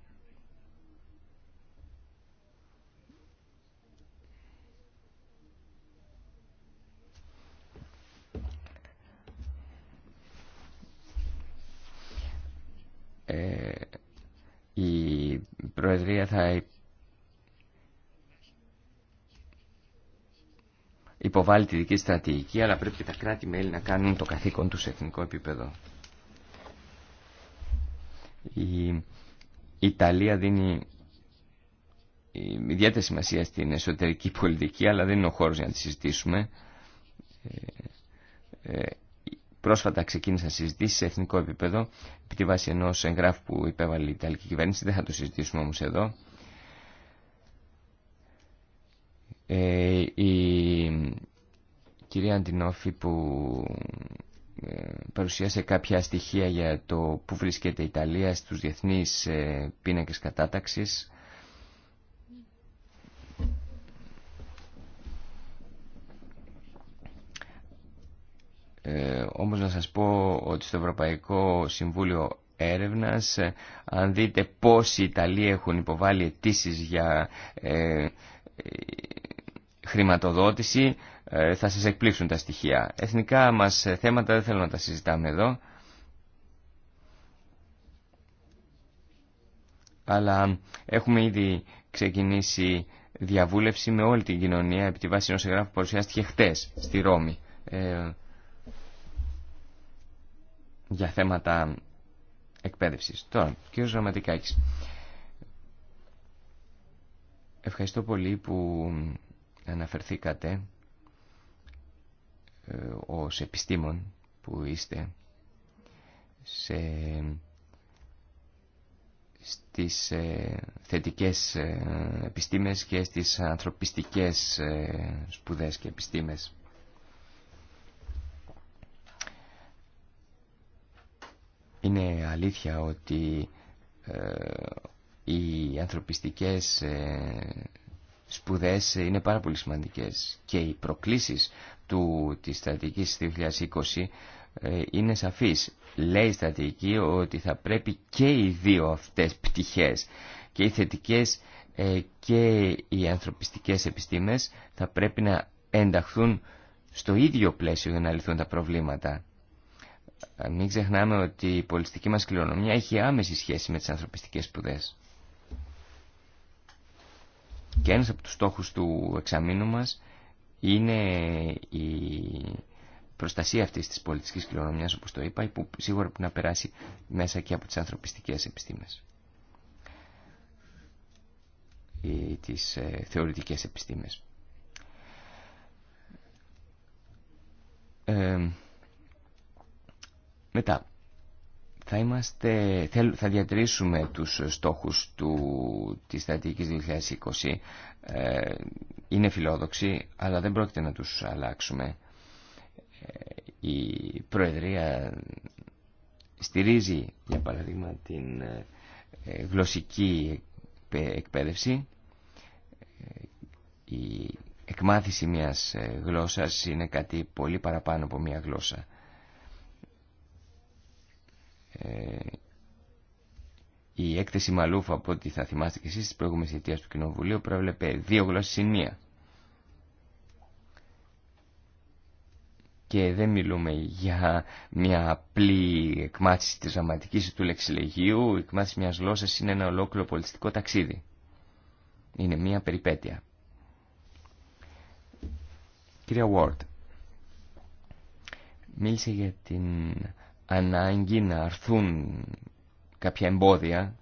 Ε, η Προεδρία θα υποβάλει τη δική στρατηγική, αλλά πρέπει και τα κράτη-μέλη να κάνουν το καθήκον του σε εθνικό επίπεδο. Η Ιταλία δίνει ιδιαίτερη σημασία στην εσωτερική πολιτική, αλλά δεν είναι ο χώρος για να τη συζητήσουμε. Ε, ε, πρόσφατα ξεκίνησαν συζητήσει σε εθνικό επίπεδο, επί τη βάση ενό εγγράφου που υπέβαλε η Ιταλική κυβέρνηση. Δεν θα το συζητήσουμε όμω εδώ. Ε, η κυρία Αντινόφη που ε, παρουσίασε κάποια στοιχεία για το που βρίσκεται η Ιταλία στους διεθνείς ε, πίνακες κατάταξης. Ε, όμως να σας πω ότι στο Ευρωπαϊκό Συμβούλιο Έρευνας αν δείτε πόσοι Ιταλοί έχουν υποβάλει αιτήσει για χρηματοδότηση. Ε, θα σας εκπλήξουν τα στοιχεία. Εθνικά μας ε, θέματα δεν θέλω να τα συζητάμε εδώ. Αλλά έχουμε ήδη ξεκινήσει διαβούλευση με όλη την κοινωνία επί τη βάση ενός εγγράφου που παρουσιάστηκε χτες στη Ρώμη ε, για θέματα εκπαίδευσης. Τώρα, κύριος Γραμματικάκης. Ευχαριστώ πολύ που αναφερθήκατε ε, ως επιστήμον που είστε σε, στις ε, θετικές ε, επιστήμες και στις ανθρωπιστικές σπουδές και επιστήμες. Είναι αλήθεια ότι οι ανθρωπιστικές σπουδές είναι πάρα πολύ σημαντικές και οι προκλήσεις του, της στρατηγικής 2020 ε, είναι σαφής. Λέει η στρατηγική ότι θα πρέπει και οι δύο αυτές πτυχές και οι θετικές ε, και οι ανθρωπιστικές επιστήμες θα πρέπει να ενταχθούν στο ίδιο πλαίσιο για να λυθούν τα προβλήματα. Μην ξεχνάμε ότι η πολιτική μας κληρονομιά έχει άμεση σχέση με τις ανθρωπιστικές σπουδές. Και ένας από τους στόχους του εξαμήνου μας είναι η προστασία αυτής της πολιτικής κληρονομιάς, όπως το είπα, που σίγουρα πρέπει να περάσει μέσα και από τις ανθρωπιστικές επιστήμες ή τις ε, θεωρητικές επιστήμες. Ε, μετά, θα, είμαστε, θα διατηρήσουμε τους στόχους του, της στρατηγικής 2020. Ε, είναι φιλόδοξοι, αλλά δεν πρόκειται να τους αλλάξουμε. Ε, η Προεδρία στηρίζει, για παράδειγμα, την ε, γλωσσική εκπαίδευση. Η εκμάθηση μιας γλώσσας είναι κάτι πολύ παραπάνω από μια γλώσσα. Ε, η έκθεση Μαλούφ από ό,τι θα θυμάστε και εσείς της προηγούμενες αιτίας του Κοινοβουλίου προέβλεπε δύο γλώσσες συν μία. Και δεν μιλούμε για μια απλή εκμάθηση της γραμματικής του λεξιλεγίου, η εκμάθηση μιας γλώσσας είναι ένα ολόκληρο πολιτιστικό ταξίδι. Είναι μια περιπέτεια. Κυρία Ward, μίλησε για την ανάγκη να αρθούν κάποια εμπόδια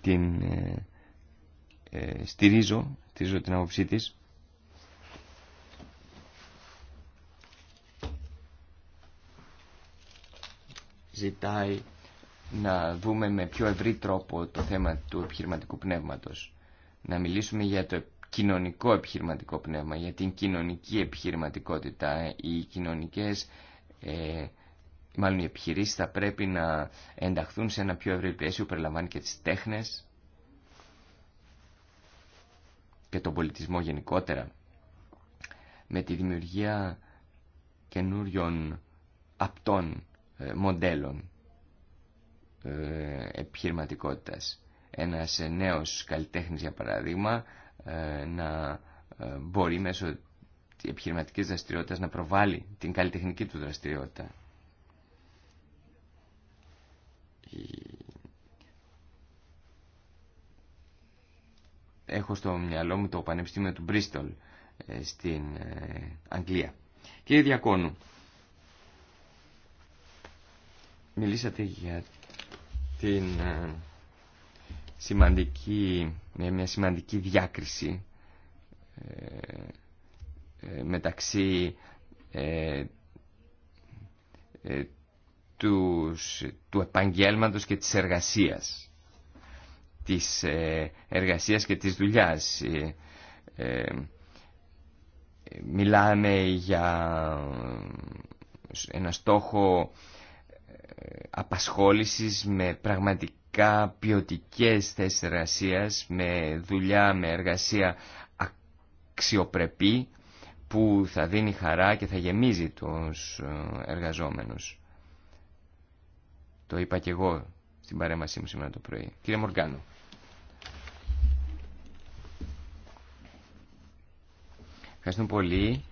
την ε, ε, στηρίζω, την άποψή της ζητάει να δούμε με πιο ευρύ τρόπο το θέμα του επιχειρηματικού πνεύματος να μιλήσουμε για το κοινωνικό επιχειρηματικό πνεύμα, για την κοινωνική επιχειρηματικότητα. Ε, οι κοινωνικές, ε, μάλλον οι επιχειρήσεις θα πρέπει να ενταχθούν σε ένα πιο ευρύ πλαίσιο που περιλαμβάνει και τις τέχνες και τον πολιτισμό γενικότερα. Με τη δημιουργία καινούριων απτών ε, μοντέλων ε, επιχειρηματικότητας. Ένας ε, νέος καλλιτέχνης για παράδειγμα ε, να ε, μπορεί μέσω επιχειρηματικής δραστηριότητας να προβάλλει την καλλιτεχνική του δραστηριότητα. Έχω στο μυαλό μου το Πανεπιστήμιο του Μπρίστολ ε, στην Αγγλία. Κύριε Διακόνου, μιλήσατε για την σημαντική, μια σημαντική διάκριση ε, ε, μεταξύ ε, του επαγγέλματος και της εργασίας της εργασίας και της δουλειάς μιλάμε για ένα στόχο απασχόλησης με πραγματική ποιοτικέ θέσει εργασία, με δουλειά, με εργασία αξιοπρεπή που θα δίνει χαρά και θα γεμίζει τους ε, εργαζόμενους. Το είπα και εγώ στην παρέμβασή μου σήμερα το πρωί. Κύριε Μοργκάνο. Ευχαριστούμε πολύ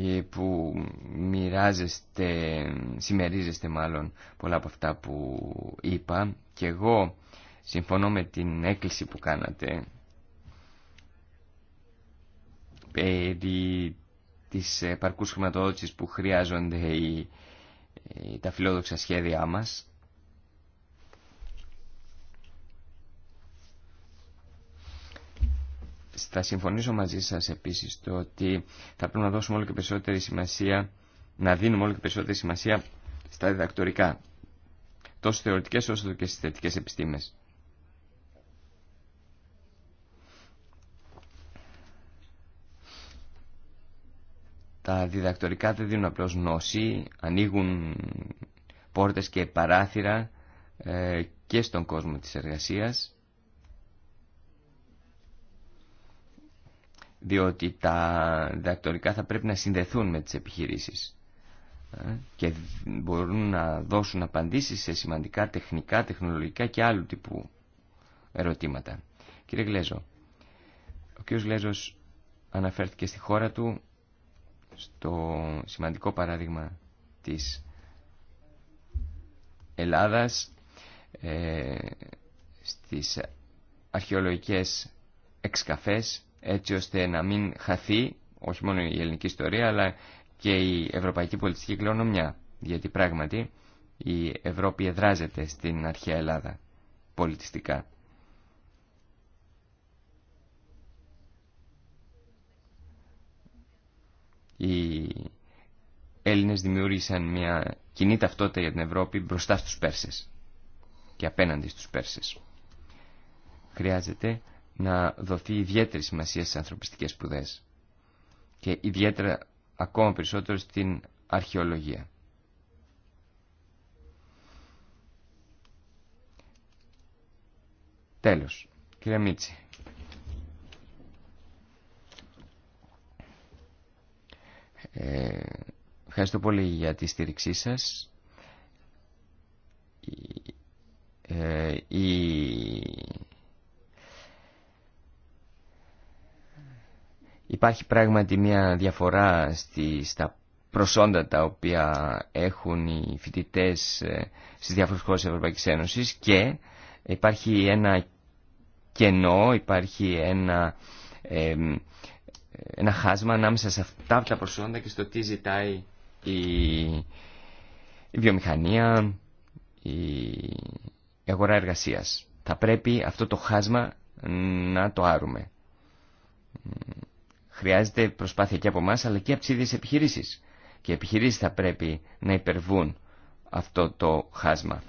Ε, που μοιράζεστε, συμμερίζεστε μάλλον πολλά από αυτά που είπα και εγώ συμφωνώ με την έκκληση που κάνατε περί της επαρκούς χρηματοδότησης που χρειάζονται οι, ε, τα φιλόδοξα σχέδιά μας Θα συμφωνήσω μαζί σας επίσης το ότι θα πρέπει να δώσουμε όλο και περισσότερη σημασία, να δίνουμε όλο και περισσότερη σημασία στα διδακτορικά, τόσο θεωρητικές όσο και στις θετικές επιστήμες. Τα διδακτορικά δεν δίνουν απλώς γνώση, ανοίγουν πόρτες και παράθυρα ε, και στον κόσμο της εργασίας διότι τα διδακτορικά θα πρέπει να συνδεθούν με τις επιχειρήσεις ε, και μπορούν να δώσουν απαντήσεις σε σημαντικά τεχνικά, τεχνολογικά και άλλου τύπου ερωτήματα. Κύριε Γλέζο, ο κύριος Γλέζος αναφέρθηκε στη χώρα του στο σημαντικό παράδειγμα της Ελλάδας ε, στις αρχαιολογικές εξκαφές έτσι ώστε να μην χαθεί όχι μόνο η ελληνική ιστορία αλλά και η ευρωπαϊκή πολιτιστική κληρονομιά. Γιατί πράγματι η Ευρώπη εδράζεται στην αρχαία Ελλάδα πολιτιστικά. Οι Έλληνες δημιούργησαν μια κοινή ταυτότητα για την Ευρώπη μπροστά στους Πέρσες και απέναντι στους Πέρσες. Χρειάζεται να δοθεί ιδιαίτερη σημασία στι ανθρωπιστικές σπουδέ και ιδιαίτερα ακόμα περισσότερο στην αρχαιολογία. Τέλος, κύριε Μίτση. Ε, ευχαριστώ πολύ για τη στήριξή σας. Ε, η Υπάρχει πράγματι μια διαφορά στη, στα προσόντα τα οποία έχουν οι φοιτητέ ε, στις διάφορες χώρες της Ευρωπαϊκής Ένωσης και υπάρχει ένα κενό, υπάρχει ένα, ένα χάσμα ανάμεσα σε αυτά τα προσόντα και στο τι ζητάει η, βιομηχανία, η, η αγορά εργασίας. Θα πρέπει αυτό το χάσμα να το άρουμε. Χρειάζεται προσπάθεια και από εμά αλλά και από τι ίδιε επιχειρήσει. Και οι επιχειρήσει θα πρέπει να υπερβούν αυτό το χάσμα.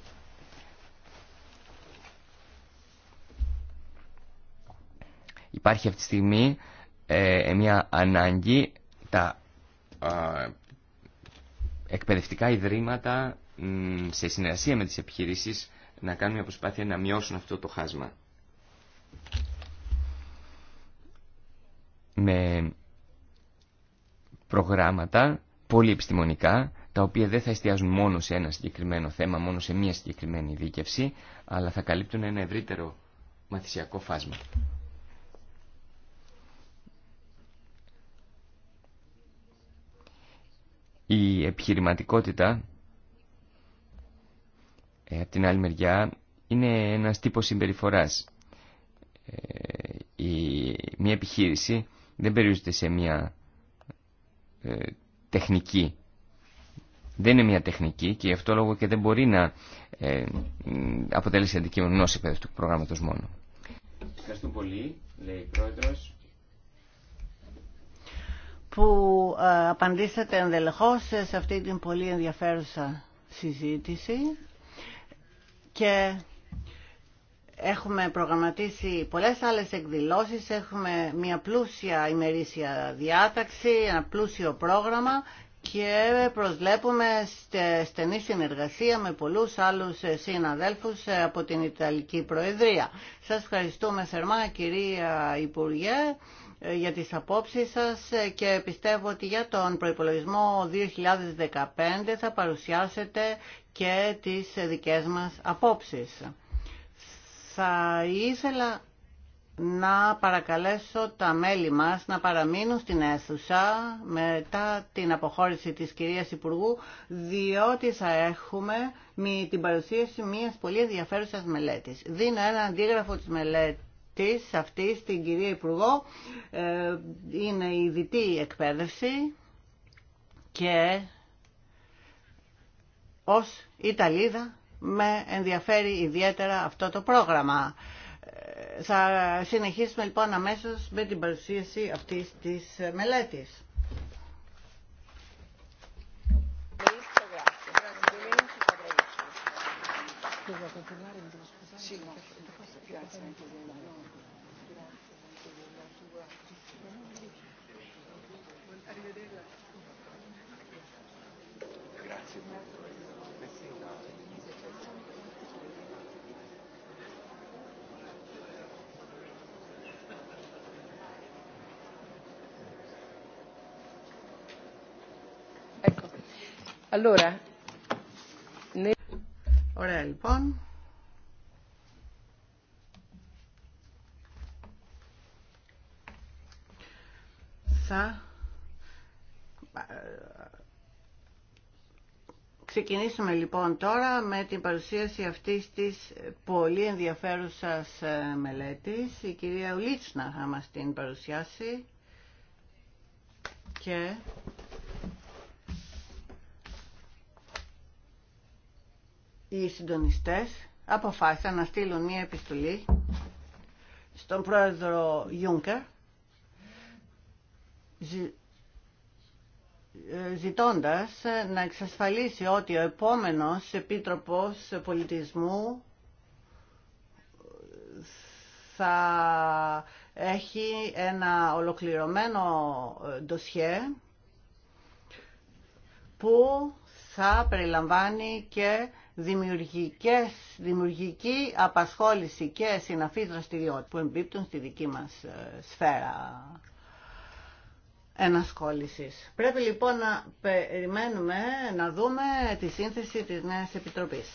Υπάρχει αυτή τη στιγμή ε, ε, μια ανάγκη τα εκπαιδευτικά ιδρύματα σε συνεργασία με τις επιχειρήσεις να κάνουν μια προσπάθεια να μειώσουν αυτό το χάσμα. με προγράμματα πολύ επιστημονικά, τα οποία δεν θα εστιάζουν μόνο σε ένα συγκεκριμένο θέμα, μόνο σε μία συγκεκριμένη δίκευση, αλλά θα καλύπτουν ένα ευρύτερο μαθησιακό φάσμα. Η επιχειρηματικότητα, ε, από την άλλη μεριά, είναι ένας τύπος συμπεριφοράς. Ε, η, μια επιχείρηση δεν περιορίζεται σε μια ε, τεχνική. Δεν είναι μια τεχνική και γι' αυτό λόγο και δεν μπορεί να ε, αποτέλεσε αντικείμενο ενό εκπαιδευτικού προγράμματο μόνο. Ευχαριστούμε πολύ, λέει η πρόεδρο. Που ε, απαντήσατε ενδελεχώ σε αυτή την πολύ ενδιαφέρουσα συζήτηση και Έχουμε προγραμματίσει πολλές άλλες εκδηλώσεις, έχουμε μια πλούσια ημερήσια διάταξη, ένα πλούσιο πρόγραμμα και προσβλέπουμε στενή συνεργασία με πολλούς άλλους συναδέλφους από την Ιταλική Προεδρία. Σας ευχαριστούμε θερμά κυρία Υπουργέ για τις απόψεις σας και πιστεύω ότι για τον προϋπολογισμό 2015 θα παρουσιάσετε και τις δικές μας απόψεις. Θα ήθελα να παρακαλέσω τα μέλη μας να παραμείνουν στην αίθουσα μετά την αποχώρηση της κυρίας Υπουργού, διότι θα έχουμε την παρουσίαση μιας πολύ ενδιαφέρουσας μελέτης. Δίνω ένα αντίγραφο της μελέτης αυτής στην κυρία Υπουργό. Ε, είναι η διτή εκπαίδευση και ως Ιταλίδα με ενδιαφέρει ιδιαίτερα αυτό το πρόγραμμα. Θα συνεχίσουμε λοιπόν αμέσως με την παρουσίαση αυτής της μελέτης. Ωραία λοιπόν. Θα ε, ξεκινήσουμε λοιπόν τώρα με την παρουσίαση αυτής της πολύ ενδιαφέρουσας ε, μελέτης. Η κυρία Ουλίτσνα θα μας την παρουσιάσει και οι συντονιστές αποφάσισαν να στείλουν μία επιστολή στον πρόεδρο Ιούνκερ ε, ζητώντας να εξασφαλίσει ότι ο επόμενος Επίτροπος Πολιτισμού θα έχει ένα ολοκληρωμένο ε, ντοσιέ που θα περιλαμβάνει και δημιουργικές, δημιουργική απασχόληση και συναφή δραστηριότητα που εμπίπτουν στη δική μας ε, σφαίρα ενασχόλησης. Πρέπει λοιπόν να περιμένουμε να δούμε τη σύνθεση της νέας επιτροπής.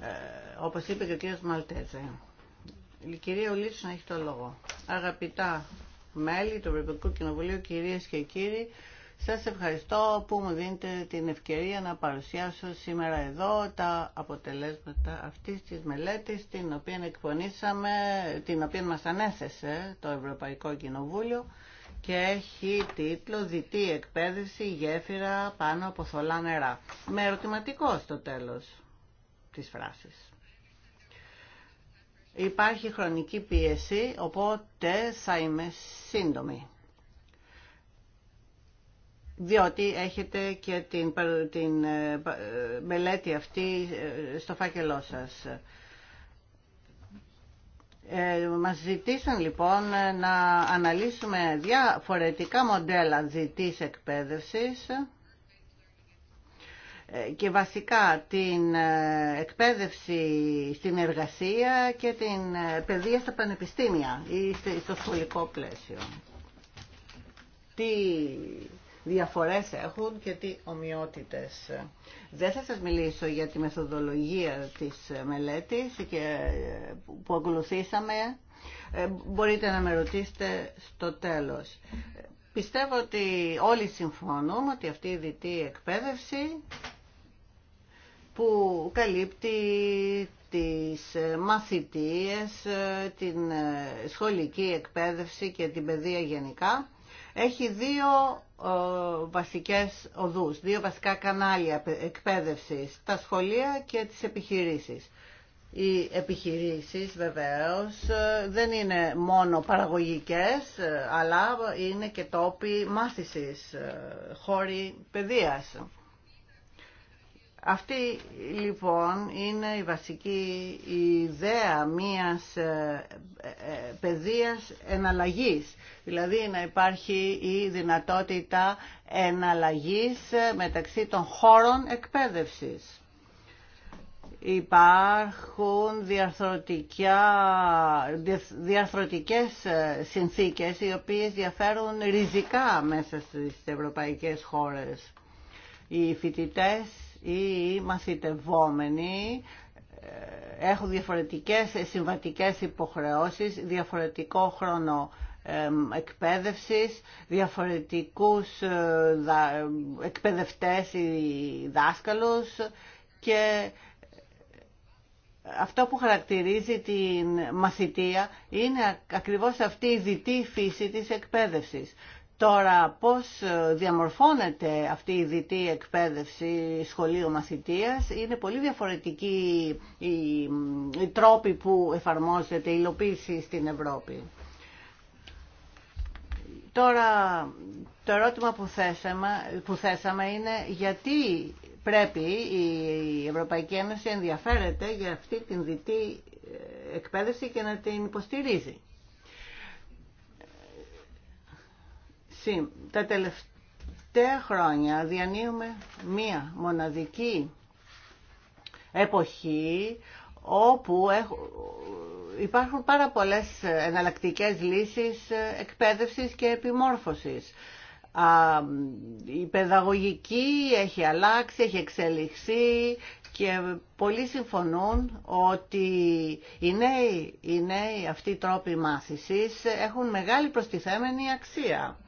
Ε, όπως είπε και ο κύριος Μαλτέζε. Η κυρία Ολίτσου να έχει το λόγο. Αγαπητά μέλη του Ευρωπαϊκού Κοινοβουλίου, κυρίες και κύριοι, σας ευχαριστώ που μου δίνετε την ευκαιρία να παρουσιάσω σήμερα εδώ τα αποτελέσματα αυτής της μελέτης την οποία εκφωνήσαμε, την οποία μας ανέθεσε το Ευρωπαϊκό Κοινοβούλιο και έχει τίτλο «Δυτή εκπαίδευση γέφυρα πάνω από θολά νερά» με ερωτηματικό στο τέλος της φράσης. Υπάρχει χρονική πίεση, οπότε θα είμαι σύντομη διότι έχετε και την, την ε, ε, μελέτη αυτή ε, στο φάκελό σας. Ε, μας ζητήσαν λοιπόν να αναλύσουμε διαφορετικά μοντέλα διτής εκπαίδευσης και βασικά την εκπαίδευση στην εργασία και την παιδεία στα πανεπιστήμια ή στο σχολικό πλαίσιο. Τι διαφορές έχουν και τι ομοιότητες. Δεν θα σας μιλήσω για τη μεθοδολογία της μελέτης και που ακολουθήσαμε. Ε, μπορείτε να με ρωτήσετε στο τέλος. Πιστεύω ότι όλοι συμφωνούμε ότι αυτή η διτή εκπαίδευση που καλύπτει τις μαθητείες, την σχολική εκπαίδευση και την παιδεία γενικά, έχει δύο βασικές οδούς, δύο βασικά κανάλια εκπαίδευσης, τα σχολεία και τις επιχειρήσεις. Οι επιχειρήσεις βεβαίως δεν είναι μόνο παραγωγικές, αλλά είναι και τόποι μάθησης, ε, χώροι παιδείας. Αυτή λοιπόν είναι η βασική ιδέα μίας ε, ε, ε, παιδείας εναλλαγής. Δηλαδή να υπάρχει η δυνατότητα εναλλαγής μεταξύ των χώρων εκπαίδευσης. Υπάρχουν διαρθρωτικές συνθήκες οι οποίες διαφέρουν ριζικά μέσα στις ευρωπαϊκές χώρες. Οι φοιτητές οι μαθητευόμενοι ε, έχουν διαφορετικές συμβατικές υποχρεώσεις, διαφορετικό χρόνο εκπαίδευσης, διαφορετικούς ε, εκπαιδευτές ή δάσκαλους και αυτό που χαρακτηρίζει την μαθητεία είναι ακριβώς αυτή η διτή ειναι ακριβως αυτη η δυτη φυση της εκπαίδευσης. Τώρα πώς ε, διαμορφώνεται αυτή η διτή εκπαίδευση σχολείου μαθητείας είναι πολύ διαφορετική η τρόπη που εφαρμόζεται η υλοποίηση στην Ευρώπη. Τώρα το ερώτημα που θέσαμε, που θέσαμε είναι γιατί πρέπει η Ευρωπαϊκή Ένωση ενδιαφέρεται για αυτή την διτή ε, εκπαίδευση και να την υποστηρίζει. Τα τελευταία χρόνια διανύουμε μία μοναδική εποχή όπου υπάρχουν πάρα πολλές εναλλακτικές λύσεις εκπαίδευσης και επιμόρφωσης. Η παιδαγωγική έχει αλλάξει, έχει εξελιχθεί και πολλοί συμφωνούν ότι οι νέοι, οι νέοι αυτοί τρόποι μάθησης έχουν μεγάλη προστιθέμενη αξία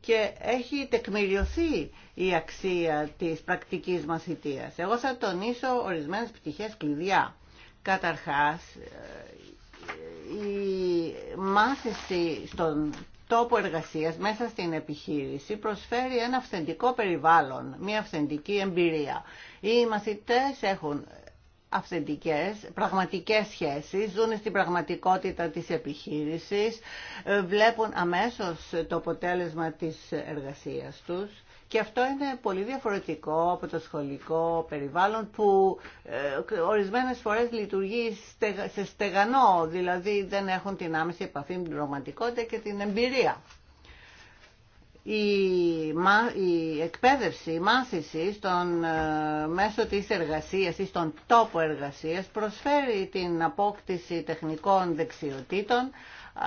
και έχει τεκμηριωθεί η αξία της πρακτικής μας Εγώ θα τονίσω ορισμένες πτυχές κλειδιά. Καταρχάς, ε, η μάθηση στον τόπο εργασίας μέσα στην επιχείρηση προσφέρει ένα αυθεντικό περιβάλλον, μια αυθεντική εμπειρία. Οι μαθητές έχουν αυθεντικές, πραγματικές σχέσεις, ζουν στην πραγματικότητα της επιχείρησης, ε, βλέπουν αμέσως το αποτέλεσμα της εργασίας τους και αυτό είναι πολύ διαφορετικό από το σχολικό περιβάλλον που ε, ορισμένες φορές λειτουργεί σε στεγανό, δηλαδή δεν έχουν την άμεση επαφή με την πραγματικότητα και την εμπειρία η, εκπαίδευση, η μάθηση στον, ε, μέσω της εργασίας ή στον τόπο εργασίας προσφέρει την απόκτηση τεχνικών δεξιοτήτων,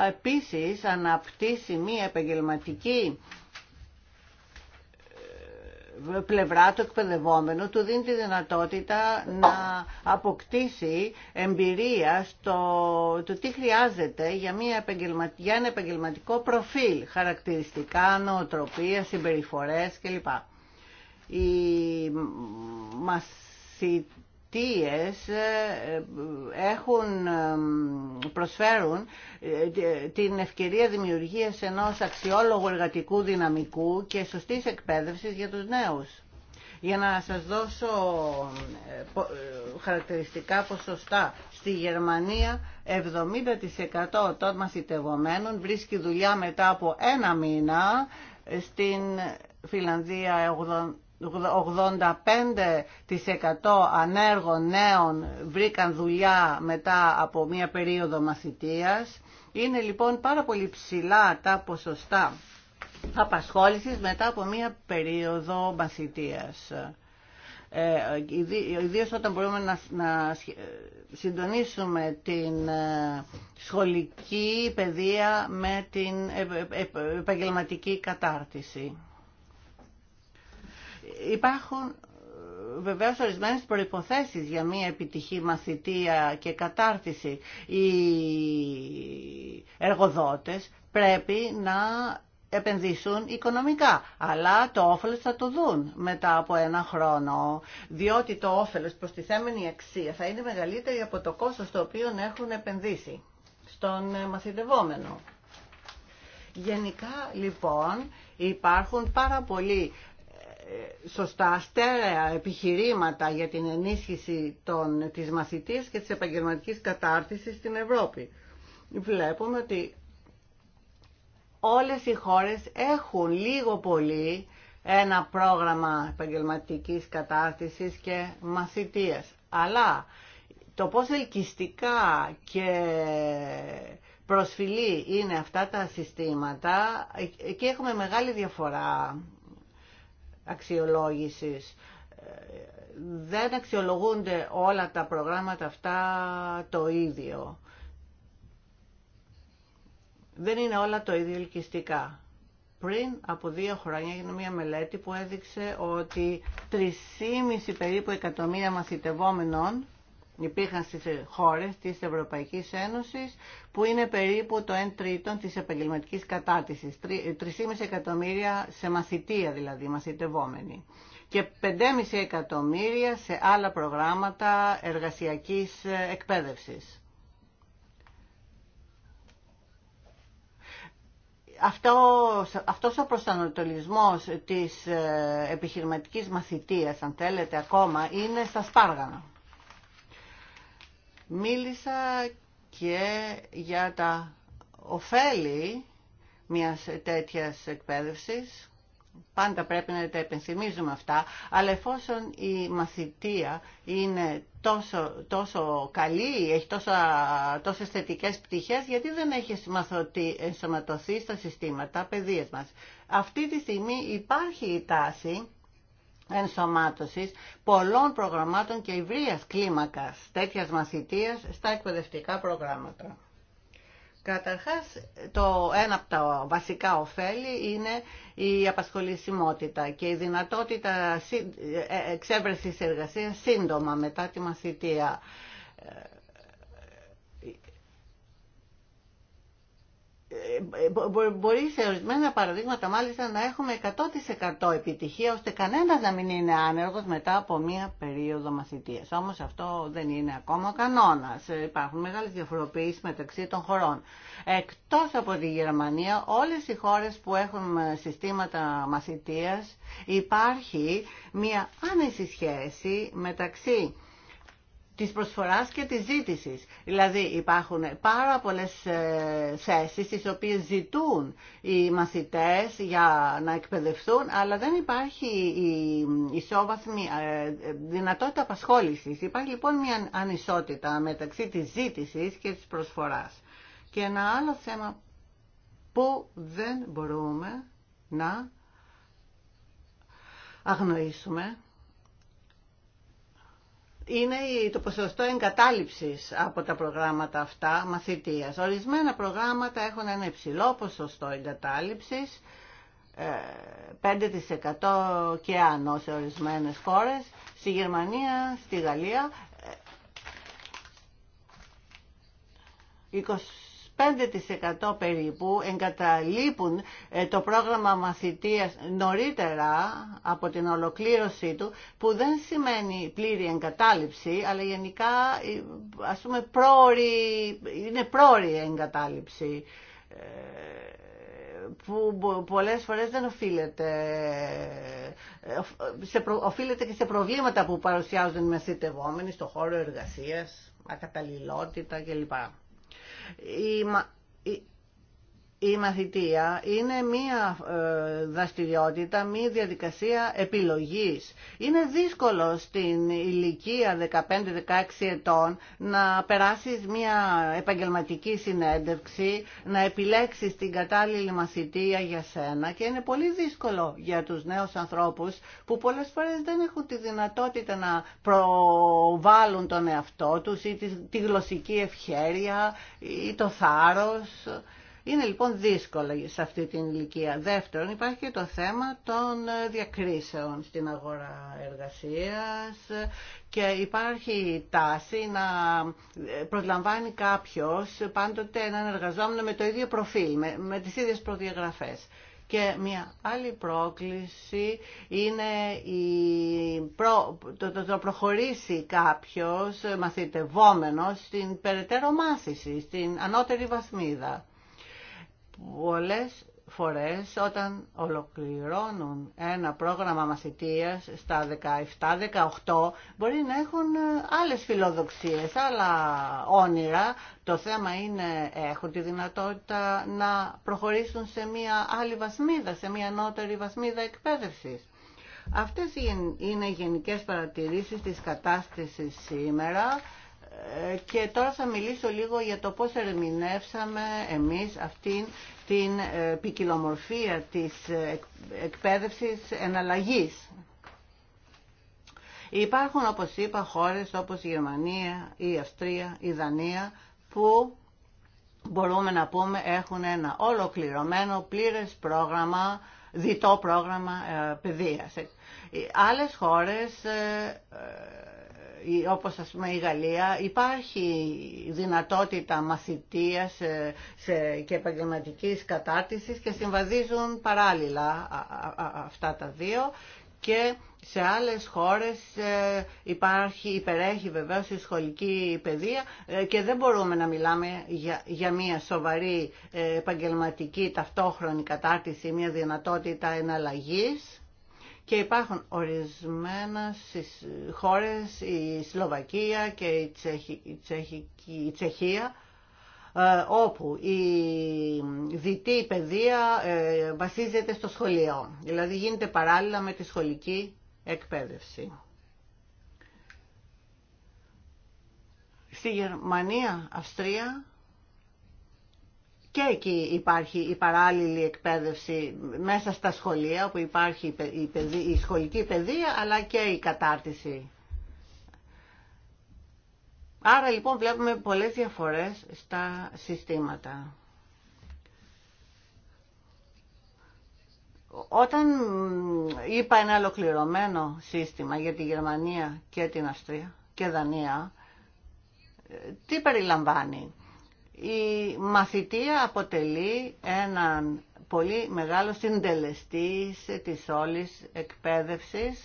ε, επίσης αναπτύσσει μία επαγγελματική πλευρά του εκπαιδευόμενου του δίνει τη δυνατότητα να αποκτήσει εμπειρία στο το τι χρειάζεται για, μια για ένα επαγγελματικό προφίλ, χαρακτηριστικά, νοοτροπία, συμπεριφορές κλπ. Η οι ε, ε, έχουν, ε, προσφέρουν την ευκαιρία δημιουργίας ενός αξιόλογου εργατικού δυναμικού και σωστής εκπαίδευσης για τους νέους. Για να σας δώσω χαρακτηριστικά ποσοστά, στη Γερμανία 70% των μαθητευομένων βρίσκει δουλειά μετά από ένα μήνα, στην Φιλανδία 85% ανέργων νέων βρήκαν δουλειά μετά από μία περίοδο μαθητείας. Είναι λοιπόν πάρα πολύ ψηλά τα ποσοστά απασχόλησης μετά από μία περίοδο μαθητείας. Ε, ιδίως όταν μπορούμε να, να συντονίσουμε την ε, σχολική παιδεία με την ε, ε, επαγγελματική κατάρτιση. Υπάρχουν ε, βεβαίως ορισμένες προϋποθέσεις για μια επιτυχή μαθητεία και κατάρτιση. Οι εργοδότες πρέπει να επενδύσουν οικονομικά, αλλά το όφελος θα το δουν μετά από ένα χρόνο, διότι το όφελος προς τη θέμενη αξία θα είναι μεγαλύτερη από το κόστος το οποίο έχουν επενδύσει στον ε, μαθητευόμενο. Γενικά, λοιπόν, υπάρχουν πάρα πολλοί σωστά στέρεα επιχειρήματα για την ενίσχυση των, της μαθητής και της επαγγελματικής κατάρτισης στην Ευρώπη. Βλέπουμε ότι όλες οι χώρες έχουν λίγο πολύ ένα πρόγραμμα επαγγελματικής κατάρτισης και μαθητείας. Αλλά το πώς ελκυστικά και προσφυλή είναι αυτά τα συστήματα, ε, εκεί έχουμε μεγάλη διαφορά αξιολόγησης. Δεν αξιολογούνται όλα τα προγράμματα αυτά το ίδιο. Δεν είναι όλα το ίδιο ελκυστικά. Πριν από δύο χρόνια έγινε μια μελέτη που έδειξε ότι 3,5 περίπου εκατομμύρια μαθητευόμενων υπήρχαν στις χώρες της Ευρωπαϊκής Ένωσης που είναι περίπου το 1 τρίτο της επαγγελματικής κατάτησης, 3,5 ε, εκατομμύρια σε μαθητεία δηλαδή, μαθητευόμενοι και 5,5 εκατομμύρια σε άλλα προγράμματα εργασιακής ε, εκπαίδευσης. αυτό, αυτός ο προσανατολισμός της ε, επιχειρηματικής μαθητείας, αν θέλετε ακόμα, είναι στα σπάργανα. Μίλησα και για τα ωφέλη μιας τέτοιας εκπαίδευσης. Πάντα πρέπει να τα επενθυμίζουμε αυτά, αλλά εφόσον η μαθητεία είναι τόσο, τόσο καλή, έχει τόσα, τόσες θετικές πτυχές, γιατί δεν έχει ενσωματωθεί στα συστήματα παιδείας μας. Αυτή τη στιγμή υπάρχει η τάση ενσωμάτωσης πολλών προγραμμάτων και ευρείας κλίμακας τέτοιας μαθητείας στα εκπαιδευτικά προγράμματα. Καταρχάς, το ένα από τα βασικά ωφέλη είναι η απασχολησιμότητα και η δυνατότητα ε, ε, εξέβρεσης εργασίας σύντομα μετά τη μαθητεία. Ε, μπορεί σε ορισμένα παραδείγματα μάλιστα να έχουμε 100% επιτυχία ώστε κανένας να μην είναι άνεργος μετά από μία περίοδο μαθητείας. Όμως αυτό δεν είναι ακόμα κανόνας. Ε, υπάρχουν μεγάλες διαφοροποιήσεις μεταξύ των χωρών. Εκτός από τη Γερμανία, όλες οι χώρες που έχουν ε, συστήματα μαθητείας υπάρχει μία άνεση σχέση μεταξύ της προσφοράς και της ζήτησης. Δηλαδή υπάρχουν πάρα πολλές ε, θέσεις τις οποίες ζητούν οι μαθητές για να εκπαιδευτούν, αλλά δεν υπάρχει η ισόβαθμη ε, δυνατότητα απασχόλησης. Υπάρχει λοιπόν μια ανισότητα μεταξύ της ζήτησης και της προσφοράς. Και ένα άλλο θέμα που δεν μπορούμε να αγνοήσουμε είναι το ποσοστό εγκατάληψης από τα προγράμματα αυτά μαθητείας. Ορισμένα προγράμματα έχουν ένα υψηλό ποσοστό εγκατάληψης, 5% ε, και άνω σε ορισμένες χώρες, στη Γερμανία, στη Γαλλία, ε, 5% περίπου εγκαταλείπουν ε, το πρόγραμμα μαθητείας νωρίτερα από την ολοκλήρωσή του, που δεν σημαίνει πλήρη εγκατάληψη, αλλά γενικά ε, ας πούμε είναι πρόορη εγκατάλειψη ε, που πολλές φορές δεν οφείλεται, σε οφείλεται και σε προβλήματα που παρουσιάζουν οι μαθητευόμενοι στο χώρο εργασίας, ακαταλληλότητα κλπ η η μαθητεία είναι μία ε, δραστηριότητα, μία διαδικασία επιλογής. Είναι δύσκολο στην ηλικία 15-16 ετών να περάσεις μία επαγγελματική συνέντευξη, να επιλέξεις την κατάλληλη μαθητεία για σένα και είναι πολύ δύσκολο για τους νέους ανθρώπους που πολλές φορές δεν έχουν τη δυνατότητα να προβάλλουν τον εαυτό τους ή τη γλωσσική ευχέρεια ή το θάρρος είναι λοιπόν δύσκολο σε αυτή την ηλικία. Δεύτερον υπάρχει και το θέμα των ε, διακρίσεων στην αγορά εργασίας και υπάρχει τάση να ε, προσλαμβάνει κάποιος πάντοτε έναν εργαζόμενο με το ίδιο προφίλ, με, με τις ίδιες προδιαγραφές. Και μια άλλη πρόκληση είναι η το, το, προχωρήσει κάποιος μαθητευόμενος στην περαιτέρω μάθηση, στην ανώτερη βαθμίδα πολλές φορές όταν ολοκληρώνουν ένα πρόγραμμα μαθητείας στα 17-18 μπορεί να έχουν ε, άλλες φιλοδοξίες, άλλα όνειρα. Το θέμα είναι έχουν τη δυνατότητα να προχωρήσουν σε μια άλλη βαθμίδα, σε μια ανώτερη βαθμίδα εκπαίδευσης. Αυτές είναι οι γενικές παρατηρήσεις της κατάστασης σήμερα και τώρα θα μιλήσω λίγο για το πώς ερμηνεύσαμε εμείς αυτήν την ε, ποικιλομορφία της εκπαίδευσης εναλλαγής. Υπάρχουν, όπως είπα, χώρες όπως η Γερμανία, η Αυστρία, η Δανία, που μπορούμε να πούμε έχουν ένα ολοκληρωμένο πλήρες πρόγραμμα, διτό πρόγραμμα ε, παιδείας. Ε, άλλες χώρες όπως ας πούμε η Γαλλία υπάρχει δυνατότητα μαθητείας ε, και επαγγελματικής κατάρτισης και συμβαδίζουν παράλληλα αυτά τα δύο και σε άλλες χώρες ε, υπάρχει, υπερέχει βεβαίως η σχολική παιδεία ε, και δεν μπορούμε να μιλάμε για, για μια σοβαρή επαγγελματική ταυτόχρονη κατάρτιση, μια δυνατότητα εναλλαγής και υπάρχουν ορισμένα στις χώρες, η Σλοβακία και η, η, η Τσεχία, ε, όπου η δυτή παιδεία ε, βασίζεται στο σχολείο. Δηλαδή γίνεται παράλληλα με τη σχολική εκπαίδευση. Στη Γερμανία, Αυστρία, και εκεί υπάρχει η παράλληλη εκπαίδευση μέσα στα σχολεία όπου υπάρχει η, σχολική παιδεία αλλά και η κατάρτιση. Άρα λοιπόν βλέπουμε πολλές διαφορές στα συστήματα. Όταν είπα ένα ολοκληρωμένο σύστημα για τη Γερμανία και την Αυστρία και Δανία, ε, τι περιλαμβάνει. Η μαθητεία αποτελεί έναν πολύ μεγάλο συντελεστή της όλης εκπαίδευσης.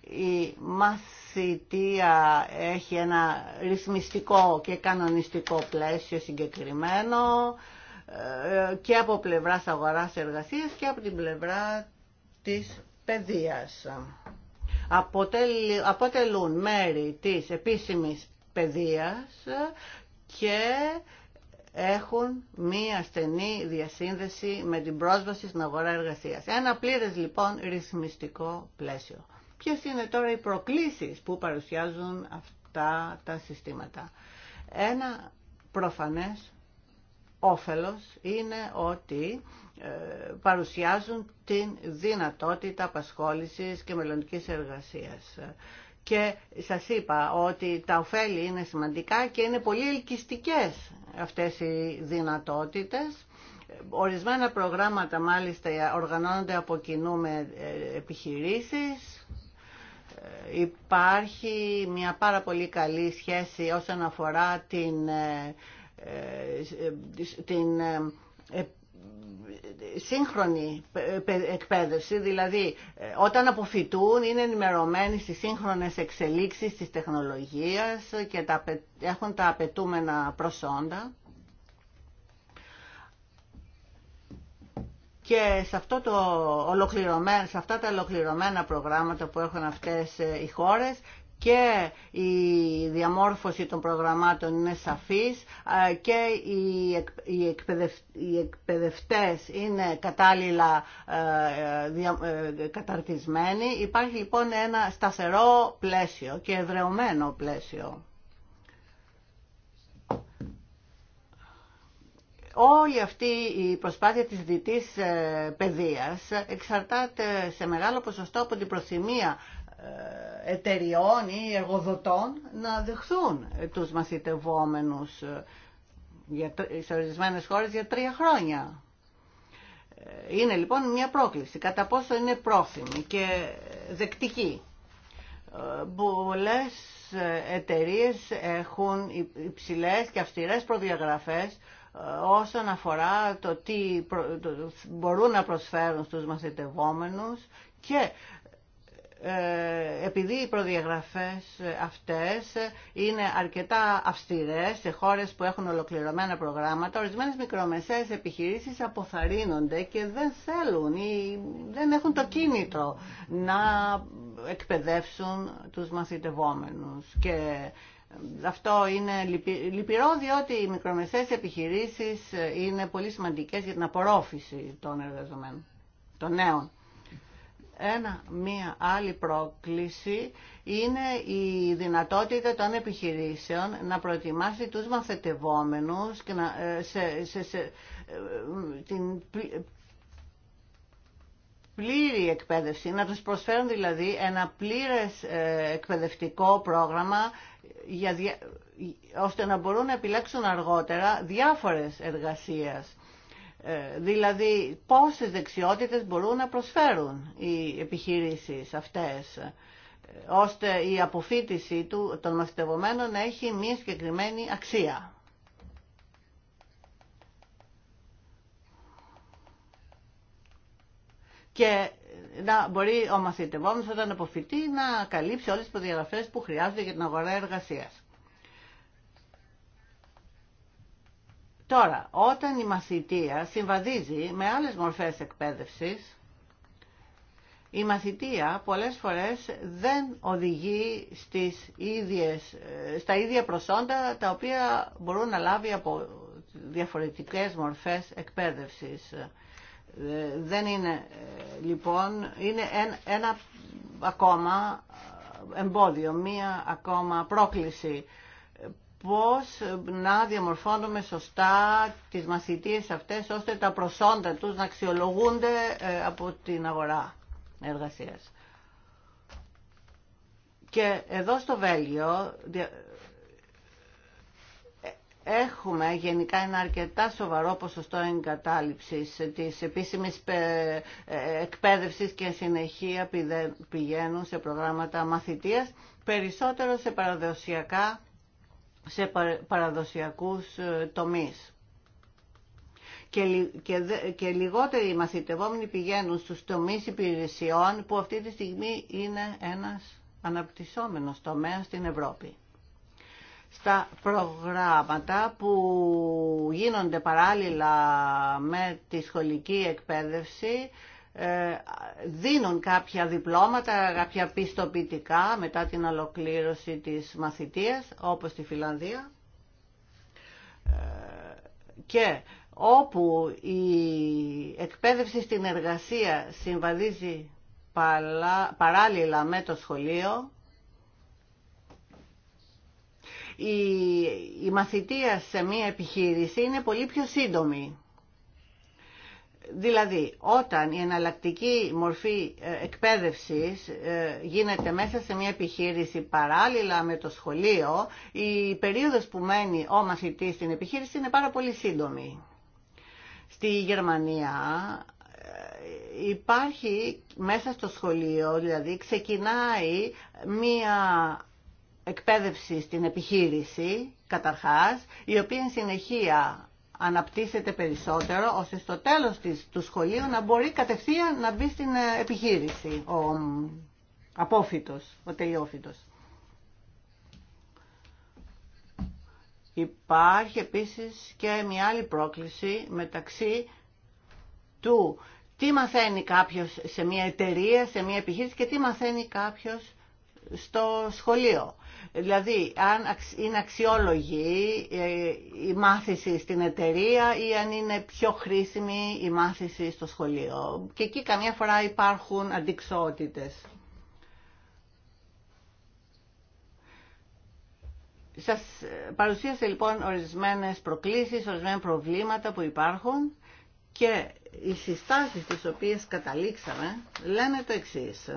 Η μαθητεία έχει ένα ρυθμιστικό και κανονιστικό πλαίσιο συγκεκριμένο ε, και από πλευράς αγοράς εργασίας και από την πλευρά της παιδείας. Αποτελούν μέρη της επίσημης παιδείας και έχουν μία στενή διασύνδεση με την πρόσβαση στην αγορά εργασίας. Ένα πλήρες λοιπόν ρυθμιστικό πλαίσιο. Ποιες είναι τώρα οι προκλήσεις που παρουσιάζουν αυτά τα συστήματα. Ένα προφανές όφελος είναι ότι ε, παρουσιάζουν την δυνατότητα απασχόλησης και μελλοντικής εργασίας. Και σας είπα ότι τα ωφέλη είναι σημαντικά και είναι πολύ ελκυστικές αυτές οι δυνατότητες. Ορισμένα προγράμματα μάλιστα οργανώνονται από κοινού με ε, επιχειρήσεις. Ε, υπάρχει μια πάρα πολύ καλή σχέση όσον αφορά την, ε, την σύγχρονη εκπαίδευση, δηλαδή ε, όταν αποφυτούν είναι ενημερωμένοι στις σύγχρονες εξελίξεις της τεχνολογίας και τα, έχουν τα απαιτούμενα προσόντα. Και σε, αυτό το ολοκληρωμένο, σε αυτά τα ολοκληρωμένα προγράμματα που έχουν αυτές ε, οι χώρες και η διαμόρφωση των προγραμμάτων είναι σαφής ε, και οι εκπαιδευτές είναι κατάλληλα ε, ε, καταρτισμένοι. Υπάρχει λοιπόν ένα σταθερό πλαίσιο και ευρεωμένο πλαίσιο. Όλη αυτή η προσπάθεια της διτής παιδείας εξαρτάται σε μεγάλο ποσοστό από την προθυμία εταιριών ή εργοδοτών να δεχθούν τους μαθητευόμενους ε, σε ορισμένες χώρες για τρία χρόνια. Ε, είναι λοιπόν μια πρόκληση, κατά πόσο είναι πρόθυμη και δεκτική. Ε, Πολλέ εταιρείε έχουν υψηλές και αυστηρές προδιαγραφές όσον αφορά το τι μπορούν να προσφέρουν στους μαθητευόμενους και ε, επειδή οι προδιαγραφές αυτές είναι αρκετά αυστηρές σε χώρες που έχουν ολοκληρωμένα προγράμματα, ορισμένες μικρομεσαίες επιχειρήσεις αποθαρρύνονται και δεν θέλουν ή δεν έχουν το κίνητρο να εκπαιδεύσουν τους μαθητευόμενους. Και αυτό είναι λυπηρό διότι οι μικρομεσαίες επιχειρήσεις είναι πολύ σημαντικές για την απορρόφηση των εργαζομένων, των νέων. Ένα, μία άλλη πρόκληση είναι η δυνατότητα των επιχειρήσεων να προετοιμάσει τους μαθητευόμενους και να, ε, σε, σε, σε ε, την πλήρη εκπαίδευση, να τους προσφέρουν δηλαδή ένα πλήρες ε, εκπαιδευτικό πρόγραμμα για, ώστε να μπορούν να επιλέξουν αργότερα διάφορες εργασίες ε, δηλαδή πόσες δεξιότητες μπορούν να προσφέρουν οι επιχειρήσεις αυτές ε, ώστε η αποφύτιση του, των μαθητευομένων να έχει μια συγκεκριμένη αξία. Και να μπορεί ο μαθητευόμενος όταν αποφυτεί να καλύψει όλες τις προδιαγραφές που χρειάζονται για την αγορά εργασίας. Τώρα, όταν η μαθητεία συμβαδίζει με άλλες μορφές εκπαίδευσης, η μαθητεία πολλές φορές δεν οδηγεί στις ίδιες, στα ίδια προσόντα τα οποία μπορούν να λάβει από διαφορετικές μορφές εκπαίδευσης. Δεν είναι λοιπόν, είναι ένα ακόμα εμπόδιο, μία ακόμα πρόκληση πώς να διαμορφώνουμε σωστά τις μαθητείες αυτές ώστε τα προσόντα τους να αξιολογούνται ε, από την αγορά εργασίας. Και εδώ στο Βέλγιο ε, έχουμε γενικά ένα αρκετά σοβαρό ποσοστό εγκατάληψης της επίσημης ε, εκπαίδευσης και συνεχεία πηγαίνουν σε προγράμματα μαθητείας, περισσότερο σε παραδοσιακά σε παραδοσιακούς ε, τομείς. Και λιγότεροι μαθητευόμενοι πηγαίνουν στους τομείς υπηρεσιών που αυτή τη στιγμή είναι ένας αναπτυσσόμενος τομέας στην Ευρώπη. Στα προγράμματα που γίνονται παράλληλα με τη σχολική εκπαίδευση ε, δίνουν κάποια διπλώματα, κάποια πιστοποιητικά μετά την ολοκλήρωση της μαθητείας, όπως στη Φιλανδία. Ε, και όπου η εκπαίδευση στην εργασία συμβαδίζει παράλληλα με το σχολείο, η μαθητεία σε μία επιχείρηση είναι πολύ πιο σύντομη. Δηλαδή, όταν η εναλλακτική μορφή ε, εκπαίδευσης ε, γίνεται μέσα σε μια επιχείρηση παράλληλα με το σχολείο, η περίοδος που μένει ο μαθητής στην επιχείρηση είναι πάρα πολύ σύντομη. Στη Γερμανία ε, υπάρχει μέσα στο σχολείο, δηλαδή ξεκινάει μια εκπαίδευση στην επιχείρηση, καταρχάς, η οποία συνεχεία αναπτύσσεται περισσότερο, ώστε στο τέλος της, του σχολείου να μπορεί κατευθείαν να μπει στην ε, επιχείρηση ο απόφυτος, ο τελειόφυτος. Υπάρχει επίσης και μια άλλη πρόκληση μεταξύ του τι μαθαίνει κάποιος σε μια εταιρεία, σε μια επιχείρηση και τι μαθαίνει κάποιος στο σχολείο. Δηλαδή, αν είναι αξιόλογη ε, η μάθηση στην εταιρεία ή αν είναι πιο χρήσιμη η μάθηση στο σχολείο. Και εκεί καμιά φορά υπάρχουν αντικσότητες. Σας ε, παρουσίασε λοιπόν ορισμένες προκλήσεις, ορισμένα προβλήματα που υπάρχουν και οι συστάσεις τις οποίες καταλήξαμε λένε το εξής.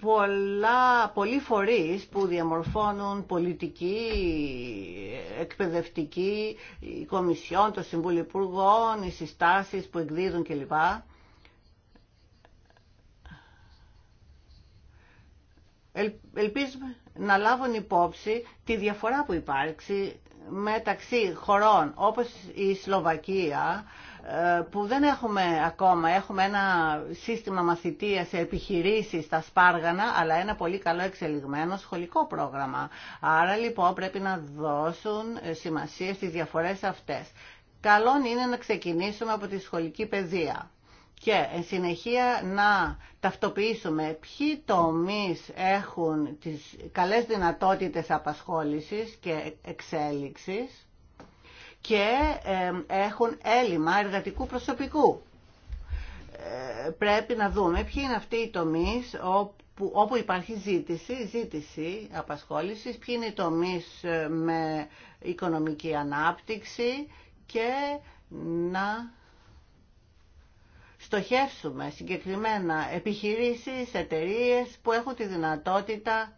πολλά, πολλοί φορείς που διαμορφώνουν πολιτική, εκπαιδευτική, η Κομισιόν, το Συμβούλιο Υπουργών, οι συστάσεις που εκδίδουν κλπ. Ελπίζουμε να λάβουν υπόψη τη διαφορά που υπάρξει μεταξύ χωρών όπως η Σλοβακία που δεν έχουμε ακόμα. Έχουμε ένα σύστημα μαθητεία σε επιχειρήσει στα Σπάργανα, αλλά ένα πολύ καλό εξελιγμένο σχολικό πρόγραμμα. Άρα λοιπόν πρέπει να δώσουν σημασία στι διαφορές αυτές. Καλό είναι να ξεκινήσουμε από τη σχολική παιδεία και εν συνεχεία να ταυτοποιήσουμε ποιοι τομείς έχουν τις καλές δυνατότητες απασχόλησης και εξέλιξης και έχουν έλλειμμα εργατικού προσωπικού. Ε, πρέπει να δούμε ποιοι είναι αυτοί οι τομείς όπου, όπου υπάρχει ζήτηση, ζήτηση απασχόλησης, ποιοι είναι οι τομείς ε, με οικονομική ανάπτυξη και να στοχεύσουμε συγκεκριμένα επιχειρήσεις, εταιρείες που έχουν τη δυνατότητα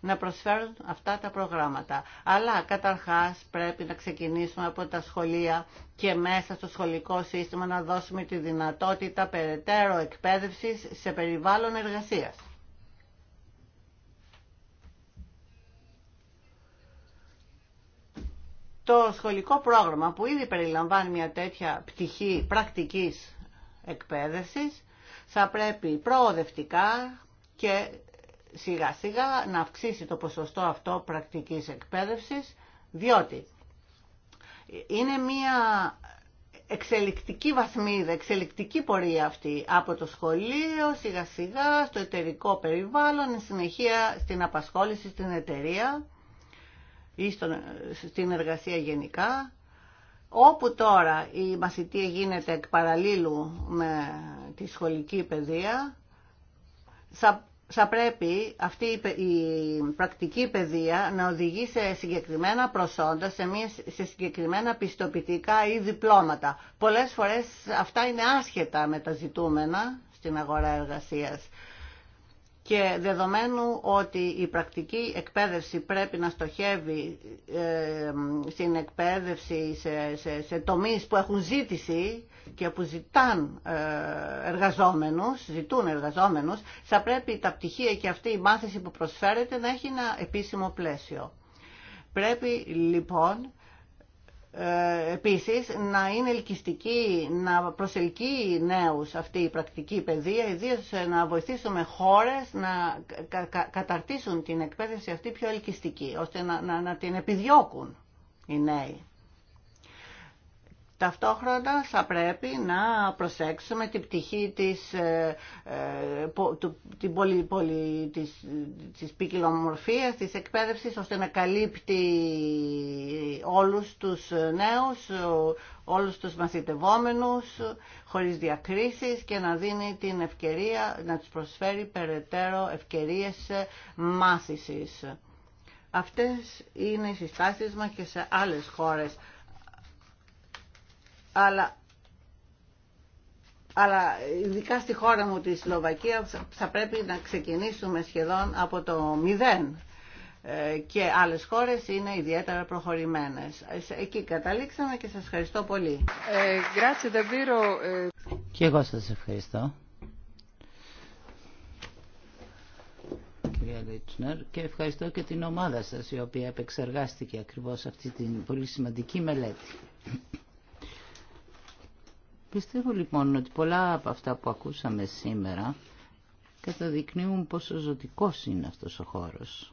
να προσφέρουν αυτά τα προγράμματα. Αλλά καταρχάς πρέπει να ξεκινήσουμε από τα σχολεία και μέσα στο σχολικό σύστημα να δώσουμε τη δυνατότητα περαιτέρω εκπαίδευσης σε περιβάλλον εργασίας. Το σχολικό πρόγραμμα που ήδη περιλαμβάνει μια τέτοια πτυχή πρακτικής εκπαίδευσης θα πρέπει προοδευτικά και σιγά σιγά να αυξήσει το ποσοστό αυτό πρακτικής εκπαίδευσης, διότι είναι μία εξελικτική βαθμίδα, εξελικτική πορεία αυτή από το σχολείο, σιγά σιγά, στο εταιρικό περιβάλλον, συνεχεία στην απασχόληση στην εταιρεία ή στην εργασία γενικά. Όπου τώρα η μαθητεία γίνεται εκ παραλίλου με τη σχολική παιδεία, θα πρέπει αυτή η πρακτική παιδεία να οδηγεί σε συγκεκριμένα προσόντα, σε, μια, σε συγκεκριμένα πιστοποιητικά ή διπλώματα. Πολλές φορές αυτά είναι άσχετα με τα ζητούμενα στην αγορά εργασίας και δεδομένου ότι η πρακτική εκπαίδευση πρέπει να στοχεύει ε, στην εκπαίδευση σε, σε, τομείς που έχουν ζήτηση και που ζητάν ε, εργαζόμενους, ζητούν εργαζόμενους, θα πρέπει τα πτυχία και αυτή η μάθηση που προσφέρεται να έχει ένα επίσημο πλαίσιο. Πρέπει λοιπόν ε, επίσης να είναι ελκυστική, να προσελκύει νέους αυτή η πρακτική παιδεία, ιδίως ε, να βοηθήσουμε χώρες να καταρτήσουν την εκπαίδευση αυτή πιο ελκυστική, ώστε να, να την επιδιώκουν οι νέοι. Ταυτόχρονα θα πρέπει να προσέξουμε την πτυχή της, ε, ε, του, την πολυ, πολυ, της, της της εκπαίδευσης, ώστε να καλύπτει όλους τους νέους, όλους τους μαθητευόμενους, χωρίς διακρίσεις και να δίνει την ευκαιρία, να τους προσφέρει περαιτέρω ευκαιρίες μάθησης. Αυτές είναι οι συστάσεις μας και σε άλλες χώρες αλλά, αλλά ειδικά στη χώρα μου τη Σλοβακία θα πρέπει να ξεκινήσουμε σχεδόν από το μηδέν ε, και άλλες χώρες είναι ιδιαίτερα προχωρημένες. Εκεί καταλήξαμε και σας ευχαριστώ πολύ. Ε, ε. Και εγώ σας ευχαριστώ. Κυρία Λίτσνερ, και ευχαριστώ και την ομάδα σας η οποία επεξεργάστηκε ακριβώς αυτή την πολύ σημαντική μελέτη. Πιστεύω λοιπόν ότι πολλά από αυτά που ακούσαμε σήμερα καταδεικνύουν πόσο ζωτικός είναι αυτός ο χώρος.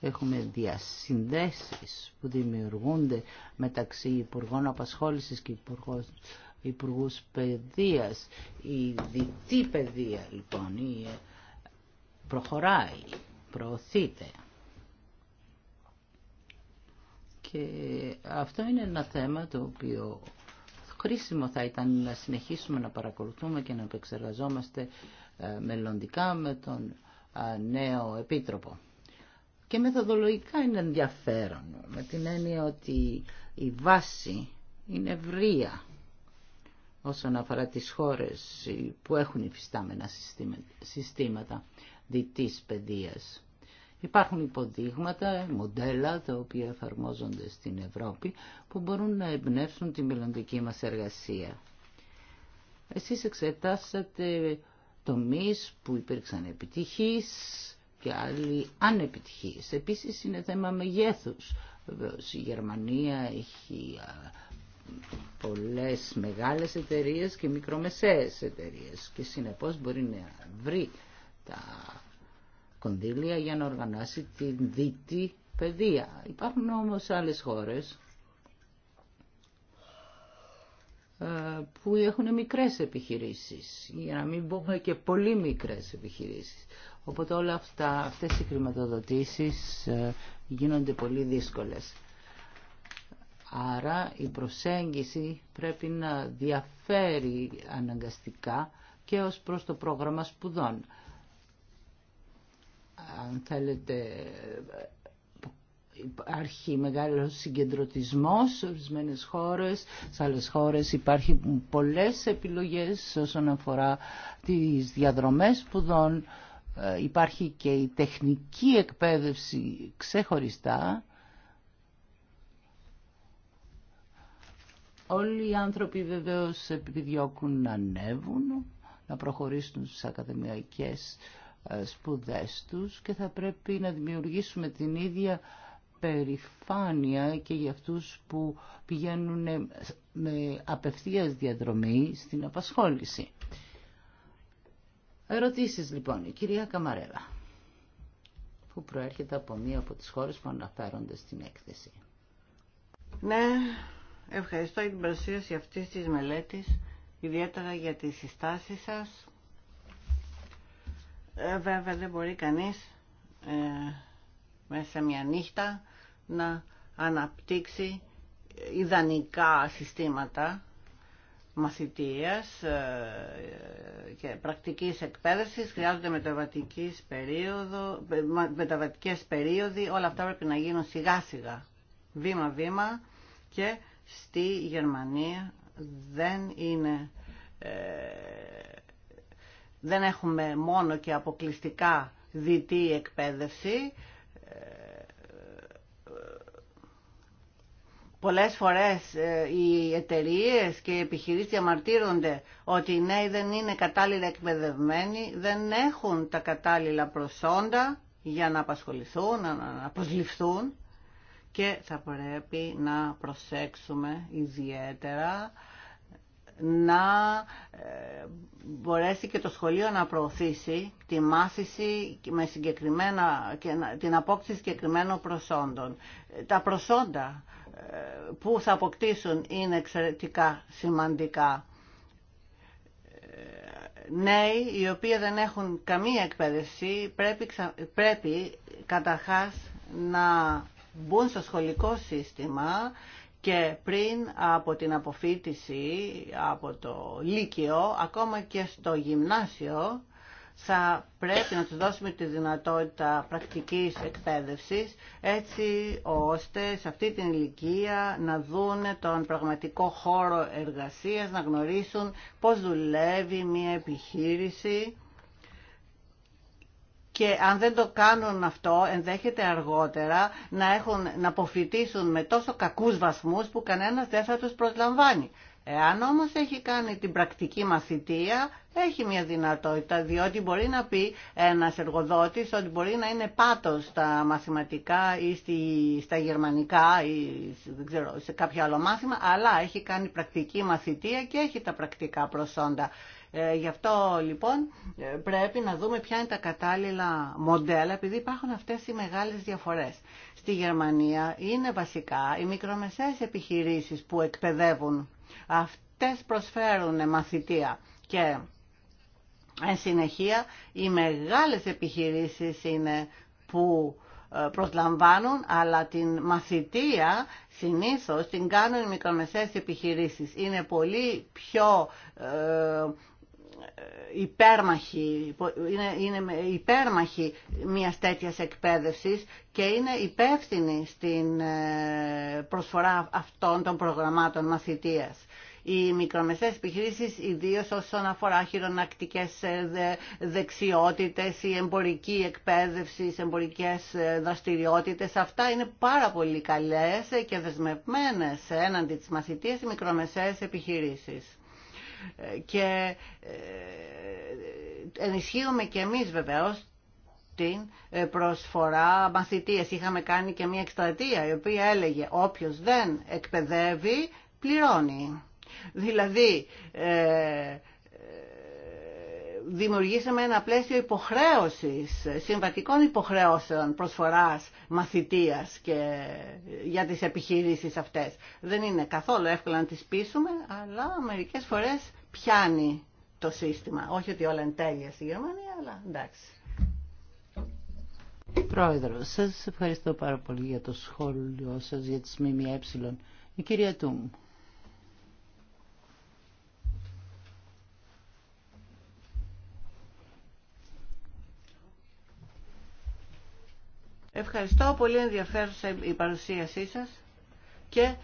Έχουμε διασυνδέσεις που δημιουργούνται μεταξύ Υπουργών Απασχόλησης και Υπουργών Υπουργού Παιδείας. Η δυτή παιδεία λοιπόν προχωράει, προωθείται. Και αυτό είναι ένα θέμα το οποίο χρήσιμο θα ήταν να συνεχίσουμε να παρακολουθούμε και να επεξεργαζόμαστε ε, μελλοντικά με τον ε, νέο Επίτροπο. Και μεθοδολογικά είναι ενδιαφέρον, με την έννοια ότι η βάση είναι ευρεία όσον αφορά τις χώρες που έχουν υφιστάμενα συστήματα διτής παιδείας. Υπάρχουν υποδείγματα, μοντέλα τα οποία εφαρμόζονται στην Ευρώπη που μπορούν να εμπνεύσουν τη μελλοντική μας εργασία. Εσείς εξετάσατε τομείς που υπήρξαν επιτυχείς και άλλοι ανεπιτυχείς. Επίσης είναι θέμα μεγέθους. Βεβαίως η Γερμανία έχει πολλές μεγάλες εταιρείες και μικρομεσαίες εταιρείες και συνεπώς μπορεί να βρει τα για να οργανώσει την δίτη παιδεία. Υπάρχουν όμως άλλες χώρες ε, που έχουν μικρές επιχειρήσεις, για να μην πούμε και πολύ μικρές επιχειρήσεις. Οπότε όλα αυτά, αυτές οι χρηματοδοτήσεις ε, γίνονται πολύ δύσκολες. Άρα η προσέγγιση πρέπει να διαφέρει αναγκαστικά και ως προς το πρόγραμμα σπουδών αν θέλετε, υπάρχει μεγάλος συγκεντρωτισμός σε ορισμένες χώρες, σε άλλες χώρες υπάρχουν πολλές επιλογές όσον αφορά τις διαδρομές σπουδών, ε, υπάρχει και η τεχνική εκπαίδευση ξεχωριστά. Όλοι οι άνθρωποι βεβαίως επιδιώκουν να ανέβουν, να προχωρήσουν στις ακαδημαϊκές ε, σπουδές τους και θα πρέπει να δημιουργήσουμε την ίδια περηφάνεια και για αυτούς που πηγαίνουν με απευθείας διαδρομή στην απασχόληση. Ερωτήσεις λοιπόν, η κυρία Καμαρέλα, που προέρχεται από μία από τις χώρες που αναφέρονται στην έκθεση. Ναι, ευχαριστώ για την παρουσίαση αυτής της μελέτης, ιδιαίτερα για τις συστάσεις σας ε, βέβαια δεν μπορεί κανείς ε, μέσα μια νύχτα να αναπτύξει ιδανικά συστήματα μαθητείας ε, και πρακτικής εκπαίδευσης χρειάζονται μεταβατικής περίοδο, μεταβατικές περίοδοι όλα αυτά πρέπει να γίνουν σιγά σιγά βήμα βήμα και στη Γερμανία δεν είναι δεν έχουμε μόνο και αποκλειστικά διτή εκπαίδευση. Ε, πολλές φορές ε, οι εταιρείες και οι επιχειρήσεις διαμαρτύρονται ότι οι νέοι δεν είναι κατάλληλα εκπαιδευμένοι, δεν έχουν τα κατάλληλα προσόντα για να απασχοληθούν, να αποσληφθούν και θα πρέπει να προσέξουμε ιδιαίτερα να ε, μπορέσει και το σχολείο να προωθήσει τη μάθηση με συγκεκριμένα, και την απόκτηση συγκεκριμένων προσόντων. Τα προσόντα ε, που θα αποκτήσουν είναι εξαιρετικά σημαντικά. Ε, νέοι οι οποίοι δεν έχουν καμία εκπαίδευση πρέπει, πρέπει καταρχάς να μπουν στο σχολικό σύστημα και πριν από την αποφύτιση από το Λύκειο, ακόμα και στο γυμνάσιο, θα πρέπει να τους δώσουμε τη δυνατότητα πρακτικής εκπαίδευσης έτσι ώστε σε αυτή την ηλικία να δούνε τον πραγματικό χώρο εργασίας, να γνωρίσουν πώς δουλεύει μια επιχείρηση και αν δεν το κάνουν αυτό ενδέχεται αργότερα να, έχουν, να με τόσο κακούς βαθμούς που κανένας δεν θα τους προσλαμβάνει. Εάν όμως έχει κάνει την πρακτική μαθητεία, έχει μια δυνατότητα, διότι μπορεί να πει ένας εργοδότης ότι μπορεί να είναι πάτος στα μαθηματικά ή στη, στα γερμανικά ή δεν ξέρω, σε κάποιο άλλο μάθημα, αλλά έχει κάνει πρακτική μαθητεία και έχει τα πρακτικά προσόντα. Ε, γι' αυτό λοιπόν ε, πρέπει να δούμε ποια είναι τα κατάλληλα μοντέλα επειδή υπάρχουν αυτές οι μεγάλες διαφορές. Στη Γερμανία είναι βασικά οι μικρομεσαίες επιχειρήσεις που εκπαιδεύουν. Αυτές προσφέρουν μαθητεία και εν συνεχεία οι μεγάλες επιχειρήσεις είναι που ε, προσλαμβάνουν, αλλά την μαθητεία συνήθως την κάνουν οι μικρομεσαίες επιχειρήσεις. Είναι πολύ πιο είναι, είναι υπέρμαχη μιας τέτοιας εκπαίδευσης και είναι υπεύθυνη στην ε, προσφορά αυτών των προγραμμάτων μαθητείας. Οι μικρομεσαίες επιχειρήσεις, ιδίω όσον αφορά χειρονακτικές ε, δεξιότητες, η εμπορική εκπαίδευση, οι εμπορικές ε, δραστηριότητες, αυτά είναι πάρα πολύ καλές και δεσμευμένες έναντι της μαθητείας οι μικρομεσαίες επιχειρήσεις και ε, ενισχύουμε και εμείς βεβαίως την ε, προσφορά μαθητείας. Είχαμε κάνει και μια εκστρατεία η οποία έλεγε όποιος δεν εκπαιδεύει πληρώνει. Δηλαδή, ε, δημιουργήσαμε ένα πλαίσιο υποχρέωσης, συμβατικών υποχρεώσεων προσφοράς μαθητείας και για τις επιχειρήσεις αυτές. Δεν είναι καθόλου εύκολο να τις πείσουμε, αλλά μερικές φορές πιάνει το σύστημα. Όχι ότι όλα είναι τέλεια στη Γερμανία, αλλά εντάξει. Πρόεδρο, σας ευχαριστώ πάρα πολύ για το σχόλιο σας για τις ΜΜΕ. Η κυρία Τούμ. Ευχαριστώ πολύ ενδιαφέρουσα η παρουσίασή σας και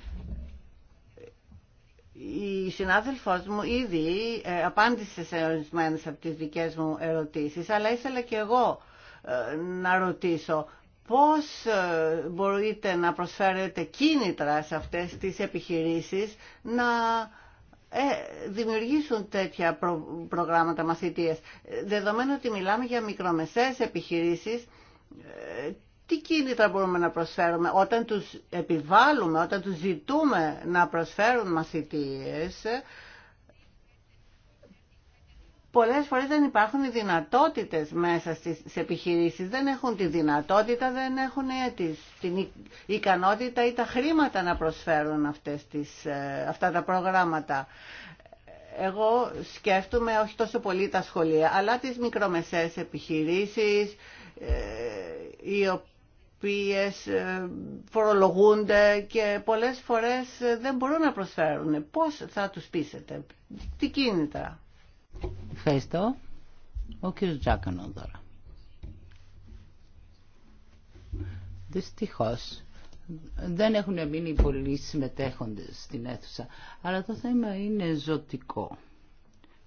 η συνάδελφός μου ήδη ε, απάντησε σε ορισμένε από τις δικές μου ερωτήσεις, αλλά ήθελα και εγώ ε, να ρωτήσω πώς ε, μπορείτε να προσφέρετε κίνητρα σε αυτές τις επιχειρήσεις να δημιουργήσουν τέτοια προγράμματα μαθητείας. Δεδομένου ότι μιλάμε για μικρομεσαίες επιχειρήσεις, τι κίνητρα μπορούμε να προσφέρουμε όταν τους επιβάλλουμε, όταν τους ζητούμε να προσφέρουν μαθητείες πολλές φορές δεν υπάρχουν οι δυνατότητες μέσα στις επιχειρήσεις, δεν έχουν τη δυνατότητα, δεν έχουν την ικανότητα ή τα χρήματα να προσφέρουν αυτές τις, ε, αυτά τα προγράμματα. Εγώ σκέφτομαι όχι τόσο πολύ τα σχολεία, αλλά τις μικρομεσαίες επιχειρήσεις, ε, οι οποίες ε, φορολογούνται και πολλές φορές ε, δεν μπορούν να προσφέρουν. Πώς θα τους πείσετε, τι κίνητρα. Ευχαριστώ. Ο κύριος Τζάκανο τώρα. Δυστυχώς δεν έχουν μείνει πολλοί συμμετέχοντες στην αίθουσα, αλλά το θέμα είναι ζωτικό.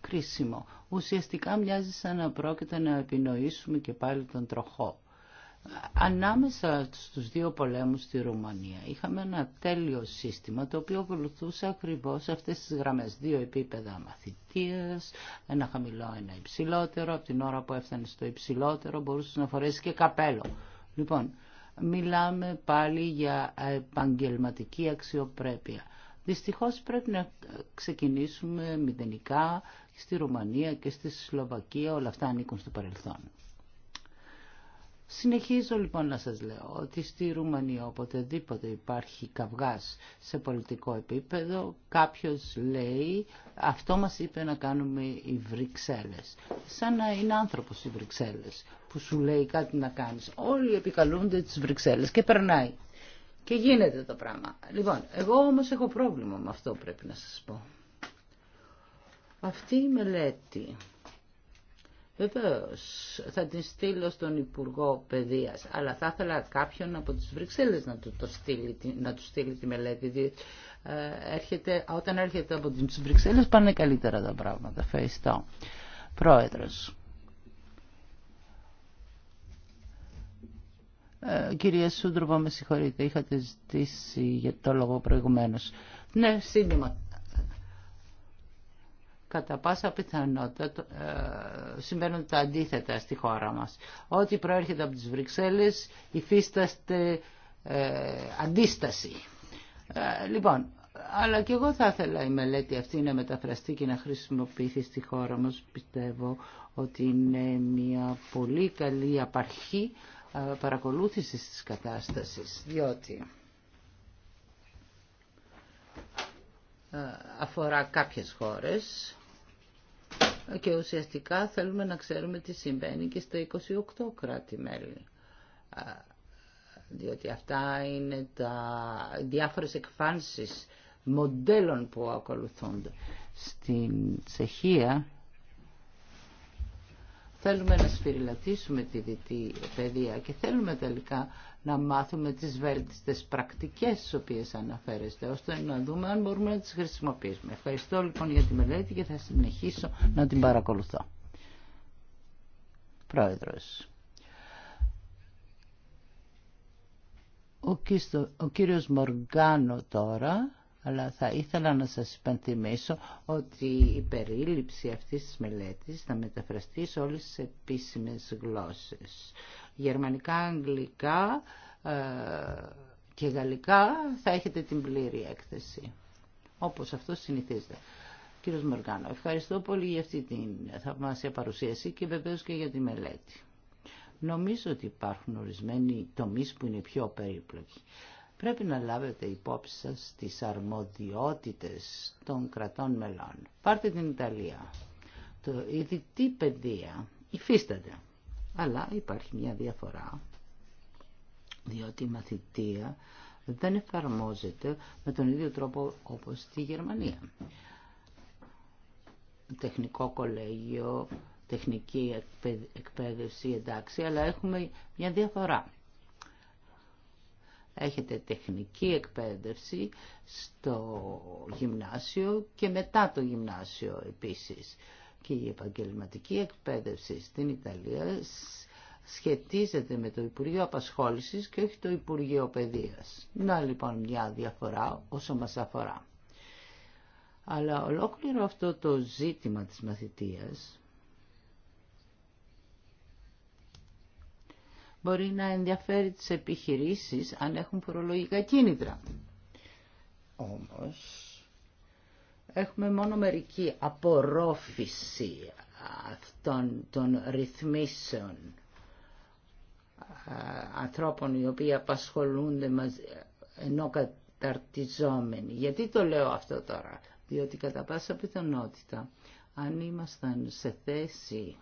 Κρίσιμο. Ουσιαστικά μοιάζει σαν να πρόκειται να επινοήσουμε και πάλι τον τροχό. Ανάμεσα στους δύο πολέμους στη Ρουμανία είχαμε ένα τέλειο σύστημα το οποίο ακολουθούσε ακριβώς αυτές τις γραμμές. Δύο επίπεδα μαθητείας, ένα χαμηλό, ένα υψηλότερο. Από την ώρα που έφτανε στο υψηλότερο μπορούσε να φορέσει και καπέλο. Λοιπόν, μιλάμε πάλι για επαγγελματική αξιοπρέπεια. Δυστυχώς πρέπει να ξεκινήσουμε μηδενικά στη Ρουμανία και στη Σλοβακία. Όλα αυτά ανήκουν στο παρελθόν. Συνεχίζω λοιπόν να σας λέω ότι στη Ρουμανία οποτεδήποτε υπάρχει καυγάς σε πολιτικό επίπεδο κάποιος λέει αυτό μας είπε να κάνουμε οι Βρυξέλλες. Σαν να είναι άνθρωπος οι Βρυξέλλες που σου λέει κάτι να κάνεις. Όλοι επικαλούνται τις Βρυξέλλες και περνάει. Και γίνεται το πράγμα. Λοιπόν, εγώ όμως έχω πρόβλημα με αυτό πρέπει να σας πω. Αυτή η μελέτη Βεβαίως, θα την στείλω στον Υπουργό Παιδείας, αλλά θα ήθελα κάποιον από τις Βρυξέλλες να του, το στείλει, να του στείλει τη μελέτη, διότι ε, έρχεται, όταν έρχεται από τις Βρυξέλλες πάνε καλύτερα τα πράγματα. Ευχαριστώ. Πρόεδρος. Ε, κυρία Σούντροβα, με συγχωρείτε, είχατε ζητήσει για το λόγο προηγουμένως. Ναι, σύντομα κατά πάσα πιθανότητα ε, συμβαίνουν τα αντίθετα στη χώρα μας. Ό,τι προέρχεται από τις Βρυξέλλες υφίσταστε ε, αντίσταση. Ε, λοιπόν, αλλά και εγώ θα ήθελα η μελέτη αυτή να μεταφραστεί και να χρησιμοποιηθεί στη χώρα μας. Πιστεύω ότι είναι μια πολύ καλή απαρχή παρακολούθησης της κατάστασης, διότι αφορά κάποιες χώρες και ουσιαστικά θέλουμε να ξέρουμε τι συμβαίνει και στα 28 κράτη-μέλη. Διότι αυτά είναι τα διάφορες εκφάνσεις μοντέλων που ακολουθούνται. Στην Τσεχία θέλουμε να σφυριλατήσουμε τη δυτή παιδεία και θέλουμε τελικά να μάθουμε τις βέλτιστες πρακτικές στις οποίες αναφέρεστε, ώστε να δούμε αν μπορούμε να τις χρησιμοποιήσουμε. Ευχαριστώ λοιπόν για τη μελέτη και θα συνεχίσω να την παρακολουθώ. Πρόεδρος. Ο, κύστο, ο κύριος Μοργάνο τώρα, αλλά θα ήθελα να σας υπενθυμίσω ότι η περίληψη αυτής της μελέτης θα μεταφραστεί σε όλες τις επίσημες γλώσσες γερμανικά, αγγλικά ε, και γαλλικά θα έχετε την πλήρη έκθεση. Όπως αυτό συνηθίζεται. Κύριος Μοργάνο, ευχαριστώ πολύ για αυτή την θαυμάσια παρουσίαση και βεβαίως και για τη μελέτη. Νομίζω ότι υπάρχουν ορισμένοι τομείς που είναι πιο περίπλοκοι. Πρέπει να λάβετε υπόψη σας τις αρμοδιότητες των κρατών μελών. Πάρτε την Ιταλία. Το, η παιδεία υφίσταται αλλά υπάρχει μια διαφορά διότι η μαθητεία δεν εφαρμόζεται με τον ίδιο τρόπο όπως στη Γερμανία. Τεχνικό κολέγιο, τεχνική εκπαίδευση, εντάξει, αλλά έχουμε μια διαφορά. Έχετε τεχνική εκπαίδευση στο γυμνάσιο και μετά το γυμνάσιο επίσης και η επαγγελματική εκπαίδευση στην Ιταλία σχετίζεται με το Υπουργείο Απασχόλησης και όχι το Υπουργείο Παιδείας. Να λοιπόν μια διαφορά όσο μας αφορά. Αλλά ολόκληρο αυτό το ζήτημα της μαθητείας μπορεί να ενδιαφέρει τις επιχειρήσεις αν έχουν φορολογικά κίνητρα. Όμως, έχουμε μόνο μερική απορρόφηση αυτών των ρυθμίσεων ε, ανθρώπων οι οποίοι απασχολούνται μαζί, ενώ καταρτιζόμενοι. Γιατί το λέω αυτό τώρα, διότι κατά πάσα πιθανότητα αν ήμασταν σε θέση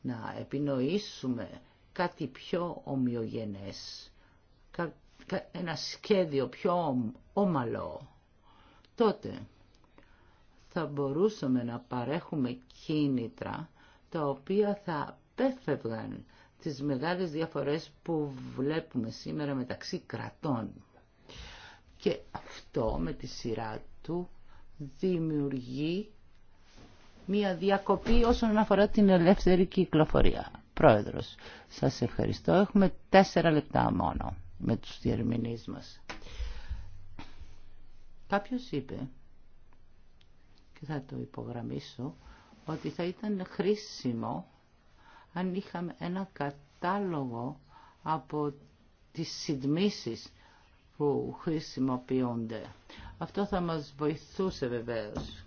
να επινοήσουμε κάτι πιο ομοιογενές, ένα σχέδιο πιο όμαλο, τότε θα μπορούσαμε να παρέχουμε κίνητρα τα οποία θα απέφευγαν τις μεγάλες διαφορές που βλέπουμε σήμερα μεταξύ κρατών. Και αυτό με τη σειρά του δημιουργεί μία διακοπή όσον αφορά την ελεύθερη κυκλοφορία. Πρόεδρος, σας ευχαριστώ. Έχουμε τέσσερα λεπτά μόνο με τους διερμηνείς μας. Κάποιος είπε, και θα το υπογραμμίσω, ότι θα ήταν χρήσιμο αν είχαμε ένα κατάλογο από τις συντμήσεις που χρησιμοποιούνται. Αυτό θα μας βοηθούσε βεβαίως.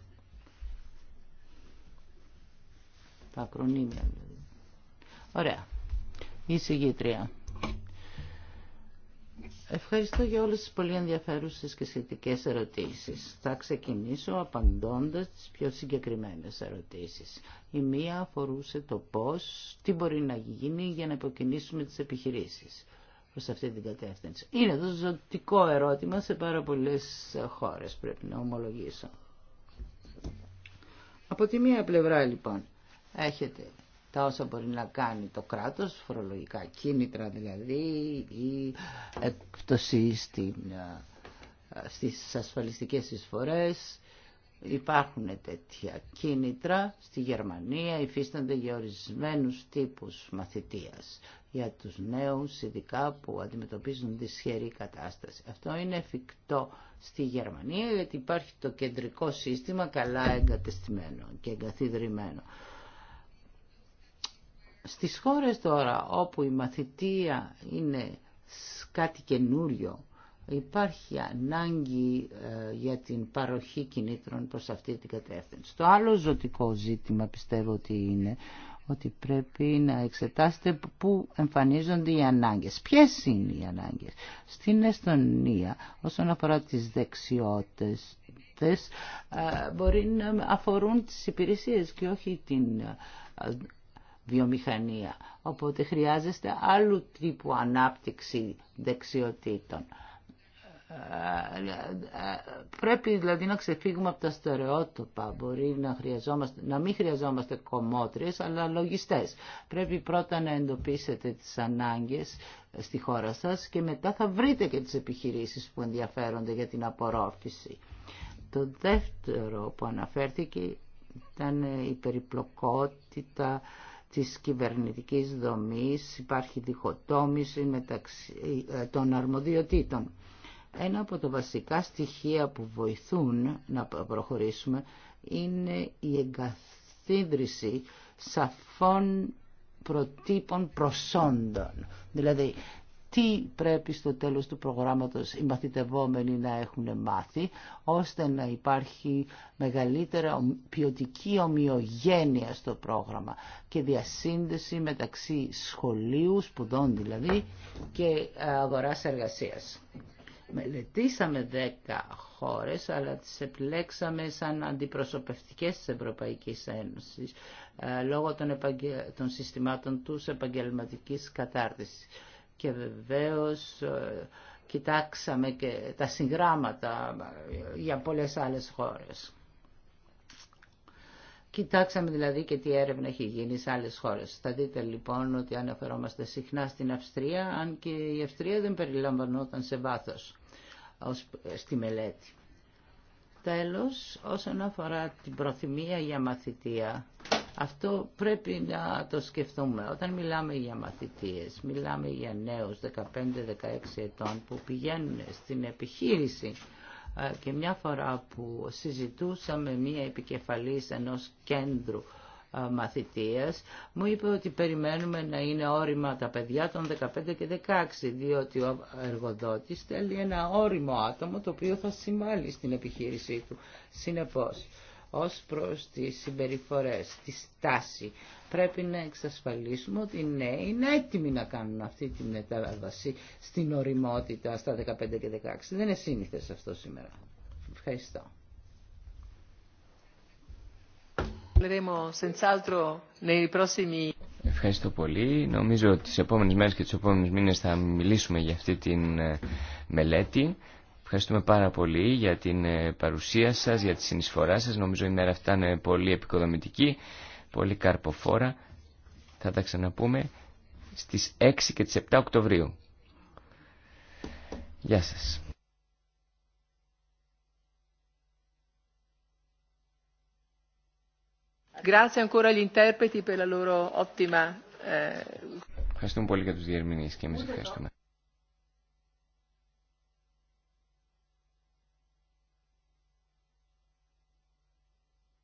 Τα ακρονίμια δηλαδή. Ωραία. Η συγγήτρια. Ευχαριστώ για όλες τις πολύ ενδιαφέρουσες και σχετικές ερωτήσεις. Θα ξεκινήσω απαντώντας τις πιο συγκεκριμένες ερωτήσεις. Η μία αφορούσε το πώς, τι μπορεί να γίνει για να υποκινήσουμε τις επιχειρήσεις προς αυτή την κατεύθυνση. Είναι το ζωτικό ερώτημα σε πάρα πολλέ χώρες, πρέπει να ομολογήσω. Από τη μία πλευρά λοιπόν έχετε τα όσα μπορεί να κάνει το κράτος, φορολογικά κίνητρα δηλαδή, η εκπτωσή στην, ε, στις ασφαλιστικές εισφορές. Υπάρχουν τέτοια κίνητρα. Στη Γερμανία υφίστανται για ορισμένου τύπους μαθητείας για τους νέους ειδικά που αντιμετωπίζουν δυσχερή κατάσταση. Αυτό είναι εφικτό στη Γερμανία γιατί υπάρχει το κεντρικό σύστημα καλά εγκατεστημένο και εγκαθιδρυμένο. Στις χώρες τώρα όπου η μαθητεία είναι κάτι καινούριο, υπάρχει ανάγκη ε, για την παροχή κινήτρων προς αυτή την κατεύθυνση. Το άλλο ζωτικό ζήτημα πιστεύω ότι είναι ότι πρέπει να εξετάσετε πού εμφανίζονται οι ανάγκες. Ποιες είναι οι ανάγκες. Στην Εστονία όσον αφορά τις δεξιότητες ε, μπορεί να αφορούν τις υπηρεσίες και όχι την ε, βιομηχανία. Οπότε χρειάζεστε άλλου τύπου ανάπτυξη δεξιοτήτων. Πρέπει δηλαδή να ξεφύγουμε από τα στερεότυπα. Μπορεί να, χρειαζόμαστε, να μην χρειαζόμαστε κομμότριες αλλά λογιστές. Πρέπει πρώτα να εντοπίσετε τις ανάγκες στη χώρα σας και μετά θα βρείτε και τις επιχειρήσεις που ενδιαφέρονται για την απορρόφηση. Το δεύτερο που αναφέρθηκε ήταν η περιπλοκότητα της κυβερνητικής δομής, υπάρχει διχοτόμηση μεταξύ ε, των αρμοδιοτήτων. Ένα από τα βασικά στοιχεία που βοηθούν να προχωρήσουμε είναι η εγκαθίδρυση σαφών προτύπων προσόντων. Δηλαδή τι πρέπει στο τέλος του προγράμματος οι μαθητευόμενοι να έχουν μάθει, ώστε να υπάρχει μεγαλύτερα ποιοτική ομοιογένεια στο πρόγραμμα και διασύνδεση μεταξύ σχολείου, σπουδών δηλαδή, και αγοράς εργασίας. Μελετήσαμε 10 χώρες, αλλά τις επιλέξαμε σαν αντιπροσωπευτικές της Ευρωπαϊκής Ένωσης, ε, λόγω των, συστημάτων τους επαγγελματικής κατάρτισης και βεβαίως ε, κοιτάξαμε και τα συγγράμματα ε, για πολλές άλλες χώρες. Κοιτάξαμε δηλαδή και τι έρευνα έχει γίνει σε άλλες χώρες. Θα δείτε λοιπόν ότι αναφερόμαστε συχνά στην Αυστρία, αν και η Αυστρία δεν περιλαμβανόταν σε βάθος ε, στη μελέτη. Τέλος, όσον αφορά την προθυμία για μαθητεία, αυτό πρέπει να το σκεφτούμε. Όταν μιλάμε για μαθητείες, μιλάμε για νέους 15-16 ετών που πηγαίνουν στην επιχείρηση ε, και μια φορά που συζητούσαμε μία επικεφαλής ενός κέντρου ε, μαθητείας μου είπε ότι περιμένουμε να είναι όριμα τα παιδιά των 15 και 16 διότι ο εργοδότης θέλει ένα όριμο άτομο το οποίο θα συμβάλλει στην επιχείρησή του. Συνεπώς ως προς τις συμπεριφορές, τη στάση. Πρέπει να εξασφαλίσουμε ότι οι νέοι είναι έτοιμοι να κάνουν αυτή τη μετάβαση στην οριμότητα στα 15 και 16. Δεν είναι σύνηθες αυτό σήμερα. Ευχαριστώ. Ευχαριστώ πολύ. Νομίζω ότι τις επόμενες μέρες και τις επόμενες μήνες θα μιλήσουμε για αυτή τη ε, μελέτη. Ευχαριστούμε πάρα πολύ για την ε, παρουσία σας, για τη συνεισφορά σας. Νομίζω η μέρα αυτά είναι πολύ επικοδομητική, πολύ καρποφόρα. Θα τα ξαναπούμε στις 6 και τις 7 Οκτωβρίου. Γεια σας. Eh, ευχαριστούμε πολύ για τους διερμηνείς και εμείς ευχαριστούμε.